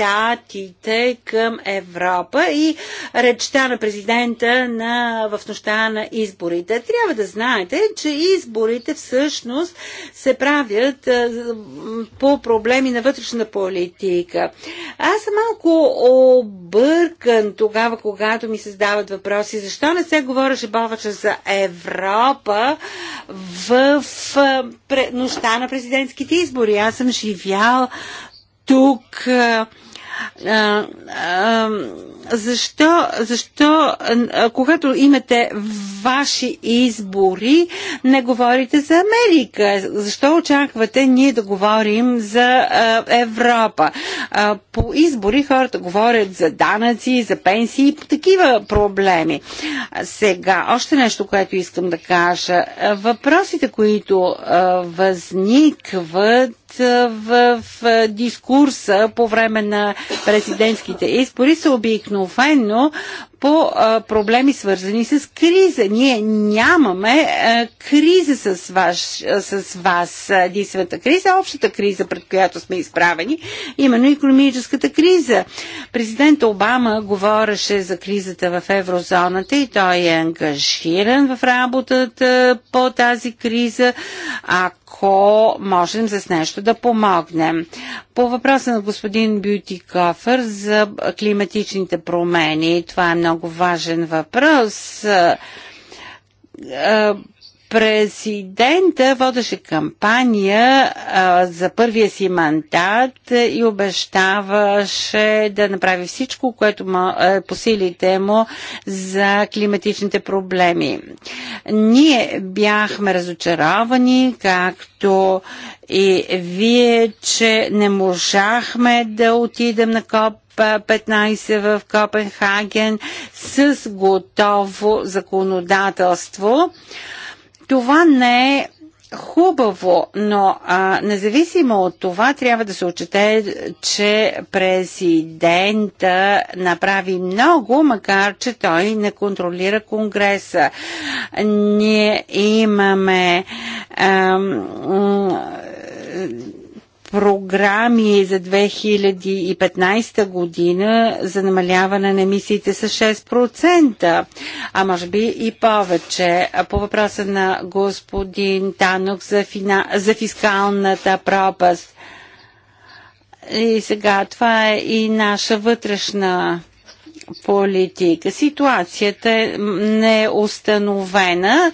щатите към Европа и речта на президента на, в нощта на изборите. Трябва да знаете, че изборите всъщност се правят по проблеми на вътрешна политика. Аз съм малко объркан тогава, когато ми се задават въпроси. Защо не се говореше повече за Европа в нощта на президентските избори? Аз съм живял тук защо, защо а, когато имате ваши избори, не говорите за Америка? Защо очаквате ние да говорим за а, Европа? А, по избори хората говорят за данъци, за пенсии и по такива проблеми. А, сега, още нещо, което искам да кажа. Въпросите, които а, възникват, в дискурса по време на президентските избори са обикновено по а, проблеми свързани с криза. Ние нямаме а, криза с, ваш, а, с вас, единствената криза, е общата криза, пред която сме изправени, именно економическата криза. Президент Обама говореше за кризата в еврозоната и той е ангажиран в работата по тази криза, ако можем с нещо да помогнем. По въпроса на господин Бютикофер за климатичните промени, това е много много важен въпрос Президента водеше кампания а, за първия си мандат и обещаваше да направи всичко, което ма, а, е, по силите му за климатичните проблеми. Ние бяхме разочаровани, както и вие, че не можахме да отидем на КОП 15 в Копенхаген с готово законодателство. Това не е хубаво, но а, независимо от това трябва да се отчете, че президента направи много, макар че той не контролира Конгреса. Ние имаме а, програми за 2015 година за намаляване на емисиите с 6%, а може би и повече. По въпроса на господин Танок за, фина... за фискалната пропаст. И сега това е и наша вътрешна политика. Ситуацията е неустановена.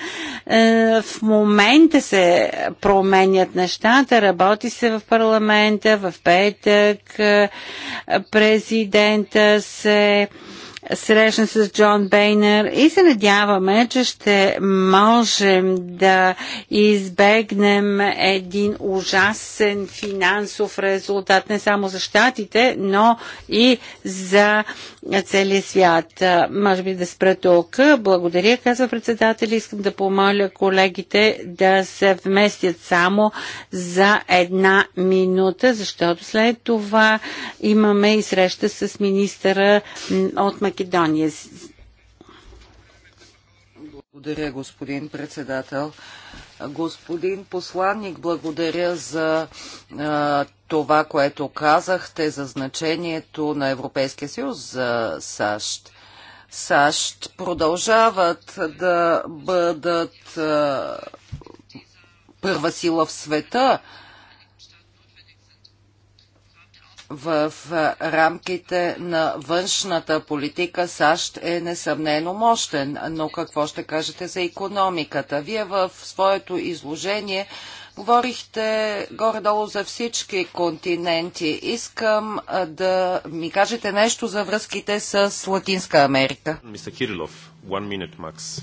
Е, в момента се променят нещата. Работи се в парламента, в петък е, президента се срещна с Джон Бейнер и се надяваме, че ще можем да избегнем един ужасен финансов резултат не само за щатите, но и за целия свят. Може би да спра тук. Благодаря, казва председател. Искам да помоля колегите да се вместят само за една минута, защото след това имаме и среща с министъра от Македония Македония. Благодаря, господин председател. Господин посланник, благодаря за а, това, което казахте за значението на Европейския съюз за САЩ. САЩ продължават да бъдат а, първа сила в света, в рамките на външната политика САЩ е несъмнено мощен, но какво ще кажете за економиката? Вие в своето изложение говорихте горе-долу за всички континенти. Искам да ми кажете нещо за връзките с Латинска Америка. Мистер Кирилов, one minute max.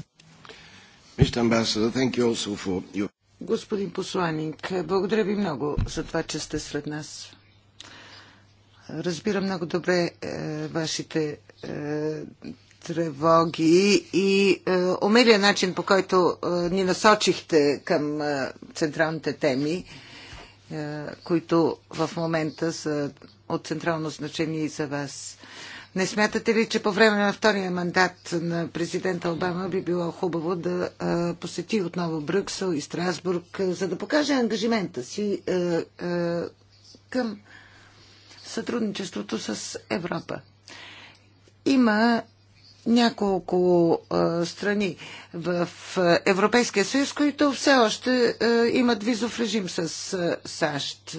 Господин посланник, благодаря ви много за това, че сте сред нас разбира много добре е, вашите е, тревоги и е, умелия начин, по който е, ни насочихте към е, централните теми, е, които в момента са от централно значение и за вас. Не смятате ли, че по време на втория мандат на президента Обама би било хубаво да е, посети отново Брюксел и Страсбург, е, за да покаже ангажимента си е, е, към сътрудничеството с Европа. Има няколко а, страни в Европейския съюз, които все още а, имат визов режим с а, САЩ.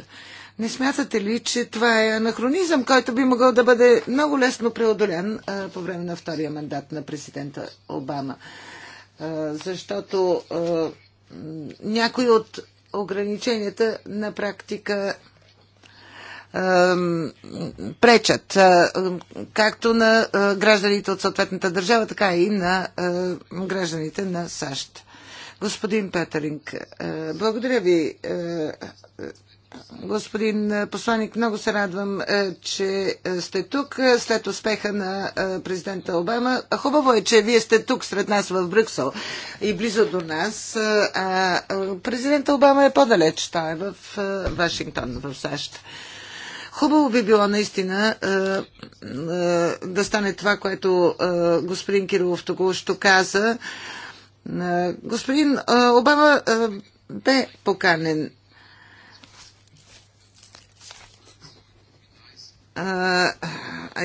Не смятате ли, че това е анахронизъм, който би могъл да бъде много лесно преодолен а, по време на втория мандат на президента Обама? А, защото а, някои от ограниченията на практика пречат както на гражданите от съответната държава, така и на гражданите на САЩ. Господин Петеринг, благодаря ви. Господин посланник, много се радвам, че сте тук след успеха на президента Обама. Хубаво е, че вие сте тук сред нас в Брюксел и близо до нас. президента Обама е по-далеч. Той е в Вашингтон, в САЩ. Хубаво би било наистина е, е, да стане това, което е, господин Кирилов току-що каза. Господин Обама бе поканен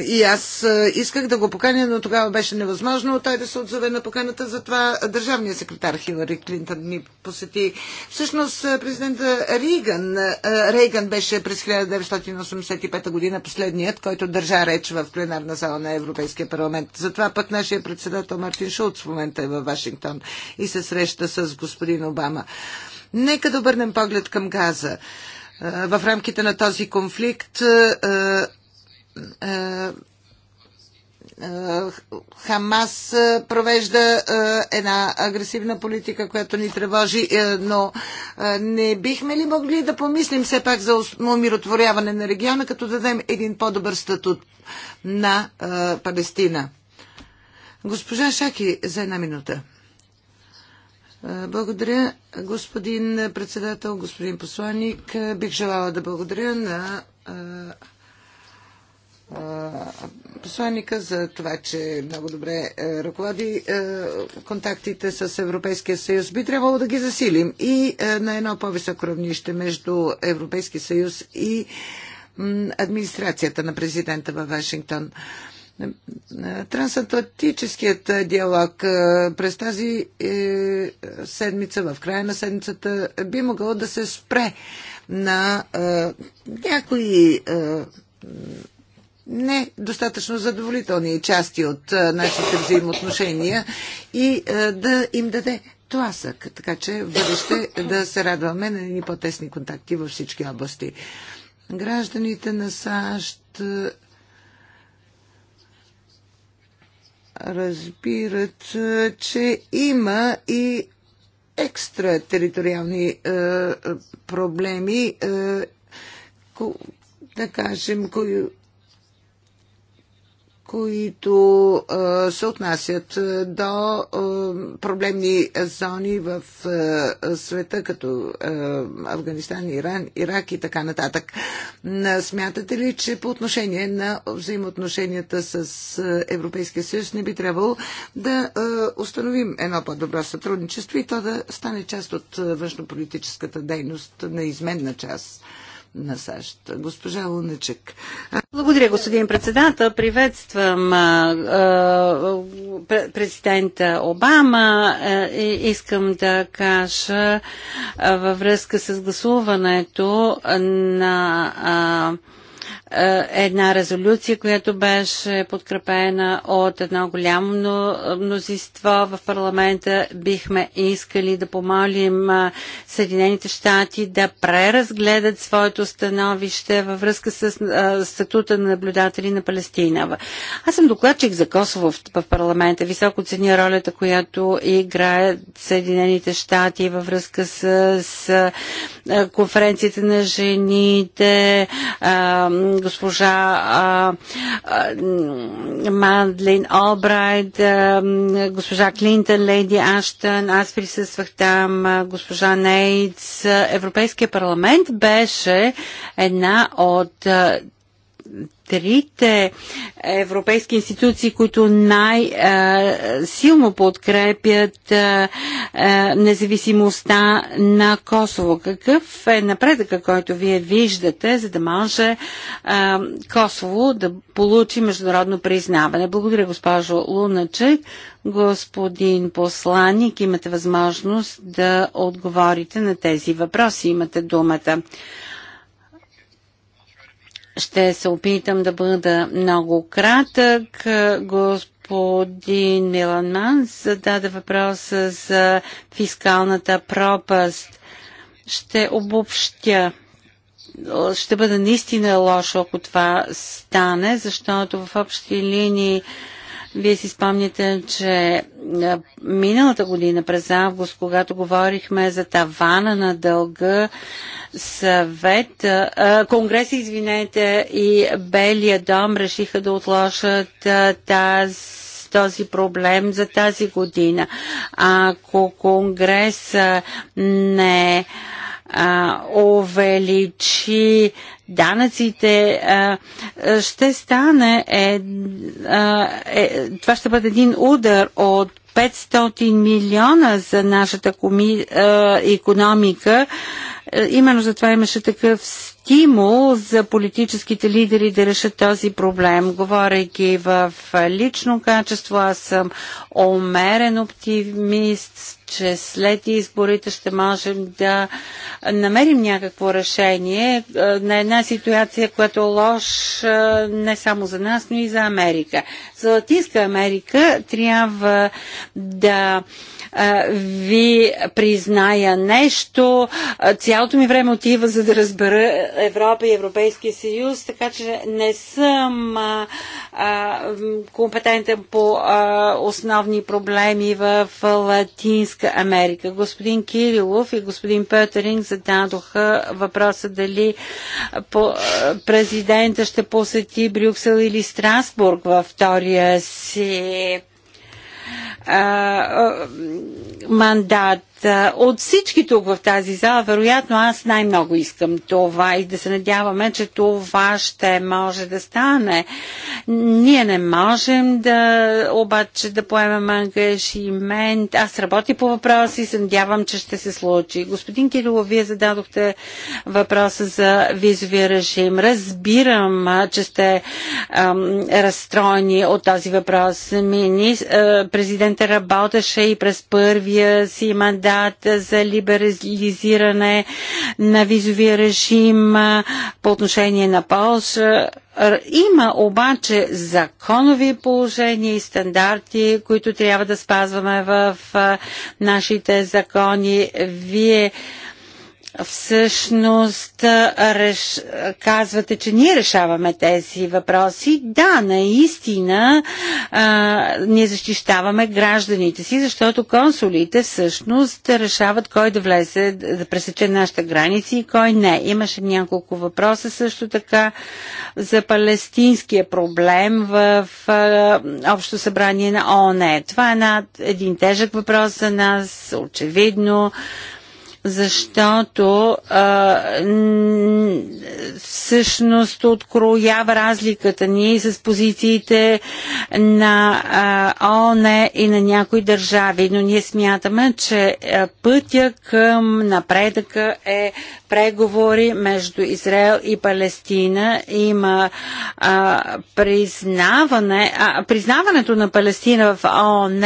и аз исках да го поканя, но тогава беше невъзможно той да се отзове на поканата, затова държавният секретар Хилари Клинтън ни посети. Всъщност президента Рейган. Рейган беше през 1985 година последният, който държа реч в пленарна зала на Европейския парламент. Затова пък нашия председател Мартин Шулц в момента е във Вашингтон и се среща с господин Обама. Нека да обърнем поглед към Газа в рамките на този конфликт е, е, Хамас е, провежда една агресивна политика, която ни тревожи, но не бихме ли могли да помислим все пак за умиротворяване на региона, като дадем един по-добър статут на Палестина? Госпожа Шаки, за една минута. Благодаря, господин председател, господин посланник. Бих желала да благодаря на посланника за това, че много добре ръководи контактите с Европейския съюз. Би трябвало да ги засилим и на едно по-високо равнище между Европейския съюз и администрацията на президента във Вашингтон. Трансатлантическият диалог през тази е, седмица, в края на седмицата, би могъл да се спре на някои не достатъчно задоволителни части от нашите взаимоотношения и да им даде тласък, така че в бъдеще да се радваме на едни по-тесни контакти във всички области. Гражданите на САЩ разбират, че има и екстратериториални е, проблеми, е, ко, да кажем, кои, които а, се отнасят до а, проблемни зони в а, света, като а, Афганистан, Иран, Ирак и така нататък. Смятате ли, че по отношение на взаимоотношенията с Европейския съюз не би трябвало да а, установим едно по-добро сътрудничество и то да стане част от външнополитическата дейност, на изменна част? на САЩ. Госпожа Луначек. Благодаря, господин председател. Приветствам а, а, президента Обама. А, и искам да кажа а, във връзка с гласуването на. А, е, една резолюция, която беше подкрепена от едно голямо мнозинство в парламента. Бихме искали да помолим е, Съединените щати да преразгледат своето становище във връзка с е, статута на наблюдатели на Палестина. Аз съм докладчик за Косово в парламента. Високо ценя ролята, която играят Съединените щати във връзка с конференцията на жените, госпожа Мадлин Олбрайт, госпожа Клинтън, Лейди Аштън, аз присъствах там, госпожа Нейтс. Европейския парламент беше една от а, трите европейски институции, които най-силно подкрепят независимостта на Косово. Какъв е напредъка, който вие виждате, за да може Косово да получи международно признаване? Благодаря, госпожо Луначек. Господин посланник, имате възможност да отговорите на тези въпроси. Имате думата. Ще се опитам да бъда много кратък. Господин Милан Манс зададе въпроса за фискалната пропаст. Ще обобщя ще бъде наистина лошо, ако това стане, защото в общи линии вие си спомняте, че миналата година през август, когато говорихме за тавана на дълга, съвет, конгрес, извинете, и Белия дом решиха да отложат тази този проблем за тази година. Ако Конгрес не а, увеличи данъците, ще стане е, е, това ще бъде един удар от 500 милиона за нашата коми, е, економика. Именно за това имаше такъв стимул за политическите лидери да решат този проблем. Говорейки в лично качество, аз съм умерен оптимист, че след изборите ще можем да намерим някакво решение е, на една ситуация, която е лош е, не само за нас, но и за Америка. За Латинска Америка трябва да е, ви призная нещо. Цялото ми време отива за да разбера Европа и Европейския съюз, така че не съм а, а, компетентен по а, основни проблеми в Латинска Латинска Америка. Господин Кирилов и господин Петеринг зададоха въпроса дали президента ще посети Брюксел или Страсбург във втория си мандат. Е, от всички тук в тази зала, вероятно аз най-много искам това и да се надяваме, че това ще може да стане. Ние не можем да обаче да поемем ангажимент. Аз работя по въпроса и се надявам, че ще се случи. Господин Кирилов, вие зададохте въпроса за визовия режим. Разбирам, че сте ам, разстроени от този въпрос. Мини, президента работеше и през първия си мандат кандидата за либерализиране на визовия режим по отношение на Польша. Има обаче законови положения и стандарти, които трябва да спазваме в нашите закони. Вие всъщност реш... казвате, че ние решаваме тези въпроси. Да, наистина а, ние защищаваме гражданите си, защото консулите всъщност решават кой да влезе, да пресече нашите граници и кой не. Имаше няколко въпроса също така за палестинския проблем в а, Общо събрание на ОНЕ. Това е над един тежък въпрос за нас, очевидно защото а, всъщност откроява разликата ни с позициите на ООН и на някои държави. Но ние смятаме, че пътя към напредъка е преговори между Израел и Палестина. Има а, признаване, а, признаването на Палестина в ООН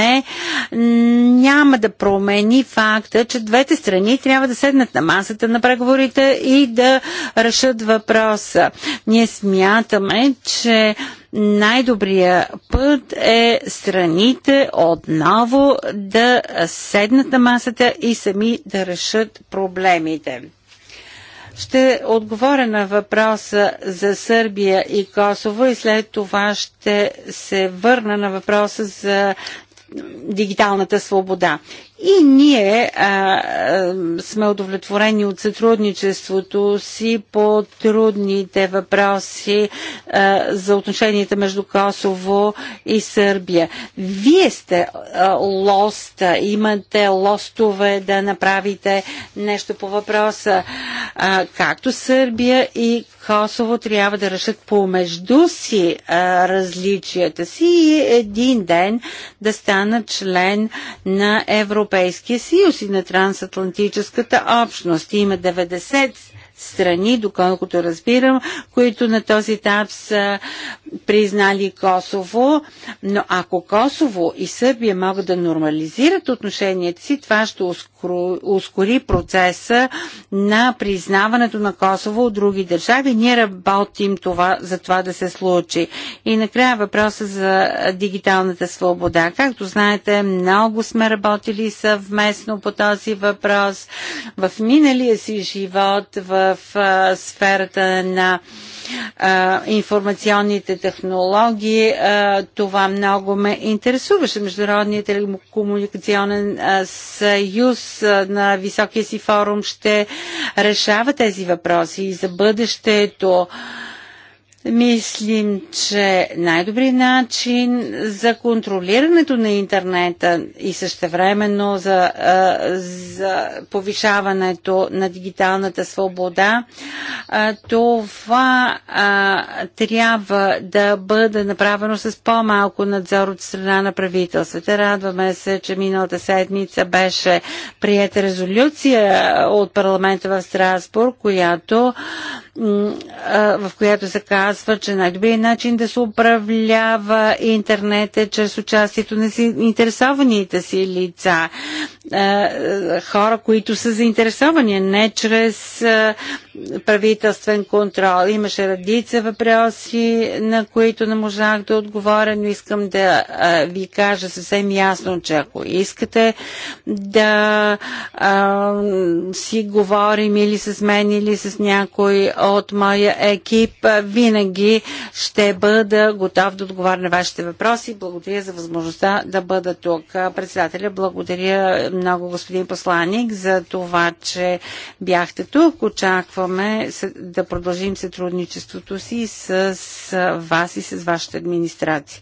няма да промени факта, че двете страни трябва да седнат на масата на преговорите и да решат въпроса. Ние смятаме, че най-добрият път е страните отново да седнат на масата и сами да решат проблемите. Ще отговоря на въпроса за Сърбия и Косово и след това ще се върна на въпроса за дигиталната свобода. И ние а, а, сме удовлетворени от сътрудничеството си по трудните въпроси а, за отношенията между Косово и Сърбия. Вие сте а, лост, имате лостове да направите нещо по въпроса. А, както Сърбия и Косово трябва да решат помежду си а, различията си и един ден да станат член на Европейския Европейския съюз и на трансатлантическата общност. Има 90 страни, доколкото разбирам, които на този етап са признали Косово. Но ако Косово и Сърбия могат да нормализират отношенията си, това ще ускори процеса на признаването на Косово от други държави. Ние работим това, за това да се случи. И накрая въпроса за дигиталната свобода. Както знаете, много сме работили съвместно по този въпрос. В миналия си живот в в сферата на информационните технологии. това много ме интересуваше. Международният телекомуникационен съюз на високия си форум ще решава тези въпроси и за бъдещето. Мислим, че най-добрият начин за контролирането на интернета и същевременно за, за повишаването на дигиталната свобода, това трябва да бъде направено с по-малко надзор от страна на правителствата. Радваме се, че миналата седмица беше прията резолюция от парламента в Страсбург, която в която се казва, че най-добрият начин да се управлява интернет е чрез участието на интересованите си лица. Хора, които са заинтересовани, не чрез правителствен контрол. Имаше редица въпроси, на които не можах да отговоря, но искам да ви кажа съвсем ясно, че ако искате да а, си говорим или с мен, или с някой от моя екип. Винаги ще бъда готов да отговаря на вашите въпроси. Благодаря за възможността да бъда тук. Председателя, благодаря много господин посланник за това, че бяхте тук. Очакваме да продължим сътрудничеството си с вас и с вашата администрация.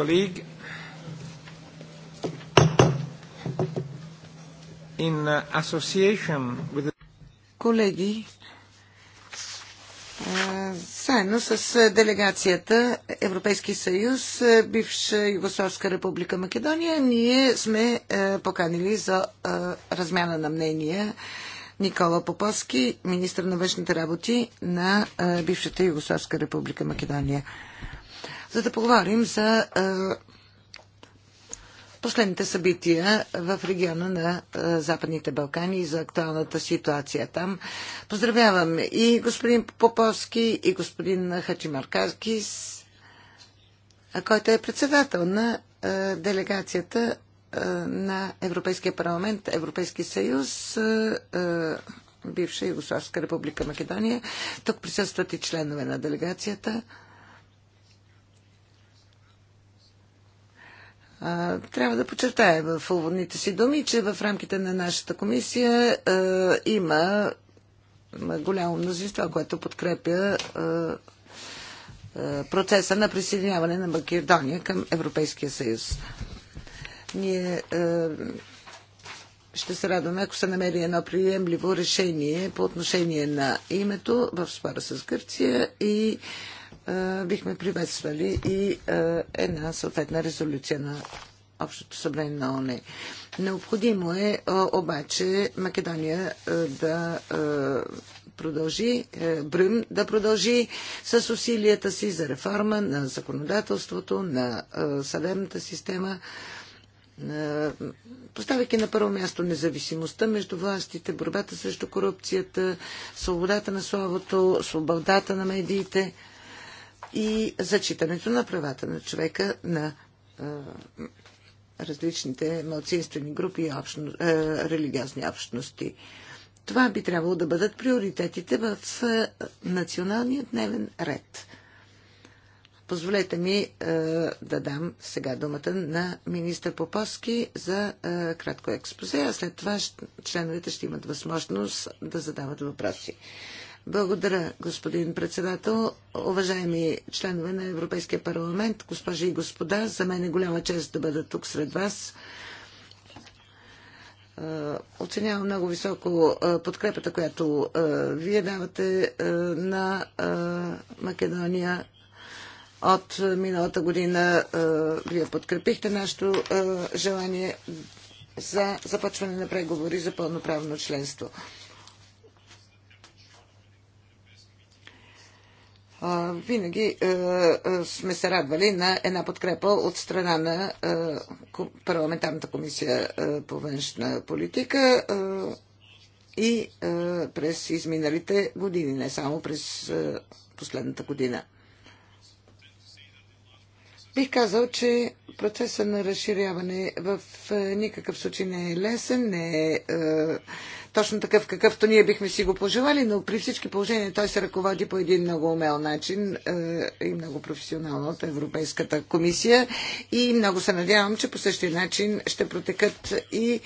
colleague, in association with Колеги, е, заедно с е, делегацията Европейски съюз, е, бивша Югославска република Македония, ние сме поканили за размяна на мнения Никола Поповски, министр на външните работи на бившата Югославска република Македония за да поговорим за последните събития в региона на Западните Балкани и за актуалната ситуация там. Поздравявам и господин Поповски, и господин Хачимаркарски, който е председател на делегацията на Европейския парламент, Европейски съюз, бивша Югославска република Македония. Тук присъстват и членове на делегацията. Трябва да подчертая в уводните си думи, че в рамките на нашата комисия има голямо мнозинство, което подкрепя процеса на присъединяване на Македония към Европейския съюз. Ние ще се радваме, ако се намери едно приемливо решение по отношение на името в спора с Гърция и е, бихме приветствали и е, една съответна резолюция на Общото събрание на ОНЕ. Необходимо е, е обаче Македония да продължи, Брюм да продължи с усилията си за реформа на законодателството, на съдебната система, поставяйки на първо място независимостта между властите, борбата срещу корупцията, свободата на словото, свободата на медиите – и зачитането на правата на човека на различните малцинствени групи и общно, религиозни общности. Това би трябвало да бъдат приоритетите в националния дневен ред. Позволете ми е, да дам сега думата на министър Поповски за е, кратко експозе, а след това членовете ще имат възможност да задават въпроси. Благодаря, господин председател. Уважаеми членове на Европейския парламент, госпожи и господа, за мен е голяма чест да бъда тук сред вас. Е, оценявам много високо е, подкрепата, която е, вие давате на Македония от миналата година вие подкрепихте нашето желание за започване на преговори за пълноправно членство. винаги е, е, сме се радвали на една подкрепа от страна на е, парламентарната комисия по външна политика и през изминалите години, не само през последната година. Бих казал, че процесът на разширяване в никакъв случай не е лесен, не е, е точно такъв какъвто ние бихме си го пожелали, но при всички положения той се ръководи по един много умел начин е, и много професионално от Европейската комисия и много се надявам, че по същия начин ще протекат и е,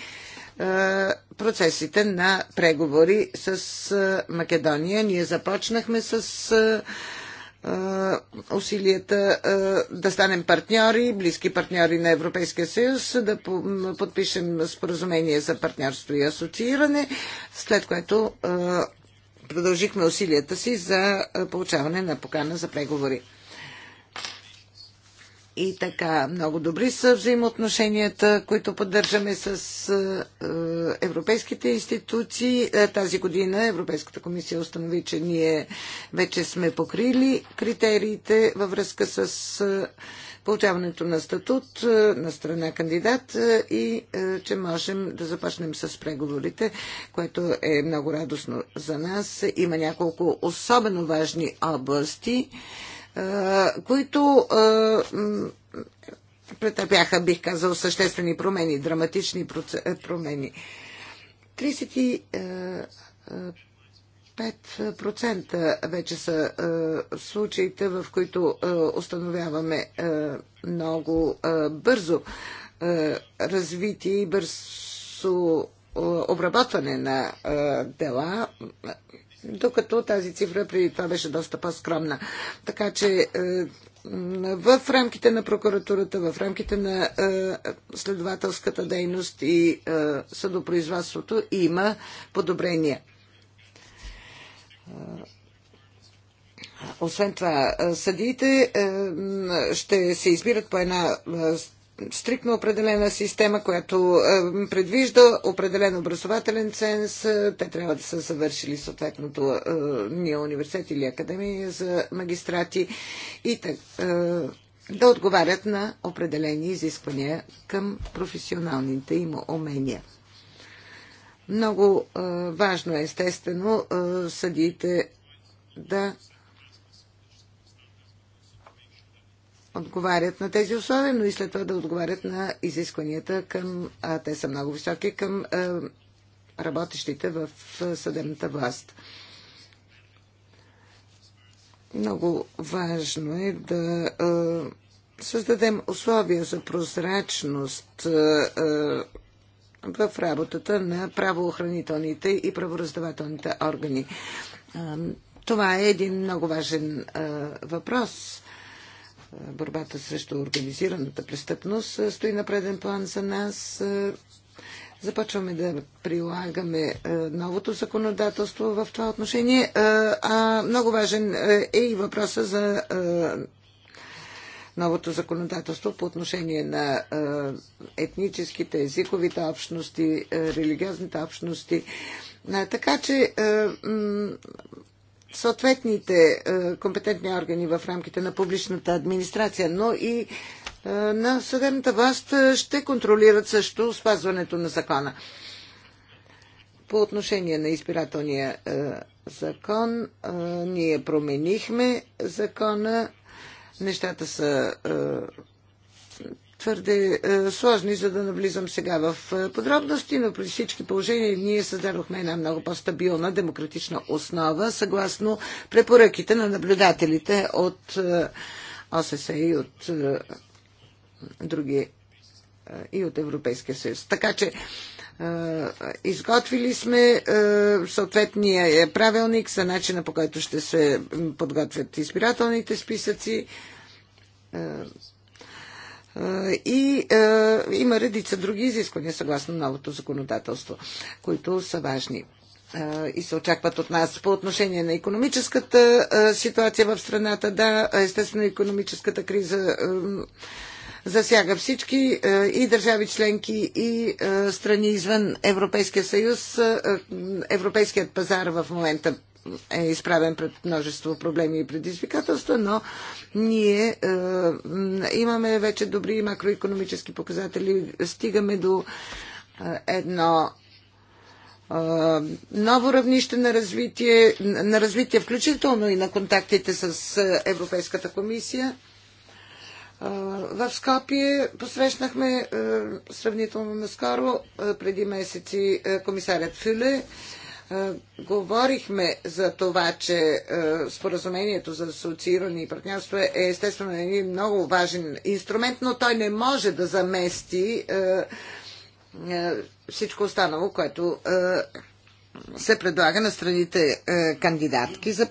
процесите на преговори с е, Македония. Ние започнахме с усилията да станем партньори, близки партньори на Европейския съюз, да подпишем споразумение за партньорство и асоцииране, след което продължихме усилията си за получаване на покана за преговори. И така, много добри са взаимоотношенията, които поддържаме с е, е, европейските институции. Е, тази година Европейската комисия установи, че ние вече сме покрили критериите във връзка с получаването на статут на страна кандидат и че можем да започнем с преговорите, което е много радостно за нас. Има няколко особено важни области които претърпяха, бих казал, съществени промени, драматични е, промени. 35% е, е, вече са случаите, в които установяваме много бързо развитие и бързо обработване на дела докато тази цифра преди това беше доста по-скромна. Така че е, в рамките на прокуратурата, в рамките на е, следователската дейност и е, съдопроизводството има подобрения. Освен това, съдиите ще се избират по една стрикно определена система, която е, предвижда определен образователен ценз. Те трябва да са завършили съответното е, ние университет или академия за магистрати и е, да отговарят на определени изисквания към професионалните им умения. Много важно е, естествено, съдиите да отговарят на тези условия, но и след това да отговарят на изискванията към, а те са много високи, към а, работещите в съдебната власт. Много важно е да а, създадем условия за прозрачност а, в работата на правоохранителните и правораздавателните органи. Това е един много важен въпрос борбата срещу организираната престъпност стои на преден план за нас. Започваме да прилагаме новото законодателство в това отношение. А много важен е и въпроса за новото законодателство по отношение на етническите, езиковите общности, религиозните общности. Така че съответните е, компетентни органи в рамките на публичната администрация, но и е, на съдебната власт е, ще контролират също спазването на закона. По отношение на избирателния закон, ние променихме закона. Нещата са твърде е, сложни, за да навлизам сега в е, подробности, но при всички положения ние създадохме една много по-стабилна демократична основа, съгласно препоръките на наблюдателите от ОССЕ и от е, други и от Европейския съюз. Така че изготвили сме съответния правилник за начина по който ще се подготвят избирателните списъци е, и е, има редица други изисквания, съгласно новото законодателство, които са важни е, и се очакват от нас. По отношение на економическата е, ситуация в страната, да, естествено економическата криза засяга всички и държави членки, и страни извън Европейския съюз. Европейският пазар в момента е изправен пред множество проблеми и предизвикателства, но ние е, имаме вече добри макроекономически показатели, стигаме до е, едно е, ново равнище на развитие, на развитие включително и на контактите с е, Европейската комисия. Е, в Скопие посрещнахме сравнително наскоро, преди месеци, комисарят Фюле. Е, говорихме за това, че е, споразумението за асоцииране и партньорство е естествено е един много важен инструмент, но той не може да замести всичко останало, което се предлага на страните кандидатки за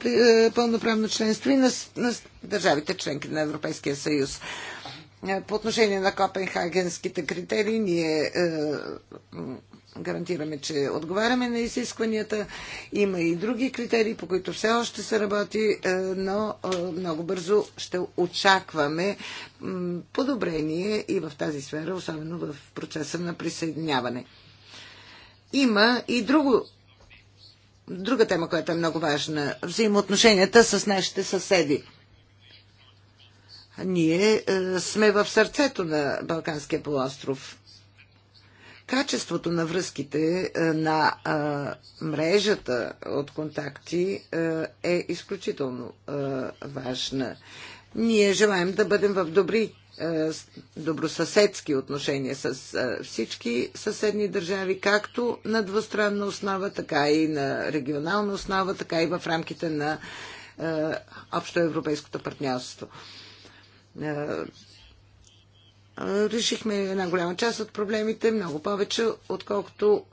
пълноправно членство и на, на държавите членки на Европейския съюз. По отношение на копенхагенските критерии, ние гарантираме, че отговаряме на изискванията. Има и други критерии, по които все още се работи, е, но е, много бързо ще очакваме подобрение и в тази сфера, особено в процеса на присъединяване. Има и друго, друга тема, която е много важна взаимоотношенията с нашите съседи. Ние е, сме в сърцето на Балканския полуостров качеството на връзките е, на е, мрежата от контакти е, е изключително важна. Ние желаем да бъдем в добри добросъседски отношения с всички съседни държави, както на двустранна основа, така и на регионална основа, така и в рамките на общоевропейското партньорство решихме една голяма част от проблемите, много повече, отколкото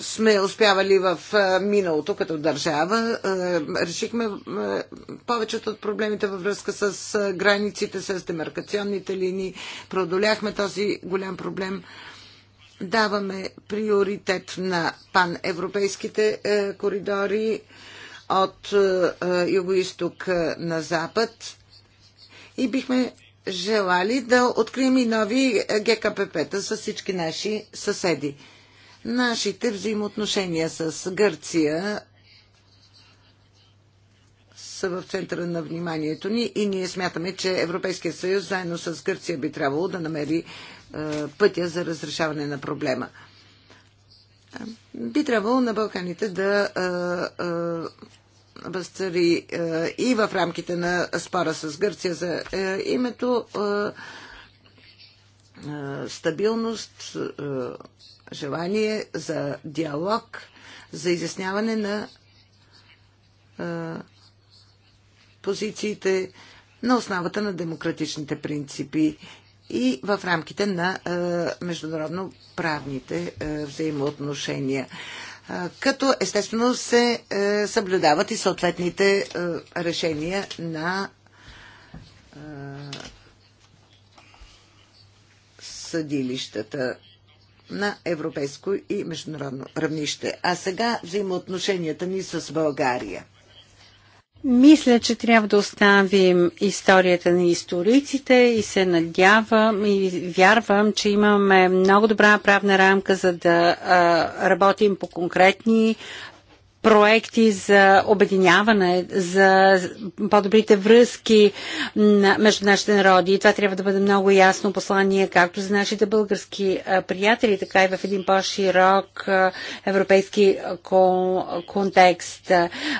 сме успявали в миналото като държава. решихме повечето от проблемите във връзка с границите, с демаркационните линии. Продоляхме този голям проблем. Даваме приоритет на паневропейските коридори от юго-исток на запад и бихме желали да открием и нови ГКПП-та с всички наши съседи. Нашите взаимоотношения с Гърция са в центъра на вниманието ни и ние смятаме, че Европейския съюз заедно с Гърция би трябвало да намери е, пътя за разрешаване на проблема. Е, би трябвало на Балканите да е, е, възцари е, и в рамките на спора с Гърция за е, името е, стабилност, желание за диалог, за изясняване на позициите на основата на демократичните принципи и в рамките на международно правните взаимоотношения като естествено се е, съблюдават и съответните е, решения на е, съдилищата на европейско и международно равнище. А сега взаимоотношенията ни с България – мисля, че трябва да оставим историята на историците и се надявам и вярвам, че имаме много добра правна рамка, за да а, работим по конкретни проекти за обединяване, за по-добрите връзки между нашите народи. И това трябва да бъде много ясно послание както за нашите български приятели, така и в един по-широк европейски контекст.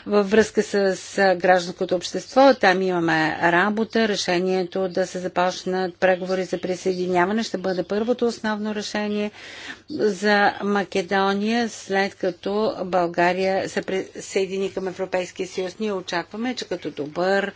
Във връзка с гражданското общество, там имаме работа. Решението да се започнат преговори за присъединяване ще бъде първото основно решение за Македония, след като България се присъедини към Европейския съюз. Ние очакваме, че като добър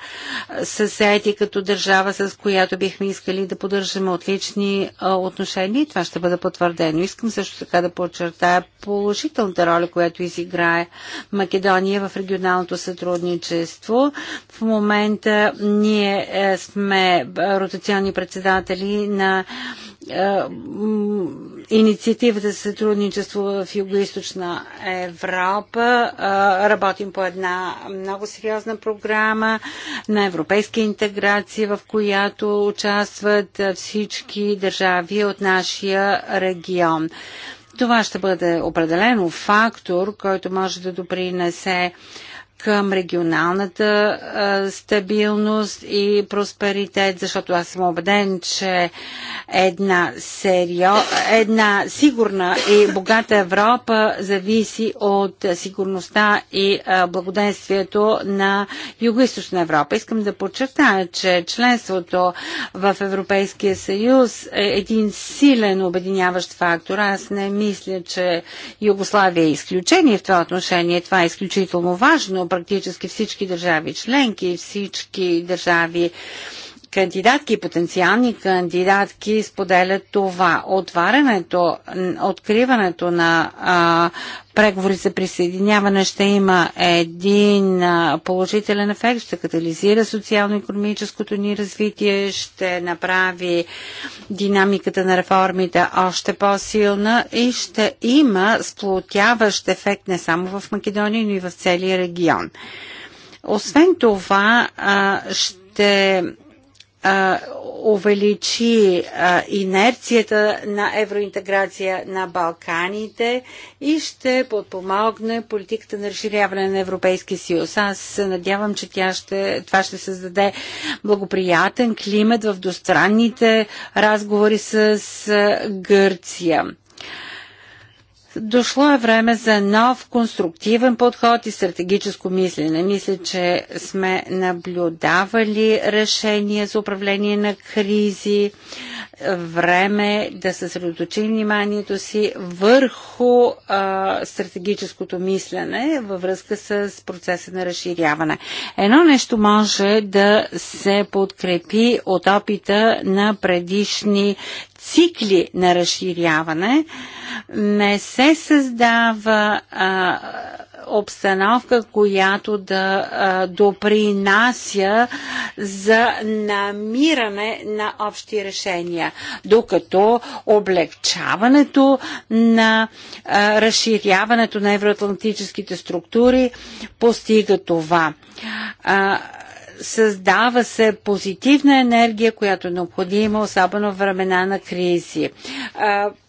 съсед и като държава, с която бихме искали да поддържаме отлични отношения, и това ще бъде потвърдено. Искам също така да подчертая положителната роля, която изиграе Македония в регионалното сътрудничество. В момента ние е, сме е, ротационни председатели на е, инициативата за сътрудничество в Юго-Источна Европа. Е, работим по една много сериозна програма на европейска интеграция, в която участват всички държави от нашия регион. Това ще бъде определено фактор, който може да допринесе към регионалната а, стабилност и просперитет, защото аз съм убеден, че една, серио... една сигурна и богата Европа зависи от сигурността и а, благоденствието на Юго-Источна Европа. Искам да подчертая, че членството в Европейския съюз е един силен обединяващ фактор. Аз не мисля, че Югославия е изключение в това отношение. Това е изключително важно, практически всички държави членки, и всички държави кандидатки и потенциални кандидатки споделят това. Отварянето, откриването на а, преговори за присъединяване ще има един положителен ефект, ще катализира социално-економическото ни развитие, ще направи динамиката на реформите още по-силна и ще има сплотяващ ефект не само в Македония, но и в целия регион. Освен това, ще увеличи инерцията на евроинтеграция на Балканите и ще подпомогне политиката на разширяване на Европейския съюз. Аз се надявам, че тя ще, това ще създаде благоприятен климат в двустранните разговори с Гърция. Дошло е време за нов конструктивен подход и стратегическо мислене. Мисля, че сме наблюдавали решения за управление на кризи, време да съсредоточим вниманието си върху а, стратегическото мислене във връзка с процеса на разширяване. Едно нещо може да се подкрепи от опита на предишни цикли на разширяване. Не се създава а, обстановка, която да допринася за намиране на общи решения, докато облегчаването на разширяването на евроатлантическите структури постига това. създава се позитивна енергия, която е необходима, особено в времена на кризи.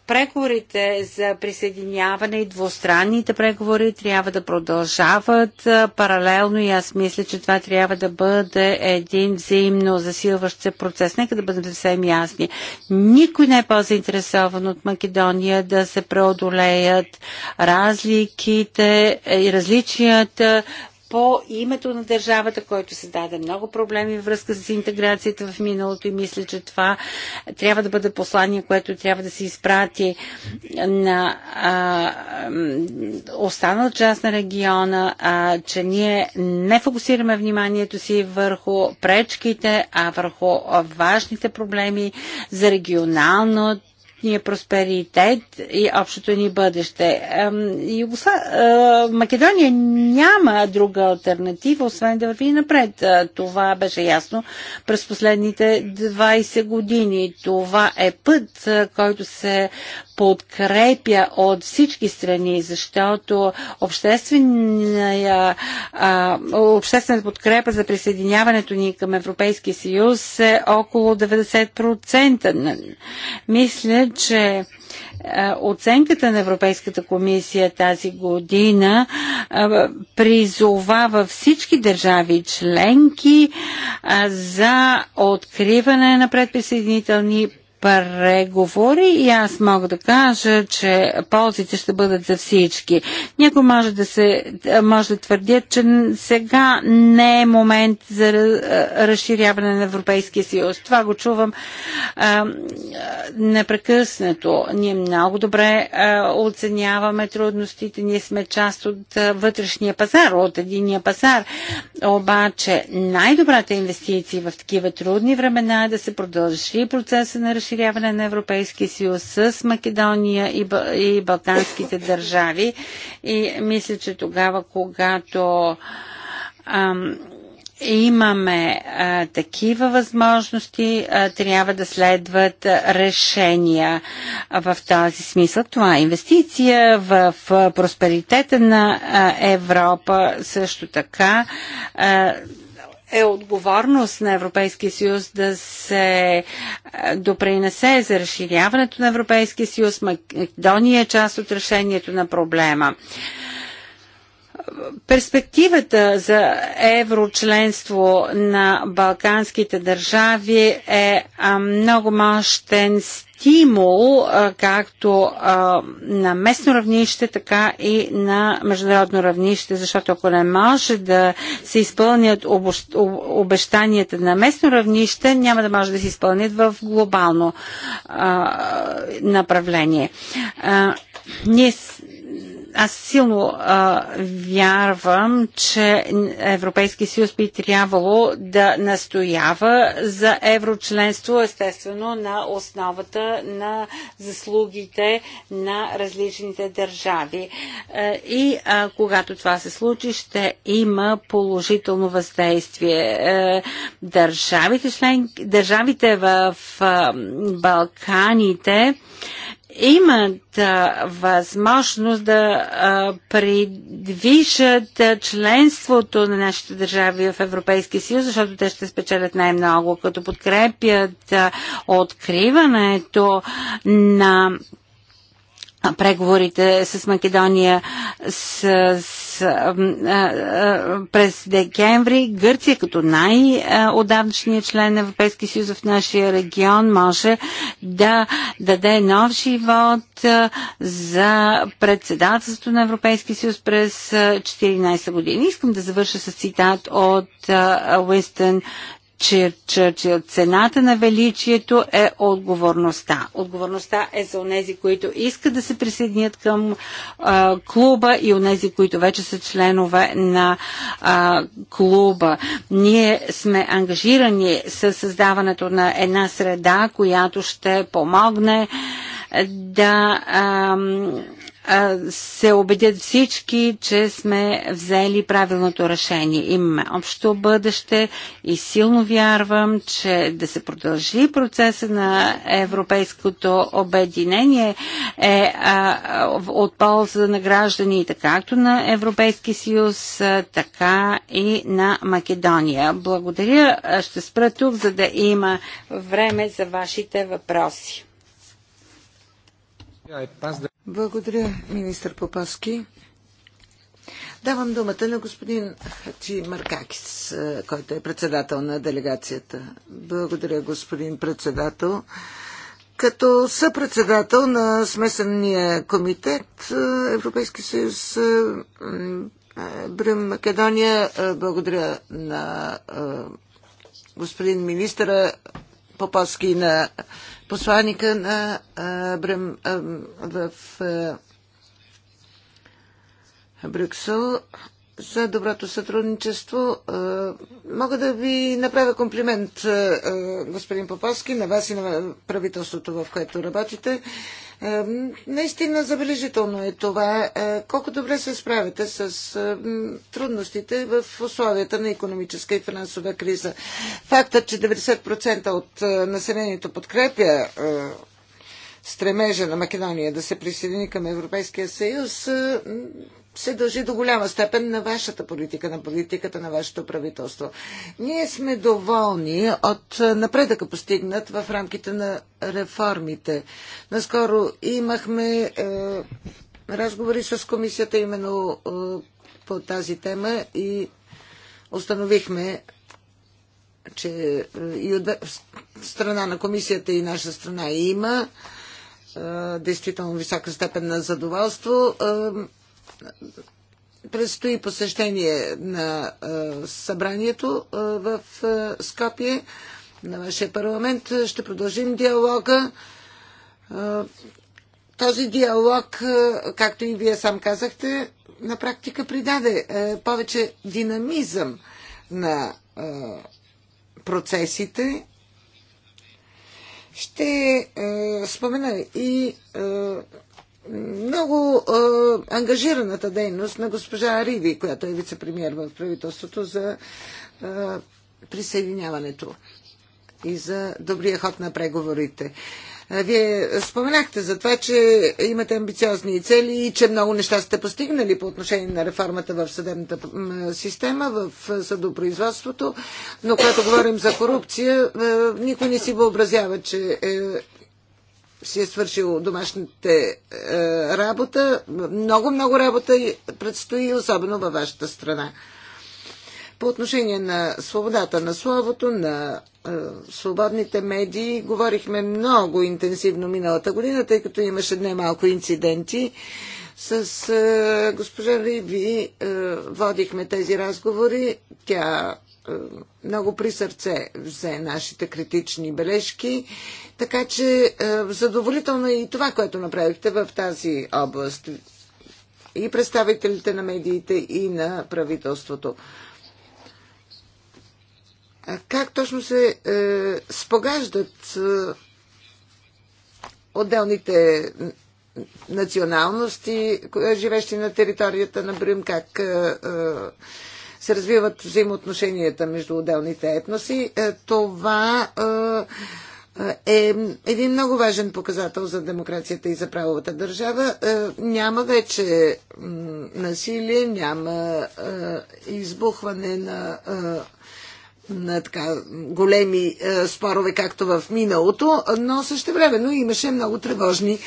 Преговорите за присъединяване и двустранните преговори трябва да продължават паралелно и аз мисля, че това трябва да бъде един взаимно засилващ се процес. Нека да бъдем съвсем ясни. Никой не е по-заинтересован от Македония да се преодолеят разликите и различията по името на държавата, който създаде много проблеми във връзка с интеграцията в миналото и мисля, че това трябва да бъде послание, което трябва да се изпрати на а, останал част на региона, а, че ние не фокусираме вниманието си върху пречките, а върху важните проблеми за регионалното ние просперитет и общото ни бъдеще. Югосла... Македония няма друга альтернатива, освен да върви напред. Това беше ясно през последните 20 години. Това е път, който се подкрепя от всички страни, защото обществения, а, обществената подкрепа за присъединяването ни към Европейския съюз е около 90%. Мисля, че оценката на Европейската комисия тази година призовава всички държави членки за откриване на предприсъединителни преговори и аз мога да кажа, че ползите ще бъдат за всички. Някой може да, се, може да твърдят, че сега не е момент за разширяване на Европейския съюз. Това го чувам а, непрекъснато. Ние много добре а, оценяваме трудностите. Ние сме част от а, вътрешния пазар, от единия пазар. Обаче най-добрата инвестиция в такива трудни времена е да се продължи процеса на разширяване разширяване на Европейския съюз с Македония и, и Балканските държави. И мисля, че тогава, когато ам, имаме а, такива възможности, а, трябва да следват решения в този смисъл. Това е инвестиция в, в просперитета на а, Европа, също така. А, е отговорност на Европейския съюз да се е, допринесе за разширяването на Европейския съюз. Македония е част от решението на проблема. Перспективата за еврочленство на балканските държави е много мощен стимул стимул както на местно равнище, така и на международно равнище, защото ако не може да се изпълнят обещанията на местно равнище, няма да може да се изпълнят в глобално направление. Ние аз силно а, вярвам, че Европейски съюз би трябвало да настоява за еврочленство, естествено, на основата на заслугите на различните държави. И а, когато това се случи, ще има положително въздействие. Държавите, член, държавите в Балканите имат а, възможност да а, придвижат а, членството на нашите държави в Европейския съюз, защото те ще спечелят най-много, като подкрепят а, откриването на преговорите с Македония с, с, а, а, през декември. Гърция като най-отдавнашният член на Европейския съюз в нашия регион може да даде нов живот за председателството на Европейския съюз през 14 години. Искам да завърша с цитат от Уинстън Черчил. Цената на величието е отговорността. Отговорността е за онези, които искат да се присъединят към а, клуба и онези, които вече са членове на а, клуба. Ние сме ангажирани с създаването на една среда, която ще помогне да. А, се убедят всички, че сме взели правилното решение. Имаме общо бъдеще и силно вярвам, че да се продължи процеса на европейското обединение е а, от полза на гражданите, както на Европейски съюз, така и на Македония. Благодаря. Ще спра тук, за да има време за вашите въпроси. Благодаря, министър Попаски. Давам думата на господин Хачи Маркакис, който е председател на делегацията. Благодаря, господин председател. Като съпредседател на смесения комитет Европейски съюз Брим Македония, благодаря на господин министъра Попаски и на посланника на Брем, в Брюксел за доброто сътрудничество. Мога да ви направя комплимент, господин Поповски, на вас и на правителството, в което работите. Е, наистина забележително е това. Е, колко добре се справяте с е, трудностите в условията на економическа и финансова криза. Фактът, че 90% от населението подкрепя стремежа на Македония да се присъедини към Европейския съюз се дължи до голяма степен на вашата политика, на политиката на вашето правителство. Ние сме доволни от напредъка постигнат в рамките на реформите. Наскоро имахме е, разговори с комисията именно е, по тази тема и установихме че е, и от страна на комисията и наша страна има е, действително висока степен на задоволство. Е, предстои посещение на събранието в Скопие на вашия парламент. Ще продължим диалога. Този диалог, както и вие сам казахте, на практика придаде повече динамизъм на процесите. Ще спомена и много е, ангажираната дейност на госпожа Риви, която е вице-премьер в правителството за е, присъединяването и за добрия ход на преговорите. Вие споменахте за това, че имате амбициозни цели и че много неща сте постигнали по отношение на реформата в съдебната система, в съдопроизводството, но когато говорим за корупция, никой не си въобразява, че е, си е свършил домашните е, работа. Много, много работа предстои, особено във вашата страна. По отношение на свободата на словото, на е, свободните медии, говорихме много интенсивно миналата година, тъй като имаше немалко инциденти. С е, госпожа Риви е, водихме тези разговори. Тя е, много при сърце взе нашите критични бележки, така че е, задоволително е и това, което направихте в тази област. И представителите на медиите, и на правителството. Как точно се е, спогаждат е, отделните националности, е, живещи на територията на Брюм, как е, е, се развиват взаимоотношенията между отделните етноси. Е, това е, е един много важен показател за демокрацията и за правовата държава. Е, няма вече насилие, няма избухване на на така големи е, спорове, както в миналото, но също времено имаше много тревожни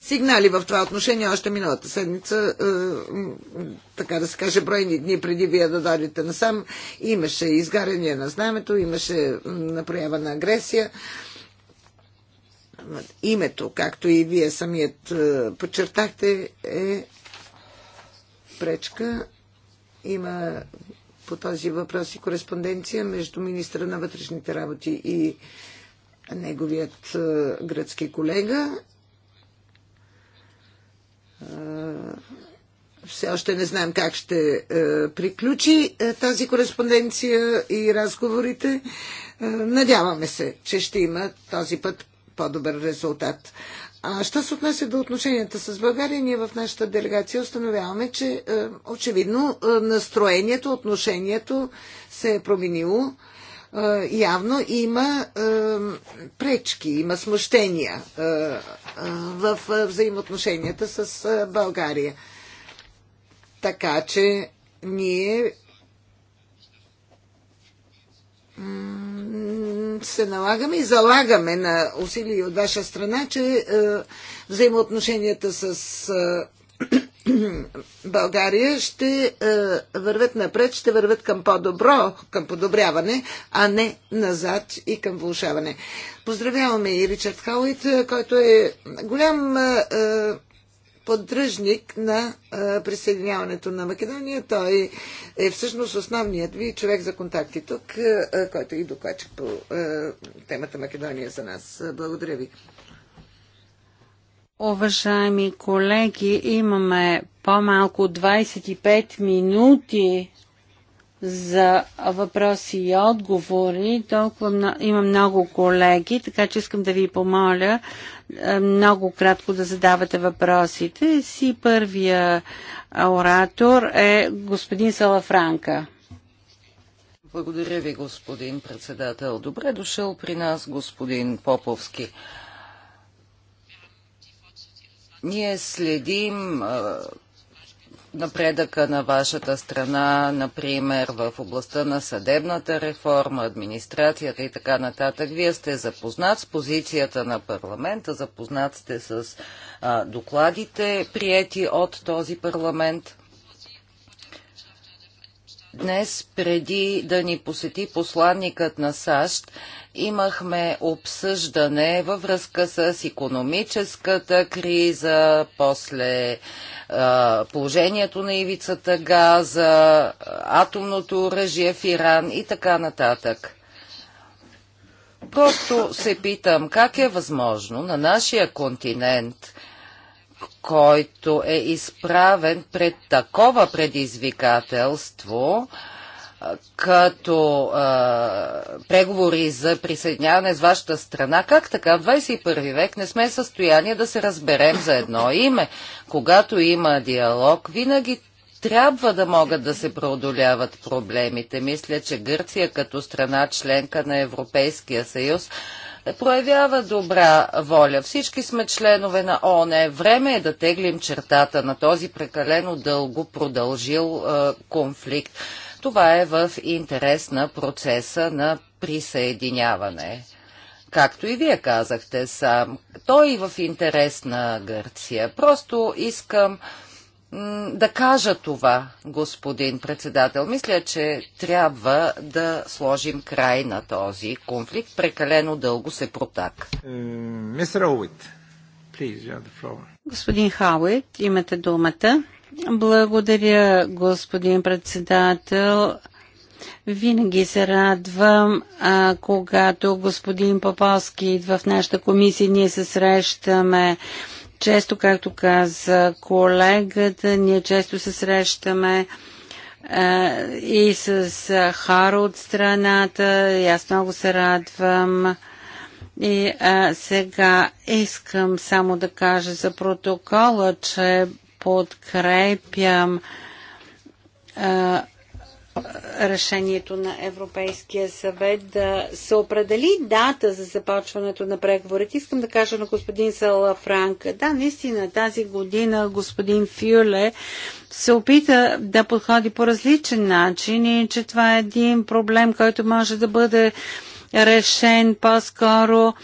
сигнали в това отношение. Още миналата седмица, е, така да се каже, бройни дни преди вие да дадете насам, имаше изгаряне на знамето, имаше проява на агресия. Името, както и вие самият е, подчертахте, е пречка. Има по този въпрос и кореспонденция между министра на вътрешните работи и неговият гръцки колега. Все още не знаем как ще приключи тази кореспонденция и разговорите. Надяваме се, че ще има този път по-добър резултат. А що се отнася до отношенията с България, ние в нашата делегация установяваме, че е, очевидно е, настроението, отношението се е променило. явно е, явно има пречки, има смущения в взаимоотношенията с България. Така че ние се налагаме и залагаме на усилия от ваша страна, че е, взаимоотношенията с е, България ще е, вървят напред, ще вървят към по-добро, към подобряване, а не назад и към влушаване. Поздравяваме и Ричард Хауит, който е голям поддръжник на присъединяването на Македония. Той е всъщност основният ви човек за контакти тук, който и докача по темата Македония за нас. Благодаря ви. Уважаеми колеги, имаме по-малко 25 минути за въпроси и отговори. Толкова има много колеги, така че искам да ви помоля е, много кратко да задавате въпросите. Си първия оратор е господин Салафранка. Благодаря ви, господин председател. Добре дошъл при нас, господин Поповски. Ние следим напредъка на вашата страна, например в областта на съдебната реформа, администрацията и така нататък. Вие сте запознат с позицията на парламента, запознат сте с а, докладите, приети от този парламент. Днес, преди да ни посети посланникът на САЩ, имахме обсъждане във връзка с економическата криза, после положението на ивицата газа, атомното оръжие в Иран и така нататък. Просто се питам как е възможно на нашия континент, който е изправен пред такова предизвикателство, като а, преговори за присъединяване с вашата страна, как така в 21 век не сме в състояние да се разберем за едно име? Когато има диалог, винаги трябва да могат да се преодоляват проблемите. Мисля, че Гърция като страна членка на Европейския съюз проявява добра воля. Всички сме членове на ООН. Време е да теглим чертата на този прекалено дълго продължил е, конфликт. Това е в интерес на процеса на присъединяване. Както и вие казахте сам, той в интерес на Гърция. Просто искам да кажа това, господин председател. Мисля, че трябва да сложим край на този конфликт. Прекалено дълго се протак. Е, мистер Оуит, Господин Хауит, имате думата. Благодаря, господин председател. Винаги се радвам, а, когато господин Поповски идва в нашата комисия, ние се срещаме често, както каза колегата, ние често се срещаме а, и с а, хора от страната, и аз много се радвам. И а, сега искам само да кажа за протокола, че подкрепям е, решението на Европейския съвет да се определи дата за започването на преговорите. Искам да кажа на господин Сала Франк. Да, наистина тази година господин Фюле се опита да подходи по различен начин и че това е един проблем, който може да бъде решен по-скоро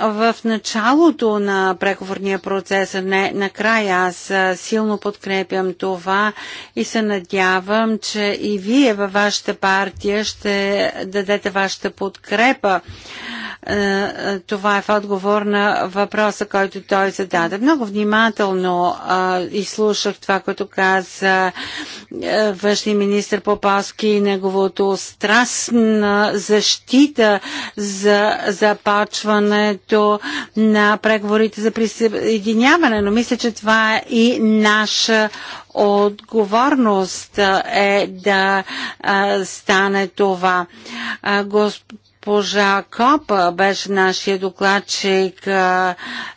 в началото на преговорния процес, а не накрая. Аз силно подкрепям това и се надявам, че и вие във вашата партия ще дадете вашата подкрепа е, е, това е в отговор на въпроса, който той зададе. Много внимателно е, изслушах това, което каза външния министр Попаски и неговото страстна защита за започването на преговорите за присъединяване, но мисля, че това е и наша отговорност е да а, стане това. А, госп госпожа Копа беше нашия докладчик.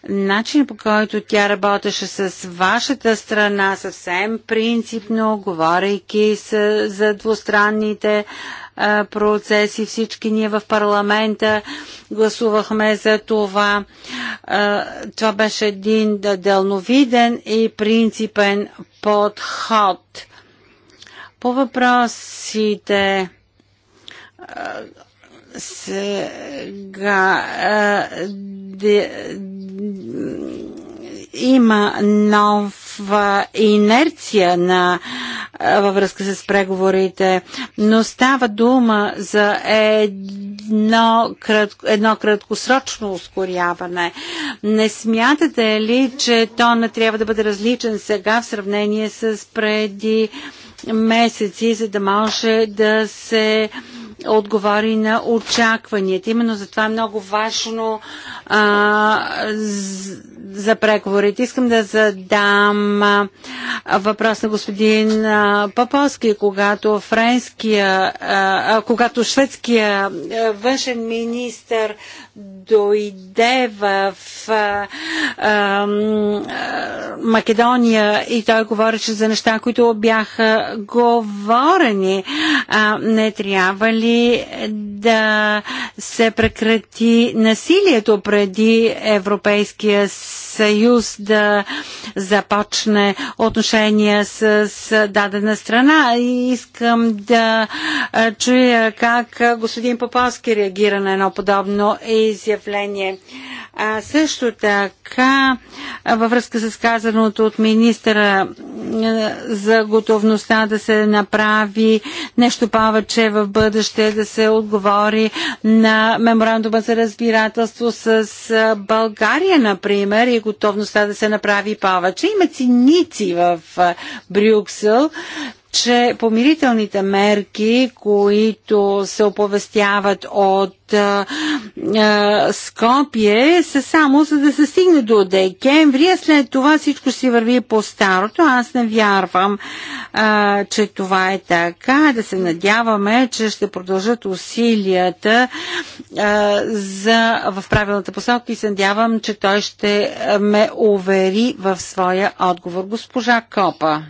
Начин по който тя работеше с вашата страна съвсем принципно, говорейки с, за двустранните процеси. Всички ние в парламента гласувахме за това. това беше един дълновиден и принципен подход. По въпросите сега де, има нова инерция на, във връзка с преговорите, но става дума за едно, кратко, едно краткосрочно ускоряване. Не смятате ли, че тона трябва да бъде различен сега в сравнение с преди месеци, за да може да се а, отговори на очакванията. Именно за това е много важно а, за преговорите. Искам да задам а, въпрос на господин а, Поповски, когато френския, а, когато шведския външен министр дойде в а, а, Македония и той говореше за неща, които бяха говорени. А, не трябва ли да се прекрати насилието преди Европейския съюз да започне отношения с, с дадена страна? И искам да чуя как господин Поповски реагира на едно подобно и изявление. А, също така, във връзка с казаното от министра за готовността да се направи нещо повече в бъдеще, да се отговори на меморандума за разбирателство с България, например, и готовността да се направи повече. Има циници в Брюксел, че помирителните мерки, които се оповестяват от а, а, Скопие, са само за да се стигне до декември, а след това всичко си върви по-старото. Аз не вярвам, а, че това е така. Да се надяваме, че ще продължат усилията а, за, в правилната посока и се надявам, че той ще ме увери в своя отговор. Госпожа Копа.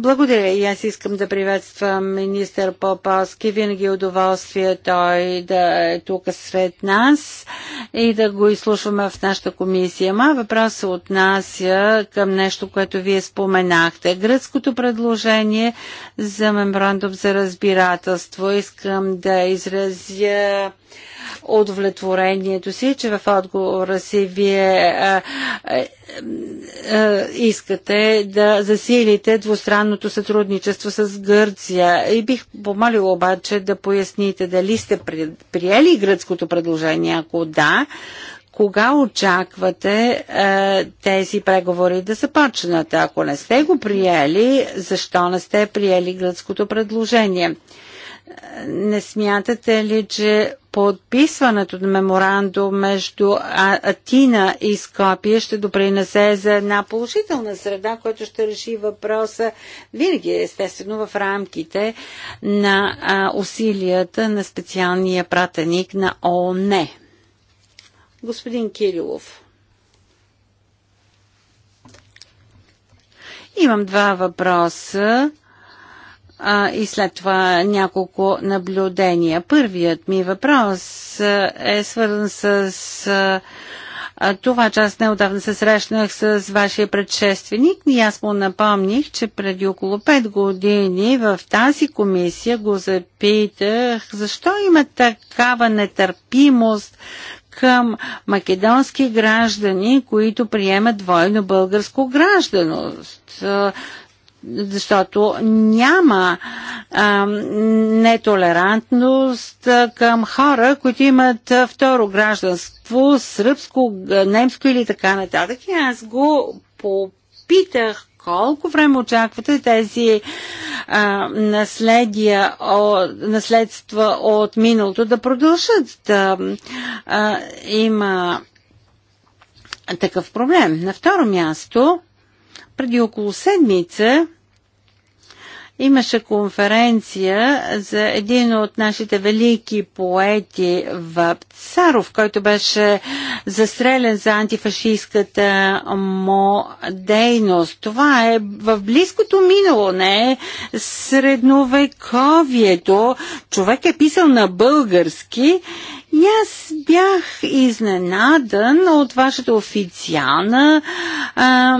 Благодаря и аз искам да приветствам министър Попалски. Винаги е удоволствие той да е тук сред нас и да го изслушваме в нашата комисия. Ма въпрос се отнася към нещо, което вие споменахте. Гръцкото предложение за меморандум за разбирателство. Искам да изразя удовлетворението си, че в отговора си вие а, а, е, е, искате да засилите двустранното сътрудничество с Гърция. И бих помолила обаче да поясните дали сте приели гръцкото предложение. Ако да, кога очаквате е, тези преговори да започнат? Ако не сте го приели, защо не сте приели гръцкото предложение? Не смятате ли, че подписването на меморандум между Атина и Скопие ще допринесе за една положителна среда, която ще реши въпроса винаги, естествено, в рамките на усилията на специалния пратеник на ООН? Господин Кирилов. Имам два въпроса а, и след това няколко наблюдения. Първият ми въпрос е свързан с. А, това, че аз неодавна се срещнах с вашия предшественик и аз му напомних, че преди около 5 години в тази комисия го запитах, защо има такава нетърпимост към македонски граждани, които приемат двойно българско гражданост защото няма а, нетолерантност към хора, които имат второ гражданство, сръбско, немско или така нататък. И аз го попитах колко време очаквате тези а, наследия, о, наследства от миналото да продължат. да а, има такъв проблем. На второ място, преди около седмица имаше конференция за един от нашите велики поети в Царов, който беше застрелен за антифашистската му дейност. Това е в близкото минало, не е средновековието. Човек е писал на български и аз бях изненадан от вашата официална а,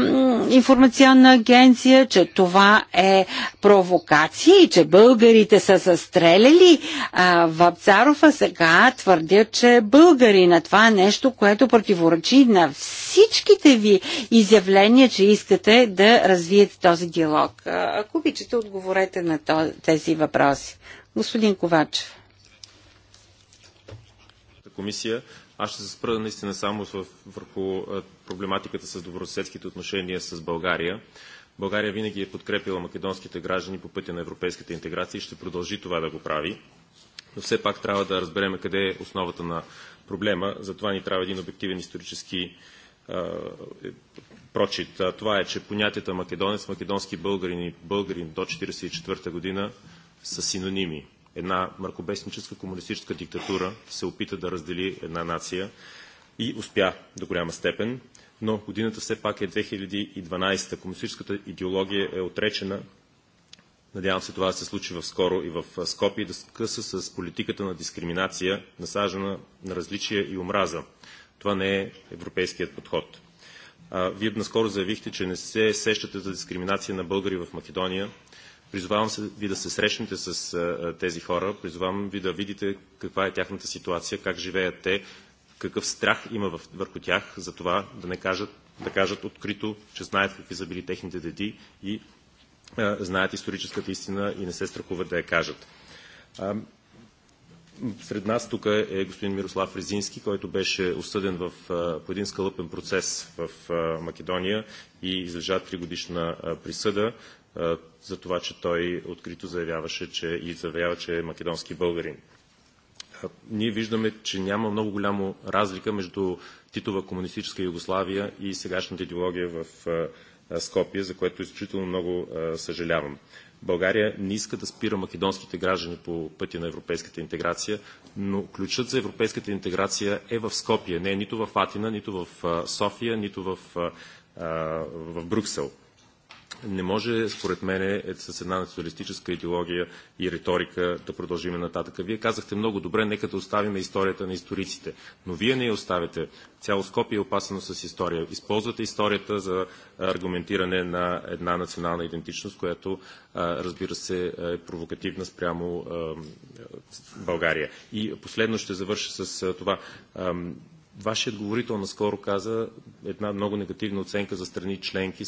информационна агенция, че това е провокация и че българите са застреляли в Вапцаров, а сега твърдят, че българи на Това е нещо, което противоречи на всичките ви изявления, че искате да развиете този диалог. Ако обичате, отговорете на тези въпроси. Господин Ковачев комисия. Аз ще се спра наистина само върху проблематиката с добросъседските отношения с България. България винаги е подкрепила македонските граждани по пътя на европейската интеграция и ще продължи това да го прави. Но все пак трябва да разберем къде е основата на проблема. Затова ни трябва един обективен исторически е, прочит. Това е, че понятията македонец, македонски българин и българин до 1944 година са синоними една мракобесническа комунистическа диктатура се опита да раздели една нация и успя до голяма степен, но годината все пак е 2012. Комунистическата идеология е отречена. Надявам се това да се случи в скоро и в Скопи да се къса с политиката на дискриминация, насажена на различия и омраза. Това не е европейският подход. Вие наскоро заявихте, че не се сещате за дискриминация на българи в Македония. Призовавам се ви да се срещнете с а, тези хора, призовавам ви да видите каква е тяхната ситуация, как живеят те, какъв страх има в, върху тях за това да не кажат, да кажат открито, че знаят какви са били техните деди и а, знаят историческата истина и не се страхуват да я кажат. А, сред нас тук е, е господин Мирослав Резински, който беше осъден в, по един скалъпен процес в Македония и излежа три годишна присъда за това, че той открито заявяваше че и заявява, че е македонски българин. Ние виждаме, че няма много голямо разлика между Титова комунистическа Югославия и сегашната идеология в Скопия, за което изключително много съжалявам. България не иска да спира македонските граждани по пътя на европейската интеграция, но ключът за европейската интеграция е в Скопия, не е нито в Атина, нито в София, нито в, в Брюксел не може, според мен, е, с една националистическа идеология и риторика да продължим нататък. Вие казахте много добре, нека да оставим историята на историците. Но вие не я оставяте. Цяло Скопие е опасено с история. Използвате историята за аргументиране на една национална идентичност, която, разбира се, е провокативна спрямо България. И последно ще завърша с това Вашият говорител наскоро каза една много негативна оценка за страни членки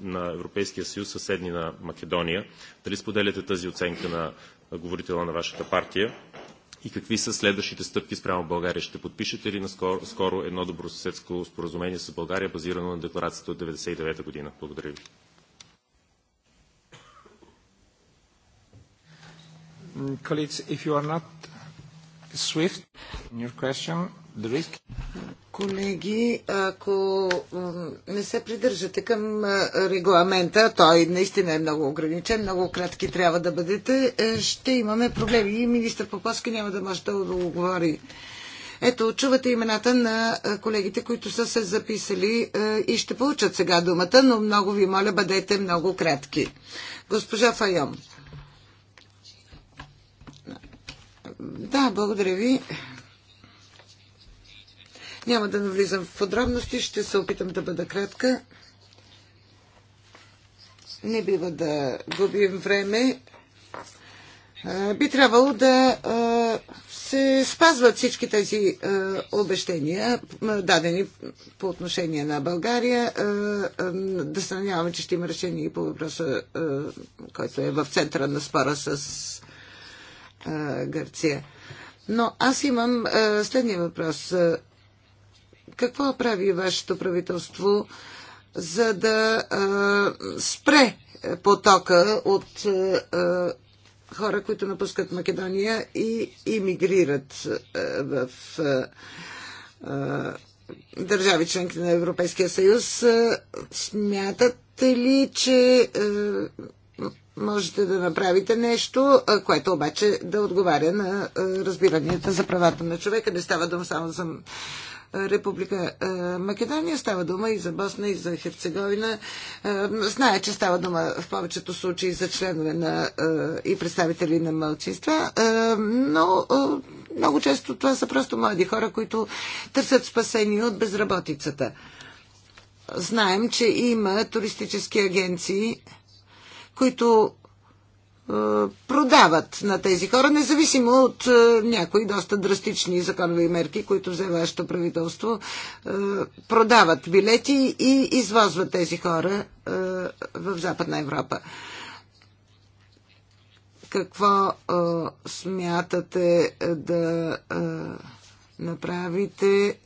на Европейския съюз, съседни на Македония. Дали споделяте тази оценка на говорителя на вашата партия? И какви са следващите стъпки спрямо България? Ще подпишете ли наскоро, скоро едно добросъседско споразумение с България, базирано на декларацията от 1999 година? Благодаря ви. Колеги, if you are not Swift, your question, the risk. Колеги, ако не се придържате към регламента, той наистина е много ограничен, много кратки трябва да бъдете, е, ще имаме проблеми и министър Поповски няма да може да отговори. Ето, чувате имената на колегите, които са се записали е, и ще получат сега думата, но много ви моля, бъдете много кратки. Госпожа Файом. Да, благодаря ви. Няма да навлизам в подробности, ще се опитам да бъда кратка. Не бива да губим време. Би трябвало да се спазват всички тези обещания, дадени по отношение на България. Да се надяваме, че ще има решение и по въпроса, който е в центъра на спора с Гърция. Но аз имам следния въпрос. Какво прави вашето правителство, за да спре потока от хора, които напускат Македония и иммигрират в държави членки на Европейския съюз. Смятате ли, че можете да направите нещо, което обаче да отговаря на разбиранията за правата на човека. Не става дума само за Република Македония, става дума и за Босна, и за Херцеговина. Зная, че става дума в повечето случаи за членове на, и представители на мълчинства, но много често това са просто млади хора, които търсят спасение от безработицата. Знаем, че има туристически агенции, които продават на тези хора, независимо от някои доста драстични законови мерки, които взе вашето правителство. Продават билети и извозват тези хора в Западна Европа. Какво смятате да направите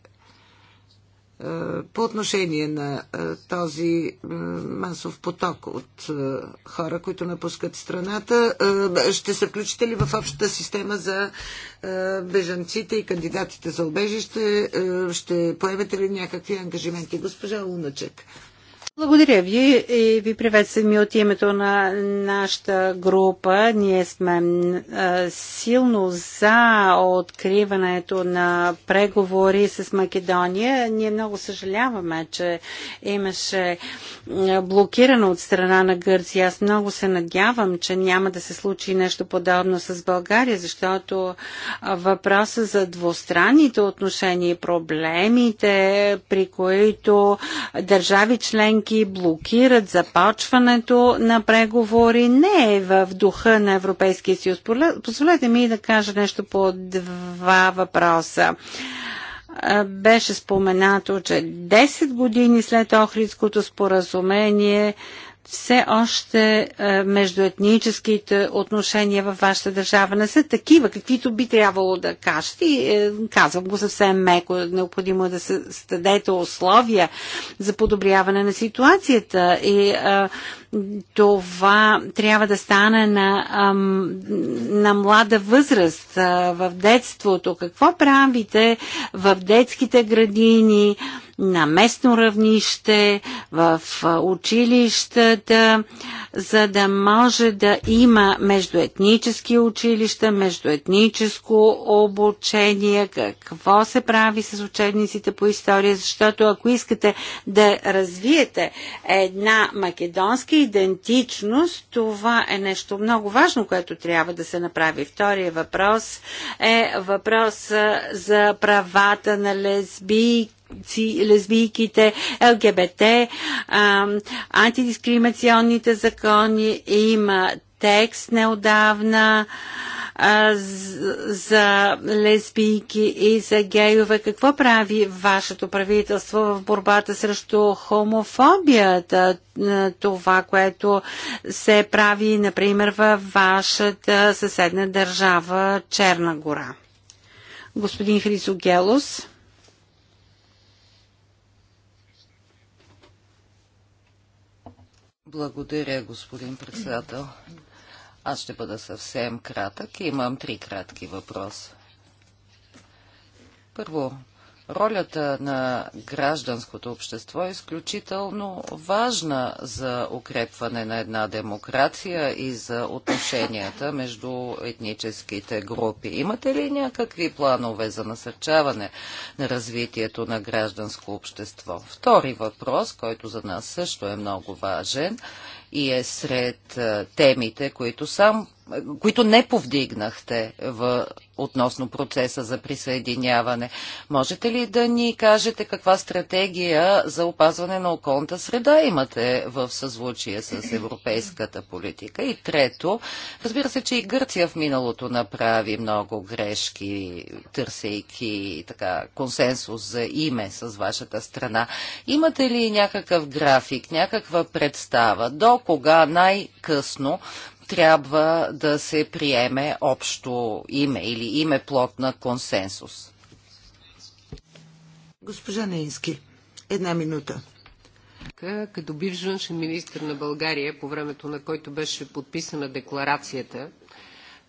е, по отношение на е, този е, масов поток от хора, които напускат страната. Ще се включите ли в общата система за бежанците и кандидатите за обежище? Ще поемете ли някакви ангажименти? Госпожа Луначек. Благодаря ви и ви приветствам и от името на нашата група. Ние сме силно за откриването на преговори с Македония. Ние много съжаляваме, че имаше блокирано от страна на Гърция. Аз много се надявам, че няма да се случи нещо подобно с България, защото въпроса за двустранните отношения и проблемите, при които държави членки банки блокират започването на преговори. Не е в духа на Европейския съюз. Позволете ми да кажа нещо по два въпроса беше споменато, че 10 години след Охридското споразумение все още е, междуетническите отношения във вашата държава не са такива, каквито би трябвало да кажете. И, е, казвам го съвсем меко. Необходимо е да се стадете условия за подобряване на ситуацията. И а, е, това трябва да стане на, а, на млада възраст, а, в детството. Какво правите в детските градини? А, на местно равнище, в училищата, за да може да има междуетнически училища, междуетническо обучение, какво се прави с учебниците по история, защото ако искате да развиете една македонска идентичност, това е нещо много важно, което трябва да се направи. Втория въпрос е въпрос за правата на лесбийки, лесбийките, ЛГБТ, а, антидискриминационните закони. Има текст неодавна а, за лесбийки и за гейове. Какво прави вашето правителство в борбата срещу хомофобията? Това, което се прави, например, във вашата съседна държава Черна гора. Господин Хрисогелос. Благодаря, господин председател. Аз ще бъда съвсем кратък. Имам три кратки въпроса. Първо, Ролята на гражданското общество е изключително важна за укрепване на една демокрация и за отношенията между етническите групи. Имате ли някакви планове за насърчаване на развитието на гражданско общество? Втори въпрос, който за нас също е много важен и е сред темите, които сам които не повдигнахте в, относно процеса за присъединяване. Можете ли да ни кажете каква стратегия за опазване на околната среда имате в съзвучие с европейската политика? И трето, разбира се, че и Гърция в миналото направи много грешки, търсейки така, консенсус за име с вашата страна. Имате ли някакъв график, някаква представа до кога най-късно трябва да се приеме общо име или име плод на консенсус. Госпожа Нейнски, една минута. Като бивш външен министр на България, по времето на който беше подписана декларацията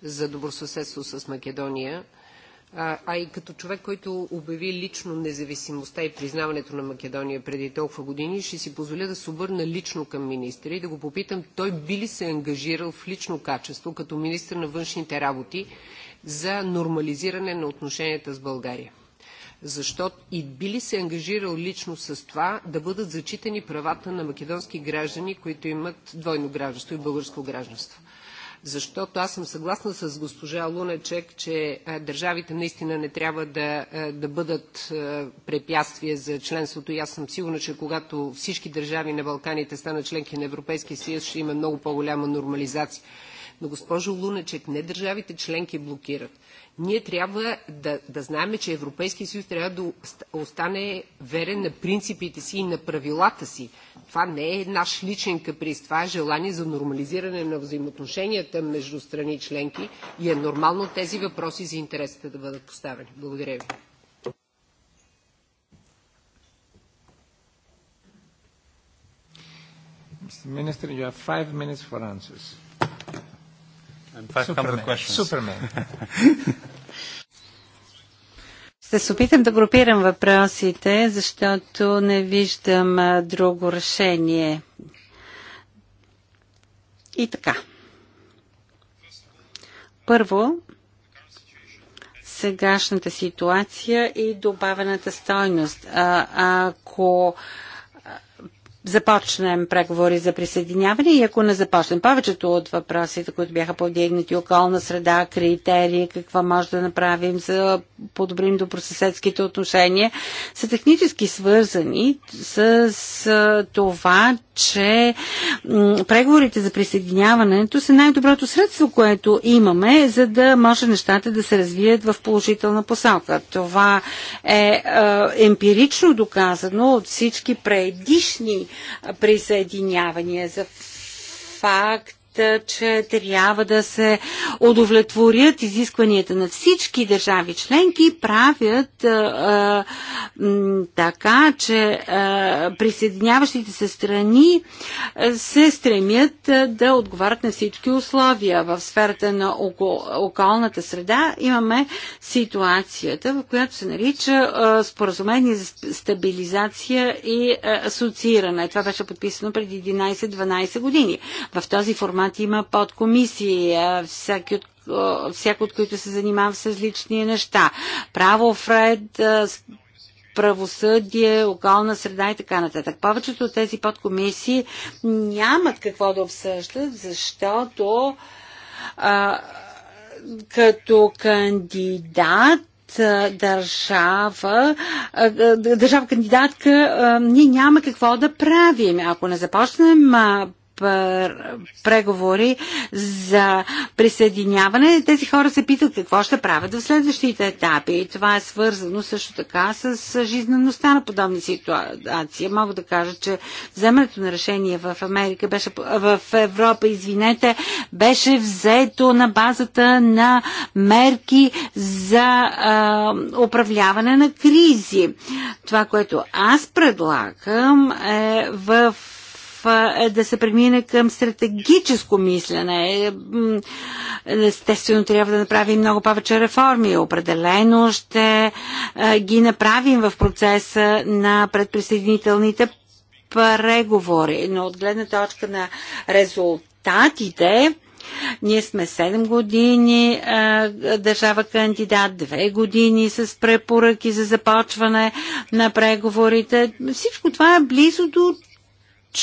за добросъседство с Македония, а и като човек, който обяви лично независимостта и признаването на Македония преди толкова години, ще си позволя да се обърна лично към министра и да го попитам, той би ли се ангажирал в лично качество като министр на външните работи за нормализиране на отношенията с България? Защото и би ли се ангажирал лично с това да бъдат зачитани правата на македонски граждани, които имат двойно гражданство и българско гражданство? Защото аз съм съгласна с госпожа Луначек, че държавите наистина не трябва да, да бъдат препятствие за членството. И аз съм сигурна, че когато всички държави на Балканите станат членки на Европейския съюз, ще има много по-голяма нормализация. Но, госпожо Луначек, не държавите членки блокират ние трябва да, да знаем, че Европейския съюз трябва да остане верен на принципите си и на правилата си. Това не е наш личен каприз, това е желание за нормализиране на взаимоотношенията между страни и членки и е нормално тези въпроси за интересите да бъдат поставени. Благодаря ви. Minister, you have five minutes for answers. Ще се опитам да групирам въпросите, защото не виждам друго решение. И така. Първо, сегашната ситуация и добавената стойност. А, ако а, започнем преговори за присъединяване и ако не започнем повечето от въпросите, които бяха повдигнати, околна среда, критерии, какво може да направим за подобрим добросъседските отношения, са технически свързани с това, че преговорите за присъединяването са най-доброто средство, което имаме, за да може нещата да се развият в положителна посока. Това е емпирично доказано от всички предишни присъединявания за факт че трябва да се удовлетворят изискванията на всички държави членки, правят а, а, така, че а, присъединяващите се страни се стремят да отговарят на всички условия. В сферата на окол, околната среда имаме ситуацията, в която се нарича а, споразумение за стабилизация и асоцииране. Това беше подписано преди 11-12 години. В този формат парламент има подкомисии, всяки от всяко от които се занимава с лични неща. Право, Фред, правосъдие, околна среда и така нататък. Повечето от тези подкомисии нямат какво да обсъждат, защото а, като кандидат държава, държава кандидатка, ние няма какво да правим. Ако не започнем преговори за присъединяване. Тези хора се питат какво ще правят в следващите етапи. И това е свързано също така с жизнеността на подобни ситуации. Мога да кажа, че вземането на решение в Америка беше, в Европа, извинете, беше взето на базата на мерки за а, управляване на кризи. Това, което аз предлагам е в е, да се премине към стратегическо мислене. Естествено, трябва да направим много повече реформи. Определено ще е, ги направим в процеса на предприсъединителните преговори. Но от гледна точка на резултатите, ние сме 7 години а, е, държава кандидат, 2 години с препоръки за започване на преговорите. Всичко това е близо до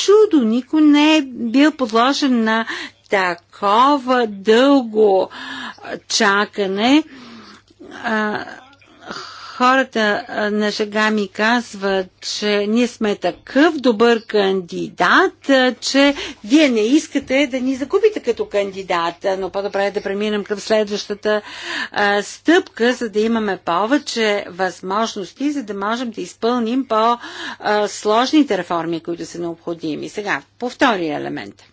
чудо. Никой не е бил подложен на такова дълго чакане. А, хората на шега ми казват, че ние сме такъв добър кандидат, че вие не искате да ни загубите като кандидат, но по-добре е да преминем към следващата а, стъпка, за да имаме повече възможности, за да можем да изпълним по-сложните реформи, които са необходими. Сега, по втория елемент –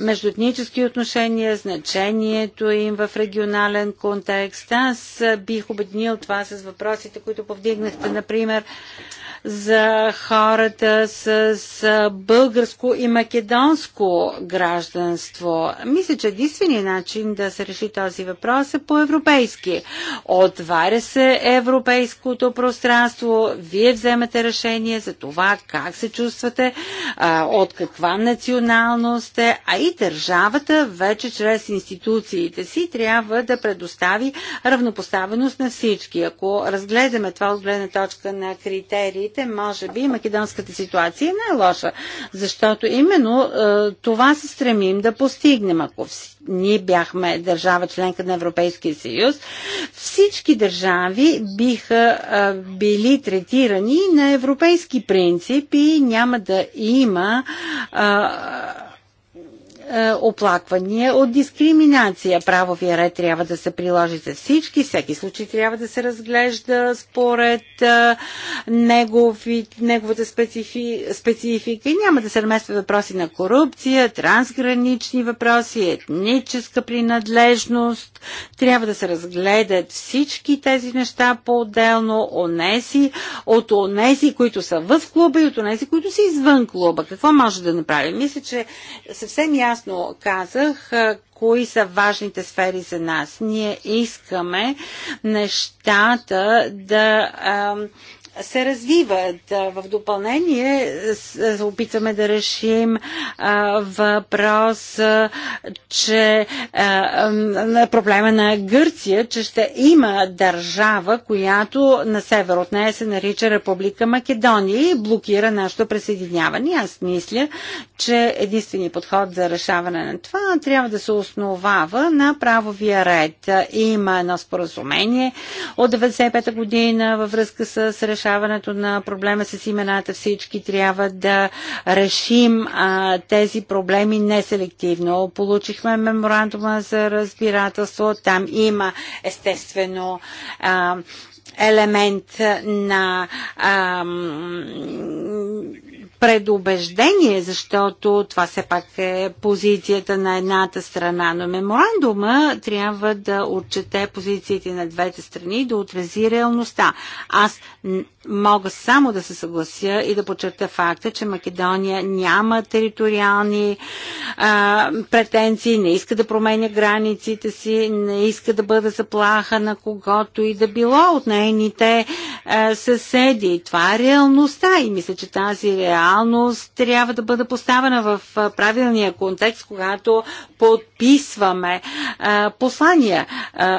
междуетнически отношения, значението им в регионален контекст. Аз бих обединил това с въпросите, които повдигнахте, например, за хората с, с българско и македонско гражданство. Мисля, че единственият начин да се реши този въпрос е по-европейски. Отваря се европейското пространство, вие вземате решение за това как се чувствате, от каква националност е, а и държавата вече чрез институциите си трябва да предостави равнопоставеност на всички. Ако разгледаме това от гледна точка на критерии, Балканите, може би македонската ситуация не е лоша, защото именно е, това се стремим да постигнем. Ако вс... ние бяхме държава членка на Европейския съюз, всички държави биха е, били третирани на европейски принцип и няма да има е, е, оплаквания от дискриминация. Правовия ред трябва да се приложи за всички, всеки случай трябва да се разглежда според е, негови, неговата специфи, специфика и няма да се намесват въпроси на корупция, трансгранични въпроси, етническа принадлежност. Трябва да се разгледат всички тези неща по-отделно, онеси, от онези, които са в клуба и от онези, които са извън клуба. Какво може да направим? Мисля, че съвсем ясно ясно казах кои са важните сфери за нас. Ние искаме нещата да се развиват. В допълнение опитваме да решим въпрос, че проблема на Гърция, че ще има държава, която на север от нея се нарича Република Македония и блокира нашето присъединяване. Аз мисля, че единственият подход за решаване на това трябва да се основава на правовия ред. Има едно споразумение от 1995 година във връзка с решаването решаването на проблема с имената. Всички трябва да решим а, тези проблеми неселективно. Получихме меморандума за разбирателство. Там има естествено а, елемент на а, предубеждение, защото това все пак е позицията на едната страна, но меморандума трябва да отчете позициите на двете страни и да отрази реалността. Аз мога само да се съглася и да подчерта факта, че Македония няма териториални а, претенции, не иска да променя границите си, не иска да бъде заплаха на когото и да било от нейните а, съседи. Това е реалността и мисля, че тази реалност реалност трябва да бъде поставена в правилния контекст, когато подписваме послания.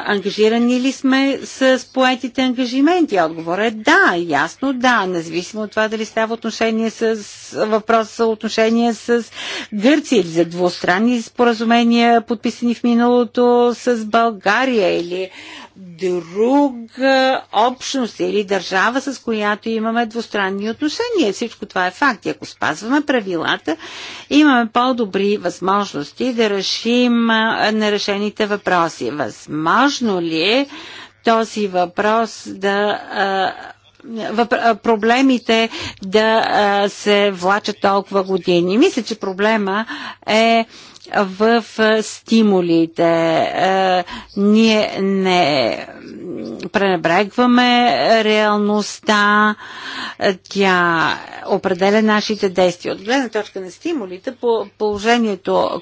ангажирани ли сме с поетите ангажименти? Отговорът е да, ясно да, независимо от това дали става отношение с въпрос за отношение с Гърция или за двустранни споразумения, подписани в миналото с България или друга общност или държава, с която имаме двустранни отношения. Всичко това е факт. И ако спазваме правилата, имаме по-добри възможности да решим нерешените въпроси. Възможно ли е този въпрос да проблемите да се влачат толкова години. Мисля, че проблема е в стимулите. Ние не пренебрегваме реалността, тя определя нашите действия. От гледна точка на стимулите, положението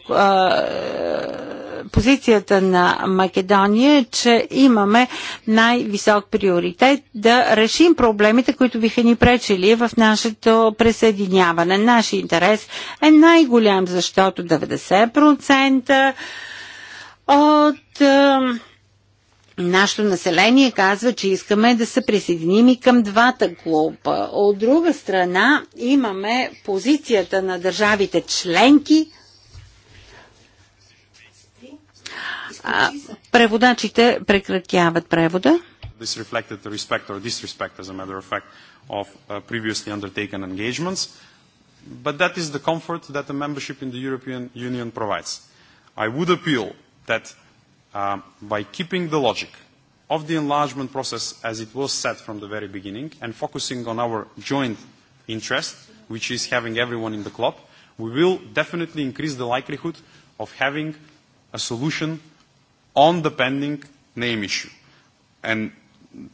позицията на Македония е, че имаме най-висок приоритет да решим проблемите, които биха ни пречили в нашето присъединяване. Нашия интерес е най-голям, защото 90% от Нашето население казва, че искаме да се присъединим и към двата клуба. От друга страна имаме позицията на държавите членки, а, преводачите прекратяват превода. This reflected the respect or disrespect, as a matter of fact, of uh, previously undertaken engagements. But that is the comfort that a membership in the European Union provides. I would appeal that uh, by keeping the logic of the enlargement process as it was set from the very beginning and focusing on our joint interest, which is having everyone in the club, we will definitely increase the likelihood of having a solution on the pending name issue. And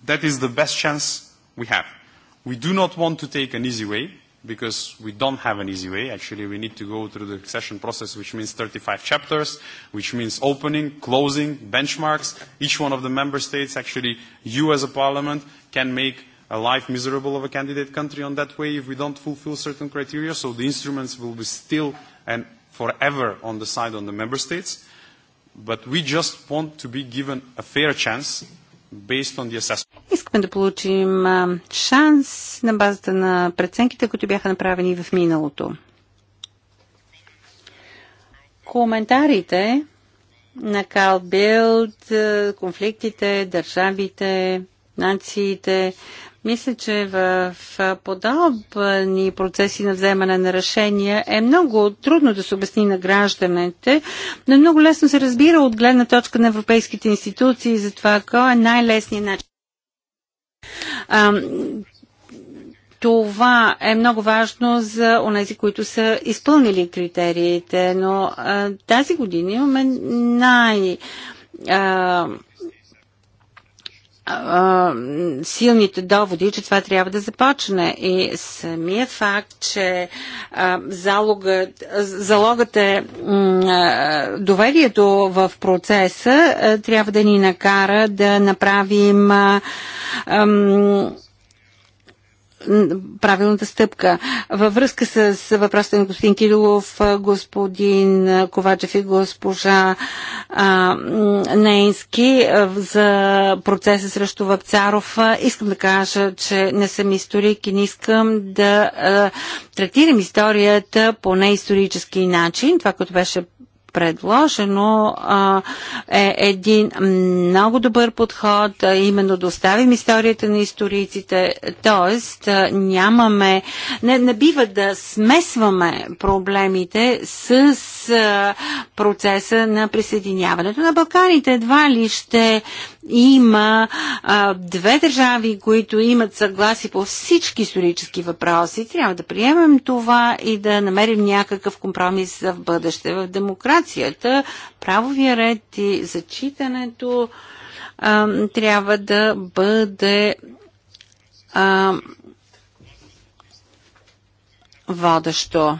that is the best chance we have. We do not want to take an easy way because we don't have an easy way. Actually, we need to go through the accession process, which means 35 chapters, which means opening, closing, benchmarks. Each one of the member states, actually, you as a parliament can make a life miserable of a candidate country on that way if we don't fulfill certain criteria. So the instruments will be still and forever on the side of the member states but we just want to be given a fair chance based on the assessment. Искаме да получим шанс на базата на преценките, които бяха направени в миналото. Коментарите на Карл Билд, конфликтите, държавите, нациите, мисля, че в подобни процеси на вземане на решения е много трудно да се обясни на гражданите, но много лесно се разбира от гледна точка на европейските институции за това кой е най-лесният начин. А, това е много важно за онези, които са изпълнили критериите, но а, тази година имаме най- а, силните доводи, че това трябва да започне. И самия факт, че залогът, залогът е доверието в процеса, трябва да ни накара да направим правилната стъпка. Във връзка с въпроса на господин Кирилов, господин Ковачев и госпожа а, Нейнски за процеса срещу Вапцаров, искам да кажа, че не съм историк и не искам да а, третирам историята по неисторически начин. Това, което беше предложено, е един много добър подход, именно да оставим историята на историците, т.е. нямаме, не, не бива да смесваме проблемите с процеса на присъединяването на Балканите. Едва ли ще има а, две държави, които имат съгласи по всички исторически въпроси. Трябва да приемем това и да намерим някакъв компромис в бъдеще. В демокрацията правовия ред и зачитането а, трябва да бъде а, водещо.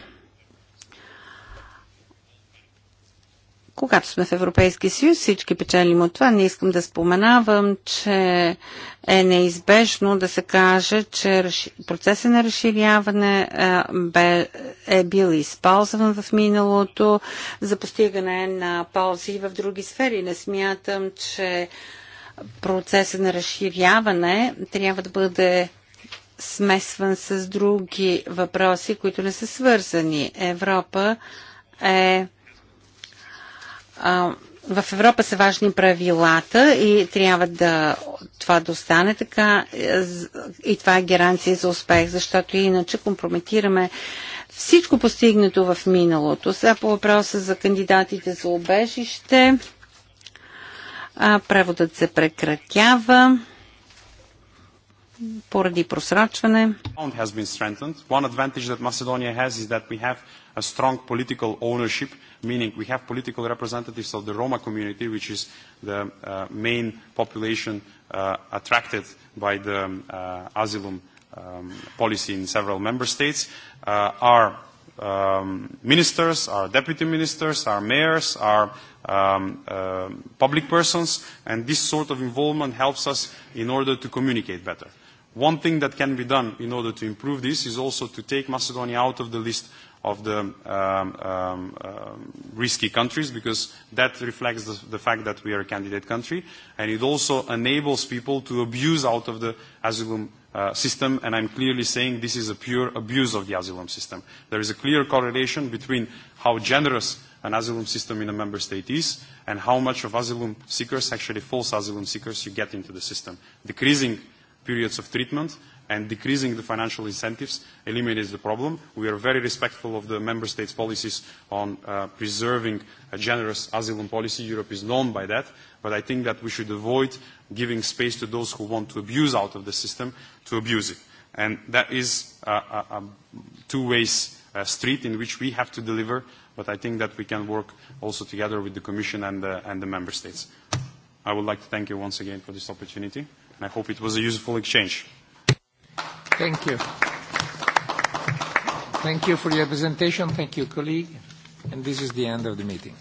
Когато сме в Европейския съюз, всички печелим от това. Не искам да споменавам, че е неизбежно да се каже, че процесът на разширяване е бил използван в миналото за постигане на ползи в други сфери. Не смятам, че процесът на разширяване трябва да бъде смесван с други въпроси, които не са свързани. Европа е а, в Европа са важни правилата и трябва да това да остане така е, и това е гаранция за успех, защото иначе компрометираме всичко постигнато в миналото. Сега по въпроса за кандидатите за обежище, а, преводът се прекратява поради просрачване. A strong political ownership, meaning we have political representatives of the Roma community, which is the uh, main population uh, attracted by the uh, asylum um, policy in several member states. Uh, our um, ministers, our deputy ministers, our mayors, our um, uh, public persons, and this sort of involvement helps us in order to communicate better. One thing that can be done in order to improve this is also to take Macedonia out of the list of the um, um, um, risky countries because that reflects the, the fact that we are a candidate country and it also enables people to abuse out of the asylum uh, system and I'm clearly saying this is a pure abuse of the asylum system. There is a clear correlation between how generous an asylum system in a member state is and how much of asylum seekers, actually false asylum seekers, you get into the system. Decreasing periods of treatment and decreasing the financial incentives eliminates the problem. We are very respectful of the member states' policies on uh, preserving a generous asylum policy. Europe is known by that. But I think that we should avoid giving space to those who want to abuse out of the system to abuse it. And that is a, a, a two-way uh, street in which we have to deliver. But I think that we can work also together with the Commission and the, and the member states. I would like to thank you once again for this opportunity. I hope it was a useful exchange. Thank you. Thank you for your presentation. Thank you, colleague. And this is the end of the meeting.